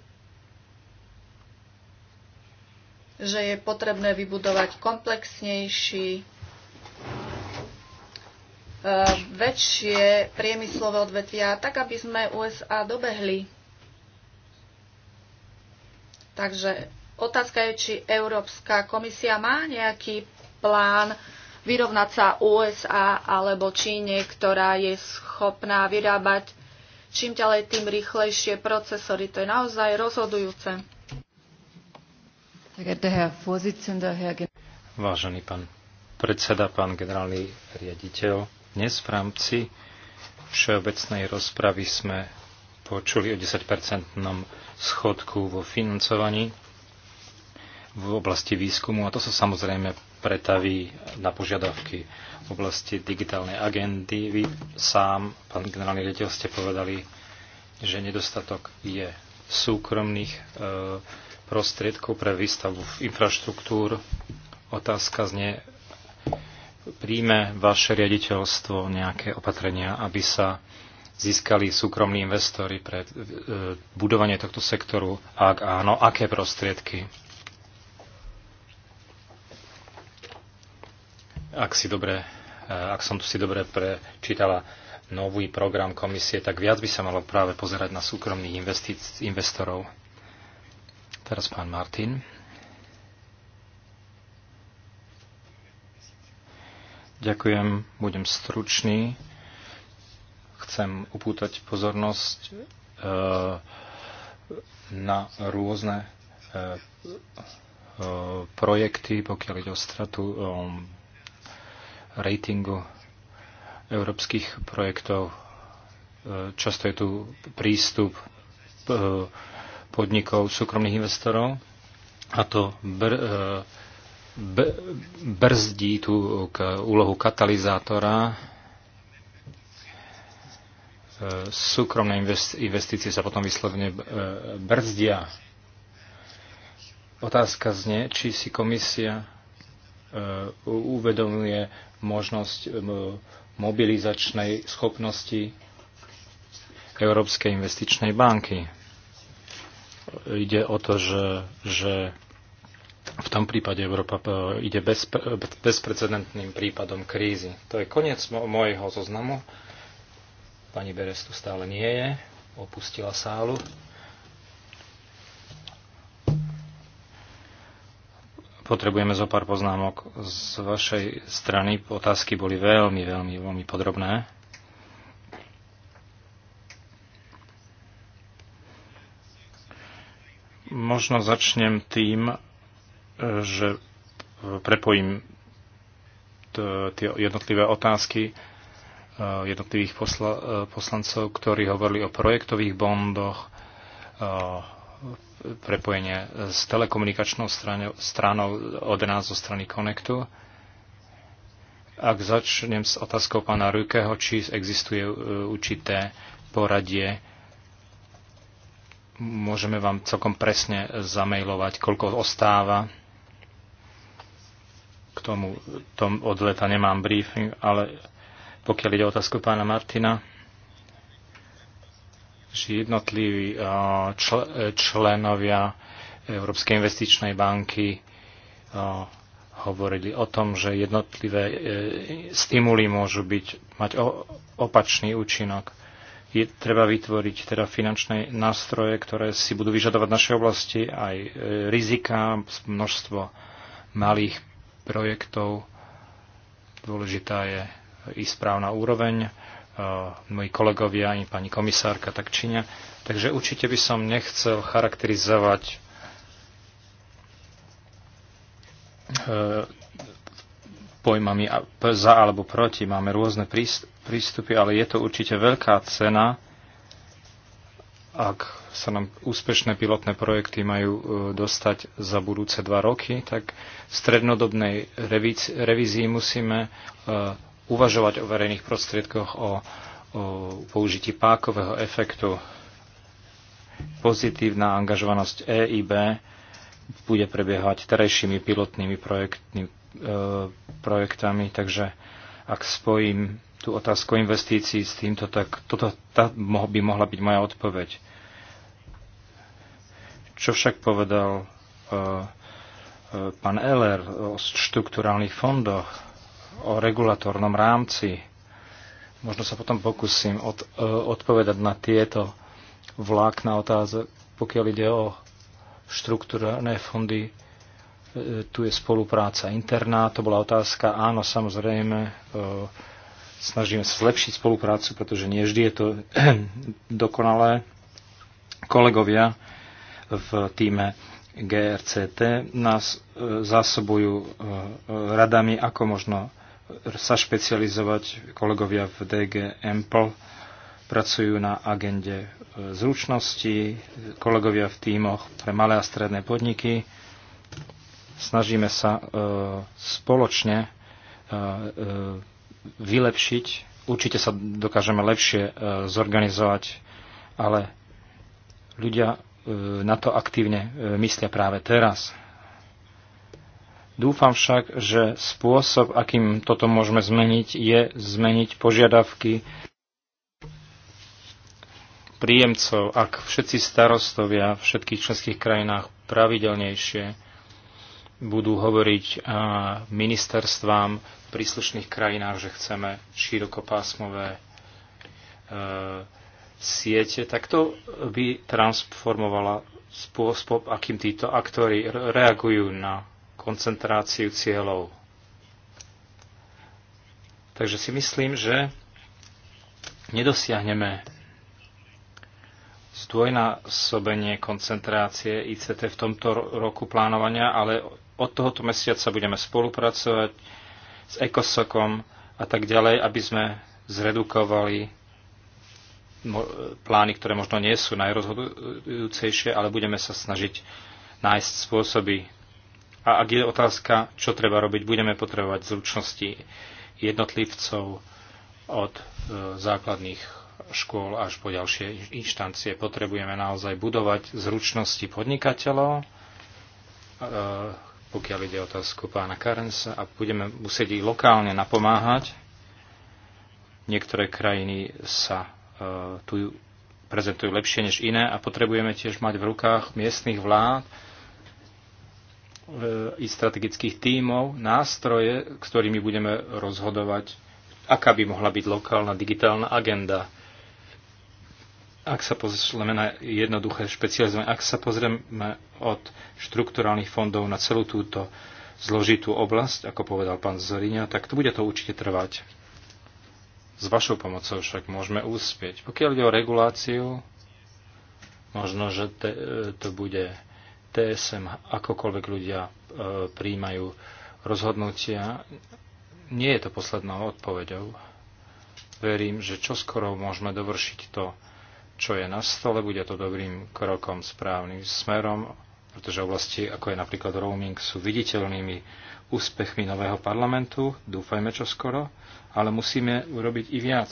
Speaker 3: že je potrebné vybudovať komplexnejší, e, väčšie priemyslové odvetvia, tak aby sme USA dobehli. Takže otázka je, či Európska komisia má nejaký plán vyrovnať sa USA alebo Číne, ktorá je schopná vyrábať čím ďalej tým rýchlejšie procesory. To je naozaj rozhodujúce. Vážený
Speaker 2: pán predseda, pán generálny riaditeľ, dnes v rámci všeobecnej rozpravy sme počuli o 10-percentnom schodku vo financovaní v oblasti výskumu a to sa samozrejme pretaví na požiadavky v oblasti digitálnej agendy. Vy sám, pán generálny riaditeľ, ste povedali, že nedostatok je súkromných e, prostriedkov pre výstavbu infraštruktúr. Otázka znie, príjme vaše riaditeľstvo nejaké opatrenia, aby sa získali súkromní investori pre e, budovanie tohto sektoru? Ak áno, aké prostriedky? Ak, si dobre, e, ak som tu si dobre prečítala nový program komisie, tak viac by sa malo práve pozerať na súkromných investorov. Teraz pán Martin. Ďakujem, budem stručný. Chcem upútať pozornosť e, na rôzne e, e, projekty, pokiaľ ide o stratu e, ratingu európskych projektov. E, často je tu prístup e, podnikov súkromných investorov a to br, e, brzdí tú k, úlohu katalizátora. E, súkromné investície sa potom vyslovne e, brzdia. Otázka znie, či si komisia uvedomuje možnosť mobilizačnej schopnosti Európskej investičnej banky ide o to, že, že v tom prípade Európa e, ide bezpre, bezprecedentným prípadom krízy. To je koniec môjho zoznamu. Pani Beres tu stále nie je, opustila sálu. Potrebujeme zo pár poznámok z vašej strany. Otázky boli veľmi, veľmi, veľmi podrobné. Možno začnem tým, e, že prepojím tie jednotlivé otázky e, jednotlivých posla, e, poslancov, ktorí hovorili o projektových bondoch, prepojenie s telekomunikačnou stranou, stranou od nás zo strany Connectu. Ak začnem s otázkou pána Rukeho, či existuje určité poradie môžeme vám celkom presne zamejlovať, koľko ostáva. K tomu tom od leta nemám briefing, ale pokiaľ ide o otázku pána Martina, že jednotliví čl- e, členovia Európskej investičnej banky hovorili o tom, že jednotlivé e, stimuly môžu byť, mať opačný účinok je treba vytvoriť teda finančné nástroje, ktoré si budú vyžadovať naše oblasti, aj e, rizika, množstvo malých projektov. Dôležitá je i správna úroveň. E, moji kolegovia, ani pani komisárka tak činia. Takže určite by som nechcel charakterizovať e, pojmami za alebo proti. Máme rôzne prístupy, ale je to určite veľká cena, ak sa nám úspešné pilotné projekty majú e, dostať za budúce dva roky, tak v strednodobnej revízii musíme e, uvažovať o verejných prostriedkoch, o, o použití pákového efektu. Pozitívna angažovanosť EIB bude prebiehať terajšími pilotnými projektmi, E, projektami, takže ak spojím tú otázku investícií s týmto, tak toto tá by mohla byť moja odpoveď. Čo však povedal e, e, pán Eller o štruktúrálnych fondoch, o regulatornom rámci, možno sa potom pokúsim od, odpovedať na tieto vlákna otázok, pokiaľ ide o štruktúrne fondy E, tu je spolupráca interná, to bola otázka. Áno, samozrejme, e, snažíme sa zlepšiť spoluprácu, pretože nie vždy je to dokonalé. Kolegovia v týme GRCT nás e, zásobujú radami, ako možno sa špecializovať. Kolegovia v DG Ample pracujú na agende zručnosti, kolegovia v týmoch pre malé a stredné podniky, Snažíme sa e, spoločne e, e, vylepšiť. Určite sa dokážeme lepšie zorganizovať, ale ľudia na to aktívne myslia práve teraz. Dúfam však, že spôsob, akým toto môžeme zmeniť, je zmeniť požiadavky príjemcov, ak všetci starostovia v všetkých členských krajinách pravidelnejšie budú hovoriť eh, ministerstvám v príslušných krajinách, že chceme širokopásmové eh, siete, tak to by transformovala spôsob, akým títo aktory reagujú na koncentráciu cieľov. Takže si myslím, že nedosiahneme zdvojnásobenie koncentrácie ICT v tomto roku plánovania, ale od tohoto mesiaca budeme spolupracovať s ekosokom a tak ďalej, aby sme zredukovali plány, ktoré možno nie sú najrozhodujúcejšie, ale budeme sa snažiť nájsť spôsoby. A ak je otázka, čo treba robiť, budeme potrebovať zručnosti jednotlivcov od e, základných škôl až po ďalšie inštancie. Potrebujeme naozaj budovať zručnosti podnikateľov, e, pokiaľ ide o otázku pána Karensa a budeme musieť ich lokálne napomáhať. Niektoré krajiny sa e, tu prezentujú lepšie než iné a potrebujeme tiež mať v rukách miestnych vlád e, i strategických tímov nástroje, s ktorými budeme rozhodovať, aká by mohla byť lokálna digitálna agenda ak sa pozrieme na jednoduché špecializovanie, ak sa pozrieme od štrukturálnych fondov na celú túto zložitú oblasť, ako povedal pán Zorinia, tak to bude to určite trvať. S vašou pomocou však môžeme úspieť. Pokiaľ ide o reguláciu, možno, že te, e, to bude TSM, akokoľvek ľudia e, príjmajú rozhodnutia. Nie je to poslednou odpoveďou. Verím, že čoskoro môžeme dovršiť to, čo je na stole, bude to dobrým krokom správnym smerom, pretože oblasti, ako je napríklad roaming, sú viditeľnými úspechmi nového parlamentu, dúfajme čo skoro, ale musíme urobiť i viac.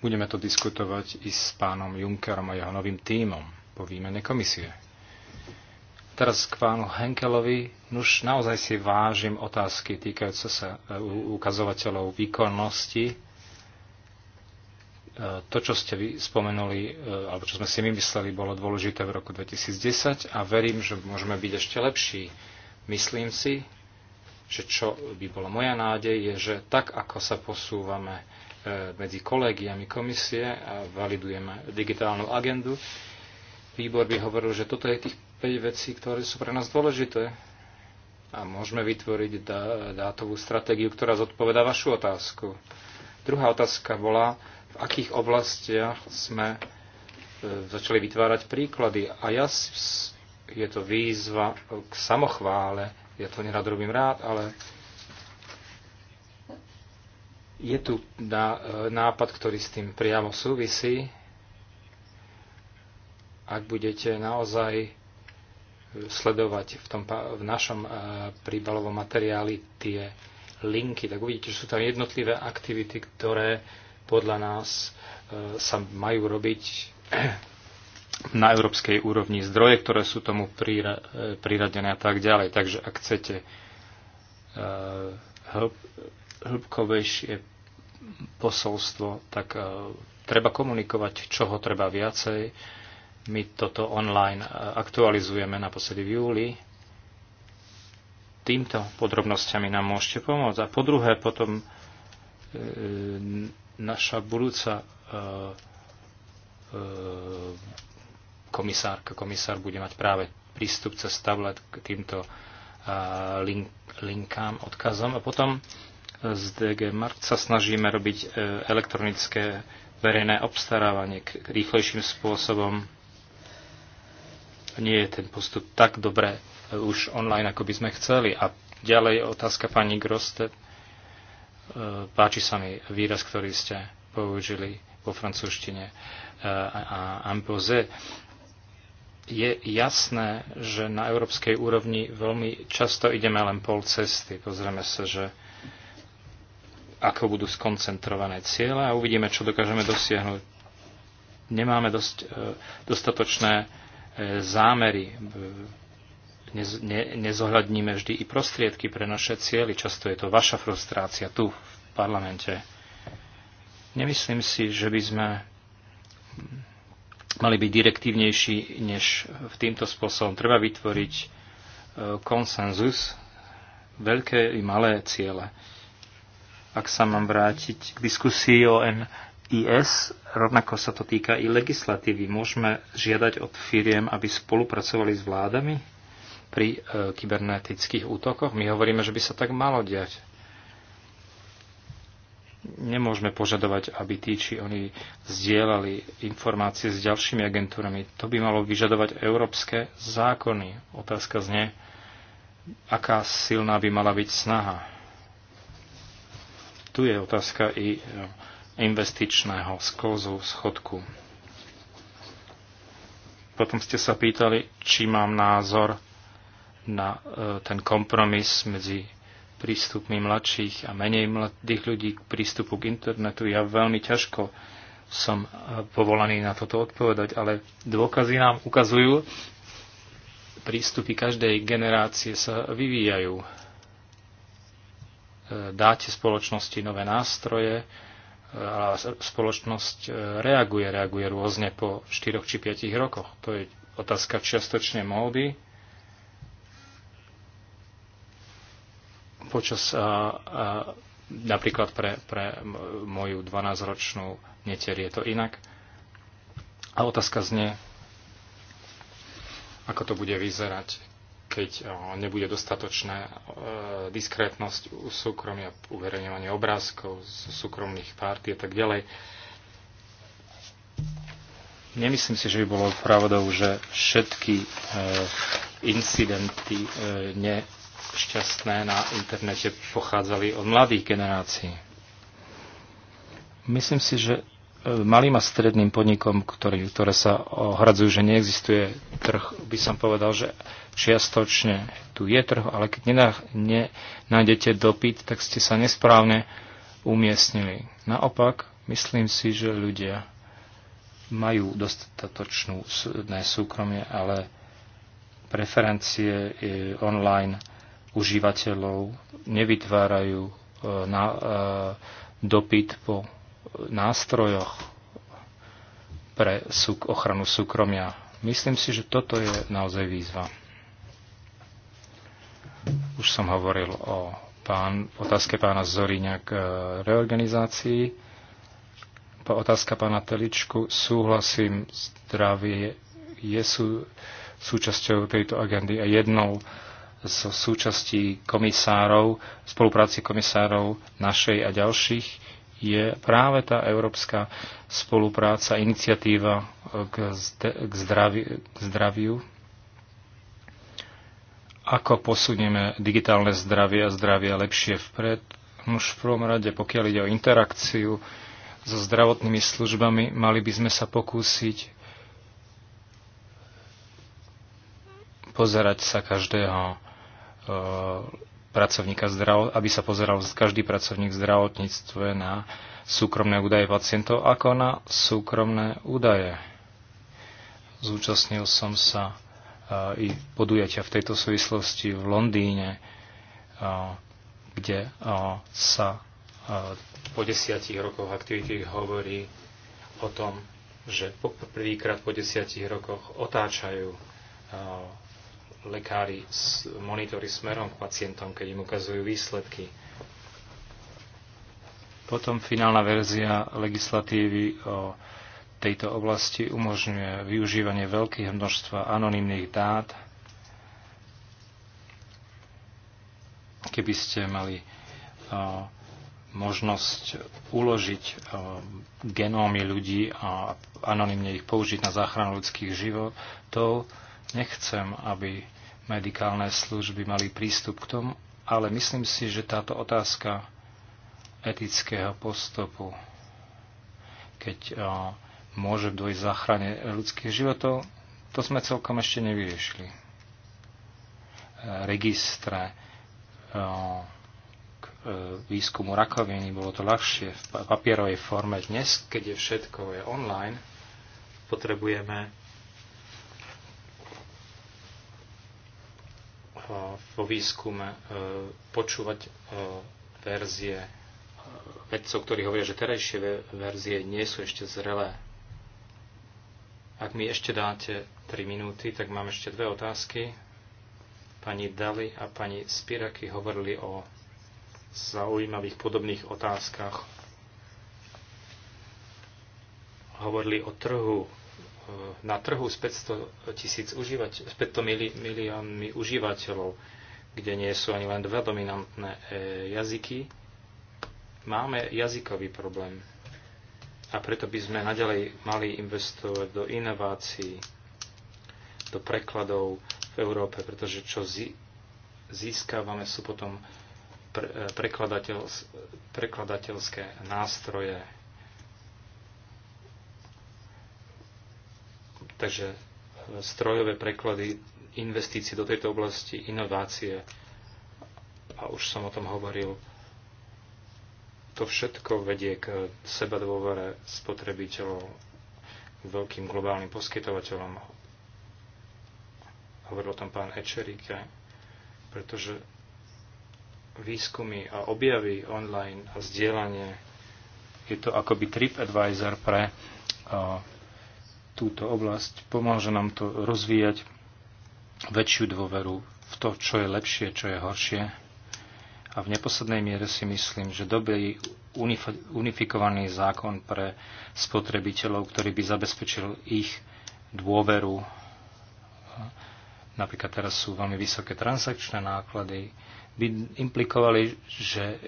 Speaker 2: Budeme to diskutovať i s pánom Junckerom a jeho novým tímom po výmene komisie. Teraz k pánu Henkelovi. Nuž naozaj si vážim otázky týkajúce sa e, ukazovateľov výkonnosti to, čo ste vy spomenuli, e, alebo čo sme si my mysleli, bolo dôležité v roku 2010 a verím, že môžeme byť ešte lepší. Myslím si, že čo by bola moja nádej, je, že tak, ako sa posúvame e, medzi kolegiami komisie a validujeme digitálnu agendu, výbor by hovoril, že toto je tých 5 vecí, ktoré sú pre nás dôležité a môžeme vytvoriť dátovú stratégiu, ktorá zodpoveda vašu otázku. Druhá otázka bola, v akých oblastiach sme e, začali vytvárať príklady. A ja, je to výzva k samochvále, ja to nerad robím rád, ale je tu e, nápad, ktorý s tým priamo súvisí. Ak budete naozaj e, sledovať v, tom, v našom príbalovom materiáli tie linky, tak uvidíte, že sú tam jednotlivé aktivity, ktoré podľa nás e, sa majú robiť na európskej úrovni zdroje, ktoré sú tomu e, priradené a tak ďalej. Takže ak chcete e, hĺbkovejšie posolstvo, tak treba komunikovať, čoho treba viacej. My toto online aktualizujeme naposledy v júli. Týmto podrobnosťami nám môžete pomôcť. A po druhé potom naša budúca e, e, komisárka, komisár bude mať práve prístup cez tablet k týmto e, linkám, odkazom. A potom z DG Mark sa snažíme robiť elektronické verejné obstarávanie k rýchlejším spôsobom. Nie je ten postup tak dobre už online, ako by sme chceli. A ďalej otázka pani Groste. E, páči sa mi výraz, ktorý ste použili po francúzštine e, a ampoze. Je jasné, že na európskej úrovni veľmi často ideme len pol cesty. Pozrieme sa, že ako budú skoncentrované ciele a uvidíme, čo dokážeme dosiahnuť. Nemáme dosť, e, dostatočné zámery nez, ne, nezohľadníme vždy i prostriedky pre naše cieľy. Často je to vaša frustrácia tu v parlamente. Nemyslím si, že by sme mali byť direktívnejší než v týmto spôsobom. Treba vytvoriť e, konsenzus, veľké i malé ciele. Ak sa mám vrátiť k diskusii o NIS, rovnako sa to týka i legislatívy. Môžeme žiadať od firiem, aby spolupracovali s vládami, pri e, kybernetických útokoch. My hovoríme, že by sa tak malo diať. Nemôžeme požadovať, aby tí či oni zdieľali informácie s ďalšími agentúrami. To by malo vyžadovať európske zákony. Otázka znie, aká silná by mala byť snaha. Tu je otázka i e, investičného sklzu schodku. Potom ste sa pýtali, či mám názor na e, ten kompromis medzi prístupmi mladších a menej mladých ľudí k prístupu k internetu. Ja veľmi ťažko som e, povolaný na toto odpovedať, ale dôkazy nám ukazujú, prístupy každej generácie sa vyvíjajú. E, dáte spoločnosti nové nástroje, ale spoločnosť reaguje, reaguje rôzne po 4 či 5 rokoch. To je otázka čiastočne módy, počas a, a, napríklad pre, pre moju 12-ročnú neter je to inak. A otázka znie, ako to bude vyzerať, keď nebude dostatočná e, diskrétnosť u súkromia, uverejňovanie obrázkov z súkromných párty a tak ďalej. Nemyslím si, že by bolo pravdou, že všetky e, incidenty e, ne šťastné na internete pochádzali od mladých generácií. Myslím si, že e, malým a stredným podnikom, ktorý, ktoré sa ohradzujú, že neexistuje trh, by som povedal, že čiastočne tu je trh, ale keď nenájdete dopyt, tak ste sa nesprávne umiestnili. Naopak, myslím si, že ľudia majú dostatočnú súkromie, ale preferencie e, online užívateľov, nevytvárajú e, na, e, dopyt po nástrojoch pre ochranu súkromia. Myslím si, že toto je naozaj výzva. Už som hovoril o pán, otázke pána Zoriňa k e, reorganizácii. Otázka pána Teličku. Súhlasím, zdravie je sú, súčasťou tejto agendy a jednou so súčasti komisárov, spolupráci komisárov našej a ďalších, je práve tá európska spolupráca, iniciatíva e, k, zd- k, zdravi, k zdraviu. Ako posunieme digitálne zdravie a zdravie lepšie vpred? Už v prvom rade, pokiaľ ide o interakciu so zdravotnými službami, mali by sme sa pokúsiť pozerať sa každého Eh, pracovníka zdravot, aby sa pozeral každý pracovník v zdravotníctve na súkromné údaje pacientov ako na súkromné údaje. Zúčastnil som sa eh, i podujatia v tejto súvislosti v Londýne, eh, kde sa po desiatich rokoch aktivity hovorí o tom, že prvýkrát po desiatich rokoch otáčajú lekári monitory smerom k pacientom, keď im ukazujú výsledky. Potom finálna verzia legislatívy o tejto oblasti umožňuje využívanie veľkých množstva anonimných dát. Keby ste mali možnosť uložiť genómy ľudí a anonimne ich použiť na záchranu ľudských životov, Nechcem, aby medikálne služby mali prístup k tomu, ale myslím si, že táto otázka etického postupu, keď eh, môže dôjsť záchrane ľudských životov, to sme celkom ešte nevyriešili. Eh, registre eh, k výskumu rakoviny bolo to ľahšie v papierovej forme. Dnes, keď je všetko je online, potrebujeme vo výskume e, počúvať e, verzie e, vedcov, ktorí hovoria, že terajšie verzie nie sú ešte zrelé. Ak mi ešte dáte 3 minúty, tak mám ešte dve otázky. Pani Dali a pani Spiraky hovorili o zaujímavých podobných otázkach. Hovorili o trhu Eh, na trhu s 500, tisíc užívateľ, s 500 mili, miliónmi užívateľov, kde nie sú ani len dva dominantné eh, jazyky, máme jazykový problém. A preto by sme naďalej mali investovať do inovácií, do prekladov v Európe, pretože čo získavame, sú potom eh, prekladateľ, prekladateľské nástroje, Takže e, strojové preklady, investície do tejto oblasti, inovácie, a už som o tom hovoril, to všetko vedie k seba dôvere spotrebiteľov, k veľkým globálnym poskytovateľom. Hovoril o tom pán Ečerike, pretože výskumy a objavy online a zdieľanie je to akoby TripAdvisor pre uh, túto oblasť, pomôže nám to rozvíjať väčšiu dôveru v to, čo je lepšie, čo je horšie. A v neposlednej miere si myslím, že dobrý unifikovaný zákon pre spotrebiteľov, ktorý by zabezpečil ich dôveru. Napríklad teraz sú veľmi vysoké transakčné náklady, by implikovali, že e,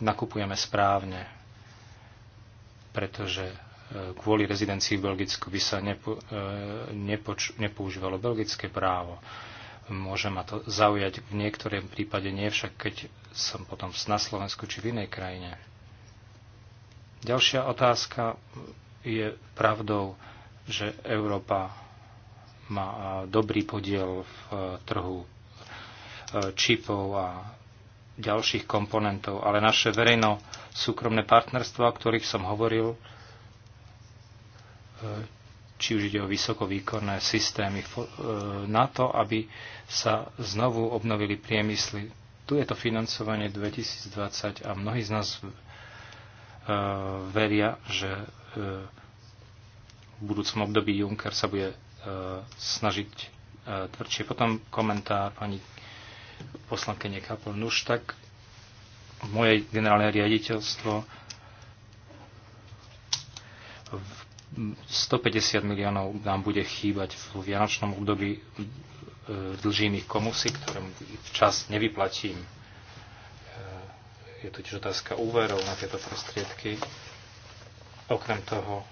Speaker 2: nakupujeme správne, pretože kvôli rezidencii v Belgicku by sa nepo, e, nepoč, nepoužívalo belgické právo. Môže ma to zaujať v niektorém prípade nie, však keď som potom na Slovensku či v inej krajine. Ďalšia otázka je pravdou, že Európa má dobrý podiel v e, trhu e, čipov a ďalších komponentov, ale naše verejno-súkromné partnerstva, o ktorých som hovoril, či už ide o vysokovýkonné systémy e, na to, aby sa znovu obnovili priemysly. Tu je to financovanie 2020 a mnohí z nás e, veria, že e, v budúcom období Juncker sa bude snažiť tvrdšie. Potom komentár pani poslankyne Kapl. Nuž tak moje generálne riaditeľstvo v 150 miliónov nám bude chýbať v vianočnom období e, dlžiny komusy, ktorým včas nevyplatím. E, je totiž otázka úverov na tieto prostriedky. Okrem toho e,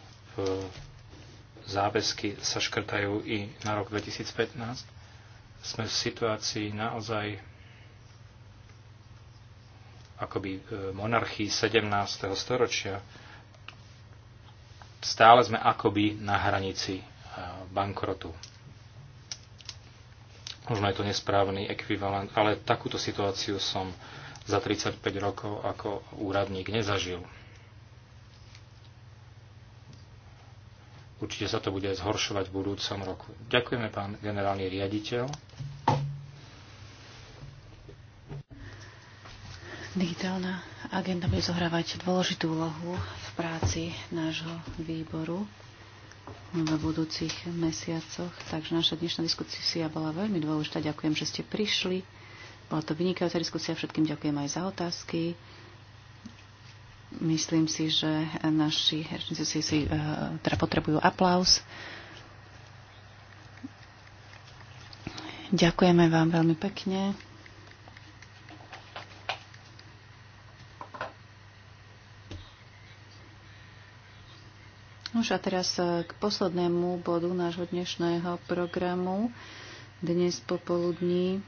Speaker 2: záväzky sa škrtajú i na rok 2015. Sme v situácii naozaj akoby monarchii 17. storočia, stále sme akoby na hranici eh, bankrotu. Možno je to nesprávny ekvivalent, ale takúto situáciu som za 35 rokov ako úradník nezažil. Určite sa to bude zhoršovať v budúcom roku. Ďakujeme, pán generálny riaditeľ.
Speaker 1: Digitálna agenda bude zohrávať dôležitú úlohu v práci nášho výboru v budúcich mesiacoch. Takže naša dnešná diskusia bola veľmi dôležitá. Ďakujem, že ste prišli. Bola to vynikajúca diskusia. Všetkým ďakujem aj za otázky. Myslím si, že naši hrčníci si, si eh, teda potrebujú aplaus. Ďakujeme vám veľmi pekne. Už a teraz e, k poslednému bodu nášho dnešného programu. Dnes popoludní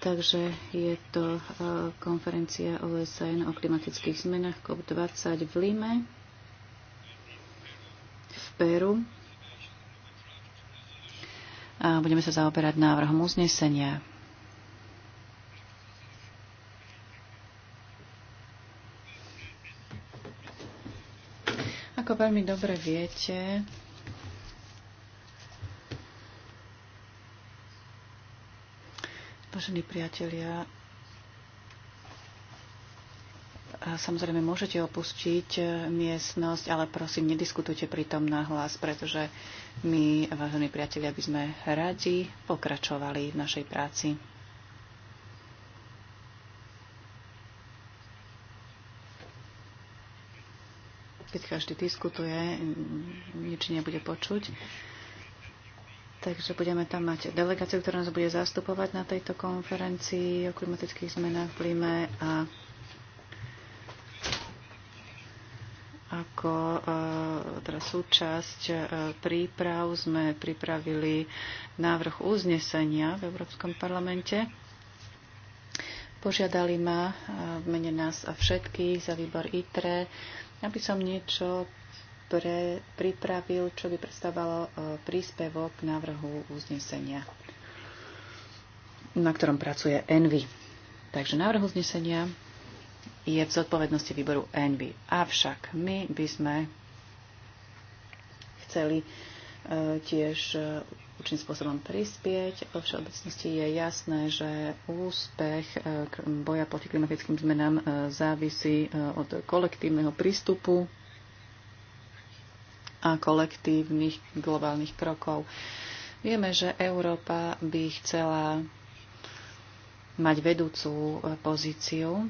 Speaker 1: Takže je to e, konferencia OSN o klimatických zmenách COP20 v Lime, v Peru. A budeme sa zaoberať návrhom uznesenia. veľmi dobre viete, vážení priatelia, samozrejme môžete opustiť e, miestnosť, ale prosím, nediskutujte pritom na hlas, pretože my, vážení priatelia, by sme radi pokračovali v našej práci. keď každý diskutuje, nič nebude počuť. Takže budeme tam mať delegáciu, ktorá nás bude zastupovať na tejto konferencii o klimatických zmenách v Lime a ako e, teda súčasť e, príprav sme pripravili návrh uznesenia v Európskom parlamente. Požiadali ma e, v mene nás a všetkých za výbor ITRE, aby som niečo pre, pripravil, čo by predstavovalo e, príspevok k návrhu uznesenia, na ktorom pracuje Envy. Takže návrh uznesenia je v zodpovednosti výboru Envy. Avšak my by sme chceli e, tiež e, určitým spôsobom prispieť. Vo všeobecnosti je jasné, že úspech e, boja proti klimatickým zmenám e, závisí e, od kolektívneho prístupu a kolektívnych globálnych krokov. Vieme, že Európa by chcela mať vedúcu pozíciu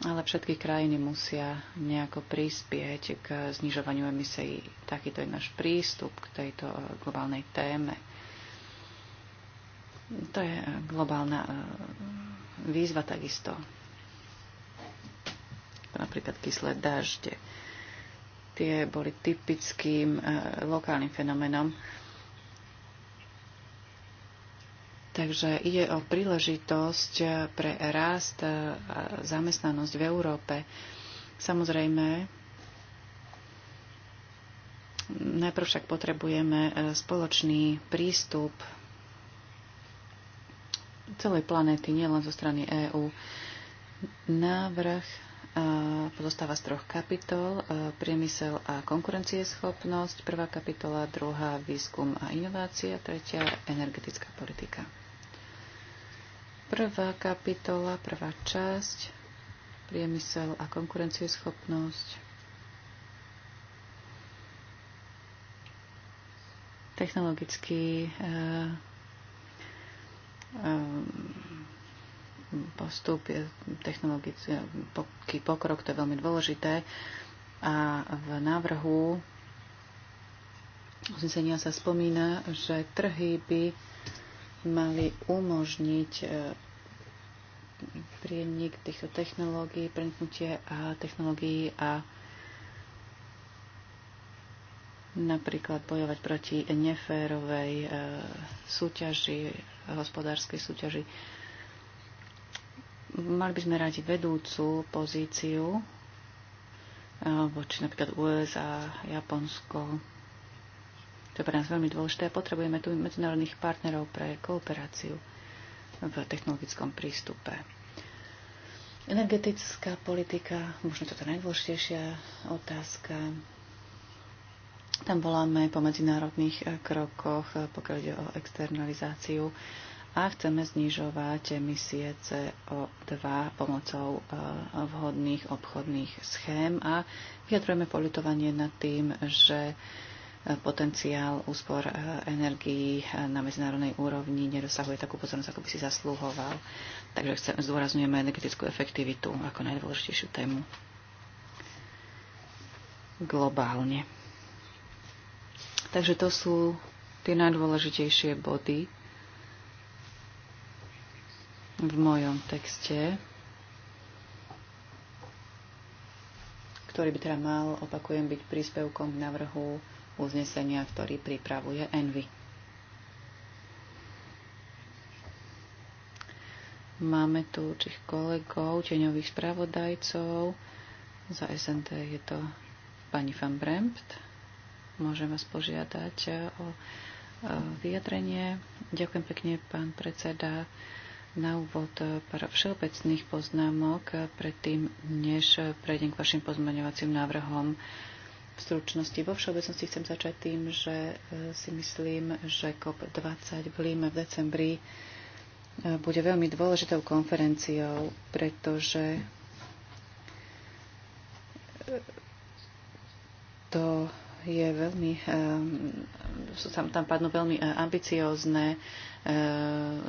Speaker 1: ale všetky krajiny musia nejako prispieť k znižovaniu emisí. Takýto je náš prístup k tejto e, globálnej téme. To je e, globálna e, výzva takisto. Napríklad kyslé dažde. Tie boli typickým lokálnym fenomenom Takže ide o príležitosť pre rast a zamestnanosť v Európe. Samozrejme, najprv však potrebujeme e, spoločný prístup celej planéty, nielen zo strany EÚ. Návrh e, pozostáva z troch kapitol. E, priemysel a konkurencieschopnosť, prvá kapitola, druhá výskum a inovácia, tretia energetická politika. Prvá kapitola, prvá časť, priemysel a konkurencieschopnosť. Technologický eh, eh, postup, technologický pokrok, to je veľmi dôležité. A v návrhu uznesenia sa spomína, že trhy by mali umožniť e, prienik týchto technológií, preniknutie a technológií a napríklad bojovať proti neférovej e, súťaži, hospodárskej súťaži. Mali by sme radi vedúcu pozíciu e, voči napríklad USA, Japonsko, to je pre nás veľmi dôležité a potrebujeme tu medzinárodných partnerov pre kooperáciu v technologickom prístupe. Energetická politika, možno toto najdôležitejšia otázka. Tam voláme po medzinárodných eh, krokoch, eh, pokiaľ ide o externalizáciu a chceme znižovať emisie CO2 pomocou eh, vhodných obchodných schém a vyjadrujeme politovanie nad tým, že potenciál úspor eh, energií eh, na medzinárodnej úrovni nedosahuje takú pozornosť, ako by si zaslúhoval. Takže chcem, zdôrazňujeme energetickú efektivitu ako najdôležitejšiu tému globálne. Takže to sú tie najdôležitejšie body v mojom texte, ktorý by teda mal, opakujem, byť príspevkom k navrhu uznesenia, ktorý pripravuje Envy. Máme tu tých kolegov, teňových spravodajcov. Za SNT je to pani van Brempt. Môžem vás požiadať eh, o eh, vyjadrenie. Ďakujem pekne, pán predseda. Na úvod eh, pár všeobecných poznámok predtým, než prejdem k vašim pozmeňovacím návrhom stručnosti vo všeobecnosti chcem začať tým, že e, si myslím, že COP20 v Líme v decembri e, bude veľmi dôležitou konferenciou, pretože e, to je veľmi, tam, tam padnú veľmi ambiciózne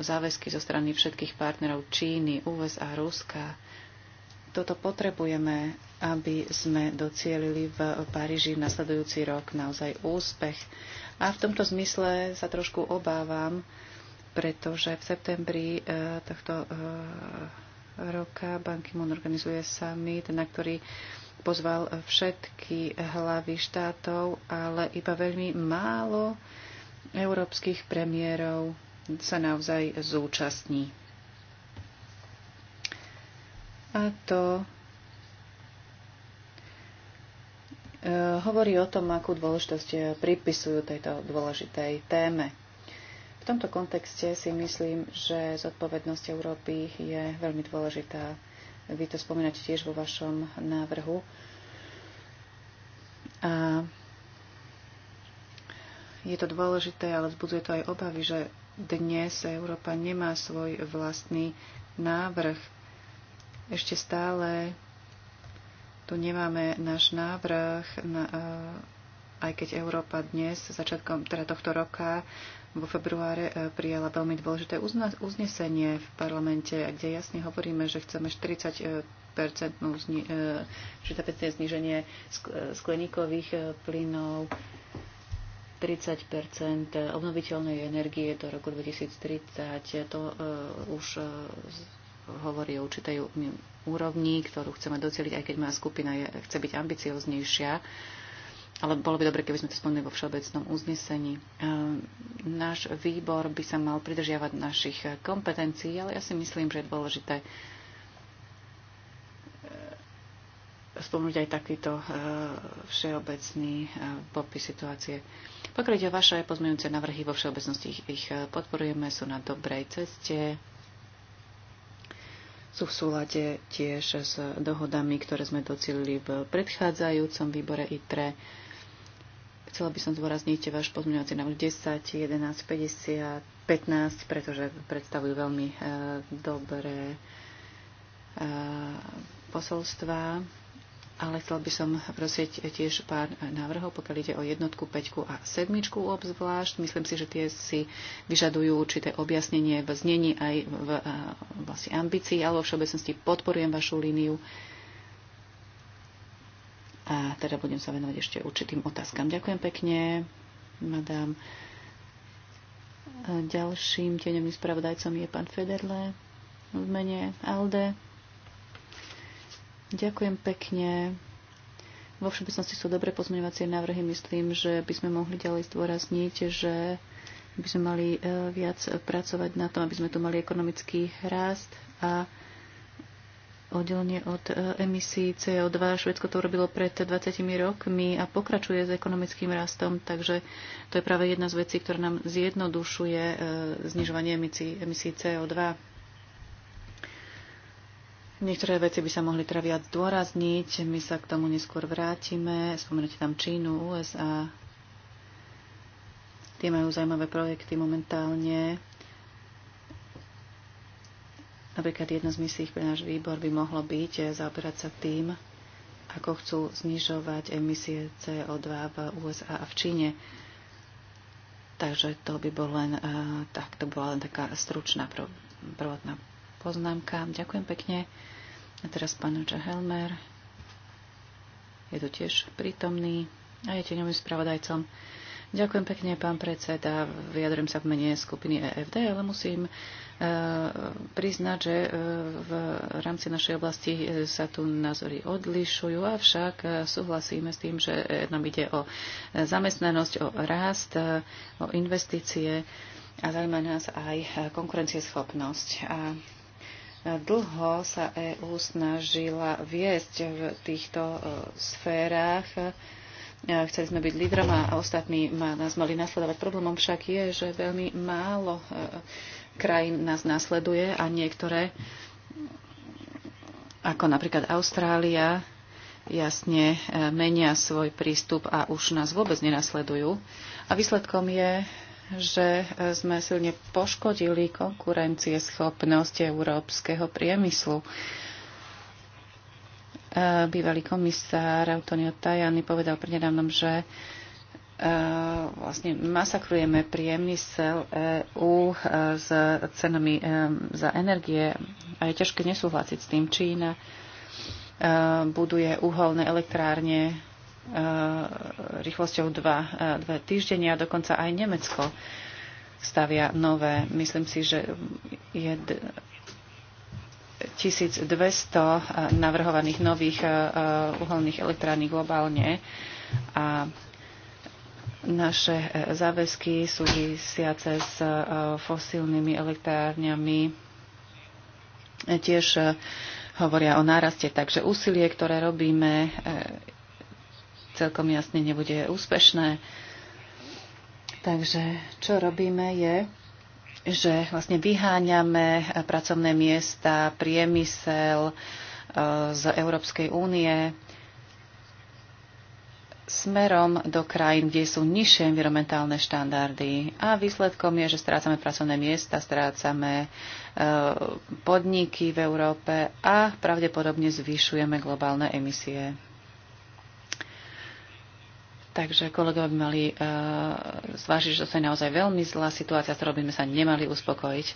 Speaker 1: záväzky zo strany všetkých partnerov Číny, USA, Ruska, toto potrebujeme, aby sme docielili v Paríži nasledujúci rok naozaj úspech. A v tomto zmysle sa trošku obávam, pretože v septembri eh, tohto eh, roka Banky Mon moon organizuje summit, na ktorý pozval všetky hlavy štátov, ale iba veľmi málo európskych premiérov sa naozaj zúčastní. A to e, hovorí o tom, akú dôležitosť pripisujú tejto dôležitej téme. V tomto kontexte si myslím, že zodpovednosť Európy je veľmi dôležitá. Vy to spomínate tiež vo vašom návrhu. A je to dôležité, ale vzbudzuje to aj obavy, že dnes Európa nemá svoj vlastný návrh ešte stále tu nemáme náš návrh, na, e, aj keď Európa dnes, začiatkom teda tohto roka, vo februáre prijala veľmi dôležité uznesenie v parlamente, kde jasne hovoríme, že chceme 40 e, percentnú zni- e, zniženie skleníkových plynov, 30 obnoviteľnej energie do roku 2030. To už hovorí o určitej úrovni, ktorú chceme doceliť, aj keď moja skupina je, chce byť ambicioznejšia. Ale bolo by dobre, keby sme to spomínali vo všeobecnom uznesení. Ehm, náš výbor by sa mal pridržiavať našich kompetencií, ale ja si myslím, že je dôležité ehm, spomnúť aj takýto ehm, všeobecný popis situácie. Pokiaľ vaše pozmeňujúce navrhy vo všeobecnosti, ich podporujeme, sú na dobrej ceste sú v súlade tiež s dohodami, ktoré sme docelili v predchádzajúcom výbore ITRE. Chcela by som zdôrazniť váš pozmeňovací návrh 10, 11, 50, 15, pretože predstavujú veľmi eh, dobré eh, posolstva ale chcel by som prosiť tiež pár návrhov, pokiaľ ide o jednotku, peťku a sedmičku obzvlášť. Myslím si, že tie si vyžadujú určité objasnenie v znení aj v vlastne ambícii, ale vo všeobecnosti podporujem vašu líniu a teda budem sa venovať ešte určitým otázkam. Ďakujem pekne, madám. Ďalším tieňovým spravodajcom je pán Federle v mene Alde. Ďakujem pekne. Vo všeobecnosti sú dobré pozmeňovacie návrhy. Myslím, že by sme mohli ďalej zdôrazniť, že by sme mali e, viac pracovať na tom, aby sme tu mali ekonomický rast a oddelenie od e, emisí CO2. Švedsko to urobilo pred 20 rokmi a pokračuje s ekonomickým rastom, takže to je práve jedna z vecí, ktorá nám zjednodušuje e, znižovanie emisí, emisí CO2. Niektoré veci by sa mohli teda viac dôrazniť, my sa k tomu neskôr vrátime. Spomínate tam Čínu, USA. Tie majú zaujímavé projekty momentálne. Napríklad jedna z misií pre náš výbor by mohlo byť zaoberať sa tým, ako chcú znižovať emisie CO2 v USA a v Číne. Takže to by bol len, eh, tak, to bola len taká stručná prvotná poznámkám. Ďakujem pekne. A teraz pán Helmer je tu tiež prítomný a je teňovým spravodajcom. Ďakujem pekne, pán predseda. Vyjadrujem sa v mene skupiny EFD, ale musím e, priznať, že e, v rámci našej oblasti e, sa tu názory odlišujú, avšak e, súhlasíme s tým, že nám ide o e, zamestnanosť, o rast, o investície a zaujíma nás aj konkurencieschopnosť. A Dlho sa EÚ snažila viesť v týchto e, sférach. E, chceli sme byť lídrom a ostatní nás mali nasledovať. Problémom však je, že veľmi málo e, krajín nás nasleduje a niektoré, ako napríklad Austrália, jasne menia svoj prístup a už nás vôbec nenasledujú. A výsledkom je že e, sme silne poškodili konkurencieschopnosť európskeho priemyslu. E, bývalý komisár Antonio Tajani povedal prednedávnom, že e, vlastne masakrujeme priemysel EÚ s cenami za energie a je ťažké nesúhlasiť s tým. Čína buduje uholné elektrárne E, rýchlosťou 2, 2 e, týždenia a dokonca aj Nemecko stavia nové. Myslím si, že je 1200 e, navrhovaných nových uholných elektrární globálne a naše záväzky súvisiace s fosílnymi elektrárňami tiež hovoria o náraste. Takže úsilie, ktoré robíme, celkom jasne nebude úspešné. Takže čo robíme je, že vlastne vyháňame pracovné miesta, priemysel e, z Európskej únie smerom do krajín, kde sú nižšie environmentálne štandardy. A výsledkom je, že strácame pracovné miesta, strácame e, podniky v Európe a pravdepodobne zvyšujeme globálne emisie Takže kolegovia by mali uh, zvážiť, že to je naozaj veľmi zlá situácia, s ktorou by sme sa nemali uspokojiť.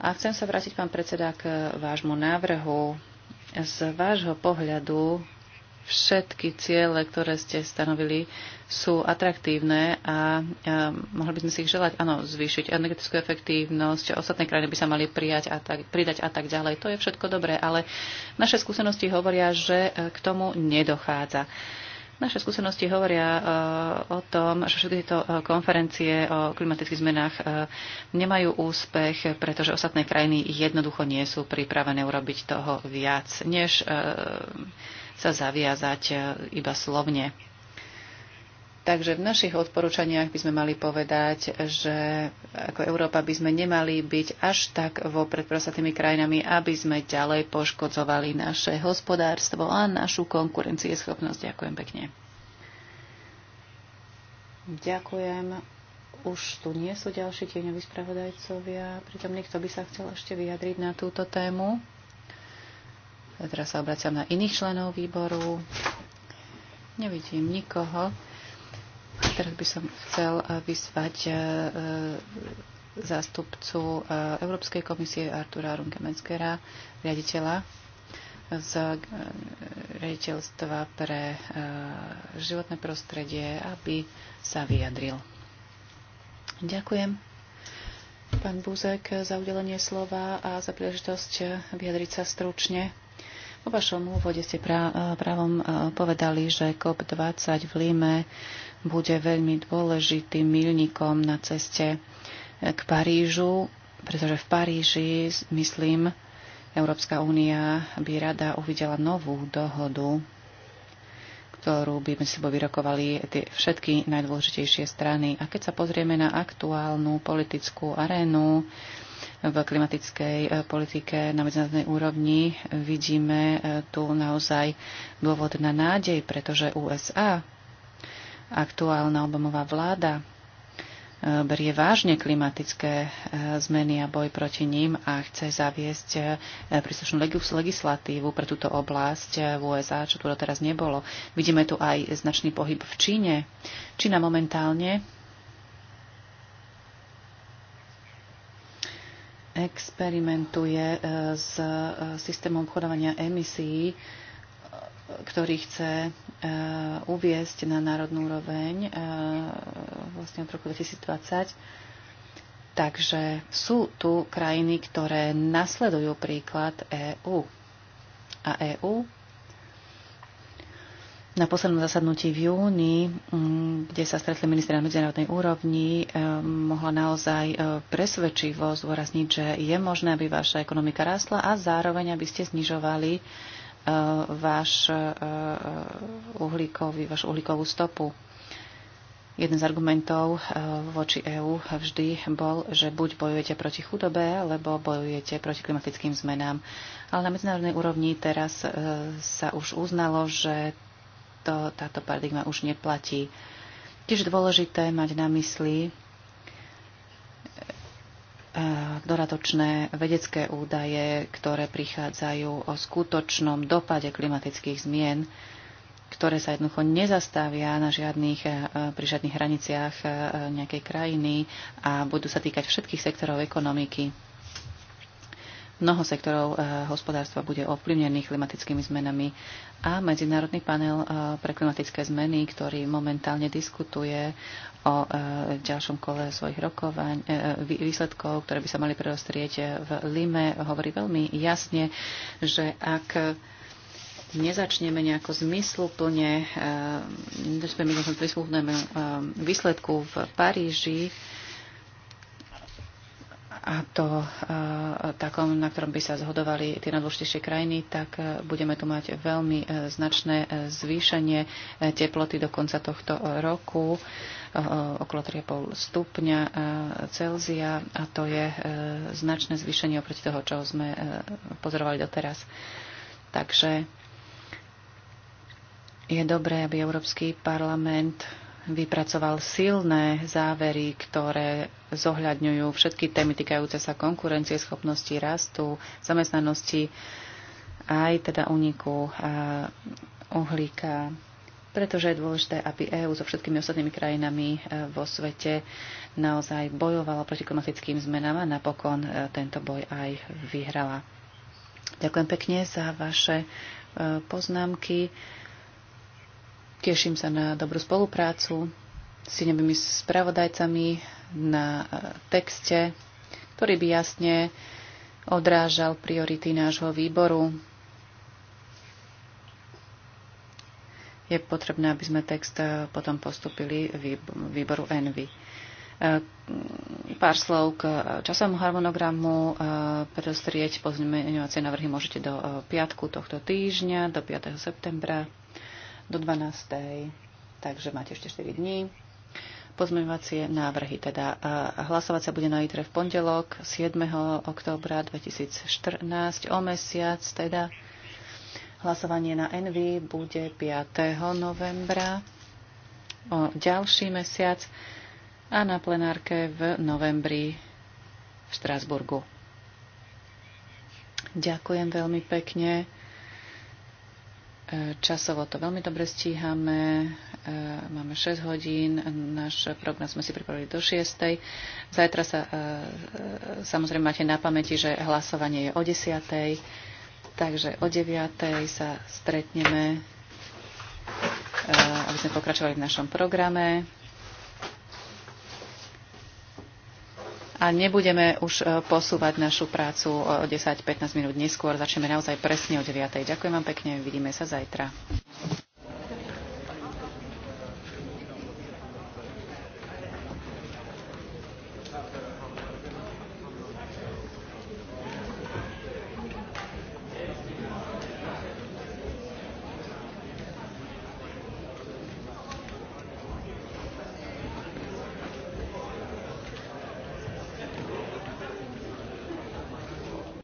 Speaker 1: A chcem sa vrátiť, pán predseda, k vášmu návrhu. Z vášho pohľadu všetky ciele, ktoré ste stanovili, sú atraktívne a um, mohli by sme si ich želať, áno, zvýšiť energetickú efektívnosť, ostatné krajiny by sa mali prijať a tak, pridať a tak ďalej. To je všetko dobré, ale naše skúsenosti hovoria, že eh, k tomu nedochádza. Uh, naše skúsenosti hovoria e, o tom, že všetky tieto e, konferencie o klimatických zmenách e, nemajú úspech, pretože ostatné krajiny jednoducho nie sú pripravené urobiť toho viac, než sa zaviazať iba slovne. Takže v našich odporúčaniach by sme mali povedať, že ako Európa by sme nemali byť až tak vopred prosatými krajinami, aby sme ďalej poškodzovali naše hospodárstvo a našu konkurencieschopnosť. Ďakujem pekne. Ďakujem. Už tu nie sú ďalší tieňoví spravodajcovia. Pritom niekto by sa chcel ešte vyjadriť na túto tému. teraz sa obraciam na iných členov výboru. Nevidím nikoho. Teraz by som chcel eh, vyzvať eh, eh, zástupcu Európskej komisie Artura Runkemenskera, riaditeľa z riaditeľstva pre životné prostredie, aby sa vyjadril. Ďakujem, pán Buzek, za udelenie slova a za príležitosť vyjadriť sa stručne. Po vašom úvode ste právom povedali, že COP20 v Líme bude veľmi dôležitým milníkom na ceste eh, k Parížu, pretože v Paríži, myslím, Európska únia by rada uvidela novú dohodu, ktorú by sme sebou vyrokovali tie všetky najdôležitejšie strany. A keď sa pozrieme na aktuálnu politickú arénu v klimatickej eh, politike na medzinárodnej úrovni, eh, vidíme tu naozaj dôvod na nádej, pretože USA aktuálna Obamová vláda e, berie vážne klimatické e, zmeny a boj proti ním a chce zaviesť e, príslušnú legislatívu pre túto oblasť v USA, čo tu doteraz nebolo. Vidíme tu aj značný pohyb v Číne. Čína momentálne experimentuje s systémom obchodovania emisí ktorý chce e, uviesť na národnú úroveň e, vlastne od roku 2020. Takže sú tu krajiny, ktoré nasledujú príklad EÚ. A EÚ na poslednom zasadnutí v júni, mm, kde sa stretli ministri na medzinárodnej úrovni, e, mohla naozaj presvedčivo zdôrazniť, že je možné, aby vaša ekonomika rásla a zároveň, aby ste znižovali E, váš e, e, uhlíkový, vašu uhlíkovú stopu. Jeden z argumentov voči EÚ vždy bol, že buď bojujete proti chudobe, alebo bojujete proti klimatickým zmenám. Ale na medzinárodnej úrovni teraz sa už uznalo, že to, táto paradigma už neplatí. Tiež dôležité mať na mysli, Eh, doratočné vedecké údaje, ktoré prichádzajú o skutočnom dopade klimatických zmien, ktoré sa jednoducho nezastavia na žiadnych, eh, pri žiadnych hraniciach eh, nejakej krajiny a budú sa týkať všetkých sektorov ekonomiky. Mnoho sektorov eh, hospodárstva bude ovplyvnených klimatickými zmenami a Medzinárodný panel eh, pre klimatické zmeny, ktorý momentálne diskutuje o eh, ďalšom kole svojich rokovaň, výsledkov, ktoré by sa mali predostrieť v Lime, hovorí veľmi jasne, že ak nezačneme nejako zmysluplne, nezačneme výsledku v Paríži, a to e, takom, na ktorom by sa zhodovali tie najdôležitejšie krajiny, tak e, budeme tu mať veľmi e, značné zvýšenie teploty do konca tohto roku okolo 3,5 stupňa Celzia a to je značné zvýšenie oproti toho, čo sme pozorovali doteraz. Takže je dobré, aby Európsky parlament vypracoval silné závery, ktoré zohľadňujú všetky témy týkajúce sa konkurencie, schopnosti rastu, zamestnanosti, aj teda uniku uhlíka, pretože je dôležité, aby EÚ so všetkými ostatnými krajinami e, vo svete naozaj bojovala proti klimatickým zmenám a napokon e, tento boj aj vyhrala. Ďakujem pekne za vaše e, poznámky. Teším sa na dobrú spoluprácu s inými spravodajcami na e, texte, ktorý by jasne odrážal priority nášho výboru. Je potrebné, aby sme text e, potom postupili výboru Envy. Pár slov k e, časovému harmonogramu. Predostrieť pozmeňovacie návrhy môžete do piatku tohto týždňa, do 5. septembra do 12. Takže máte ešte 4 dní. Pozmeňovacie návrhy. Teda hlasovať sa bude na ITRE v pondelok 7. októbra 2014 o mesiac. Teda hlasovanie na NV bude 5. novembra o ďalší mesiac a na plenárke v novembri v Štrásburgu. Ďakujem veľmi pekne Časovo to veľmi dobre stíhame. E, máme 6 hodín. Náš program sme si pripravili do 6. Zajtra sa e, e, samozrejme máte na pamäti, že hlasovanie je o 10. Takže o 9. sa stretneme, aby sme pokračovali v našom programe. a nebudeme už e, posúvať našu prácu o e, 10-15 minút neskôr. Začneme naozaj presne o 9. Ďakujem vám pekne, vidíme sa zajtra.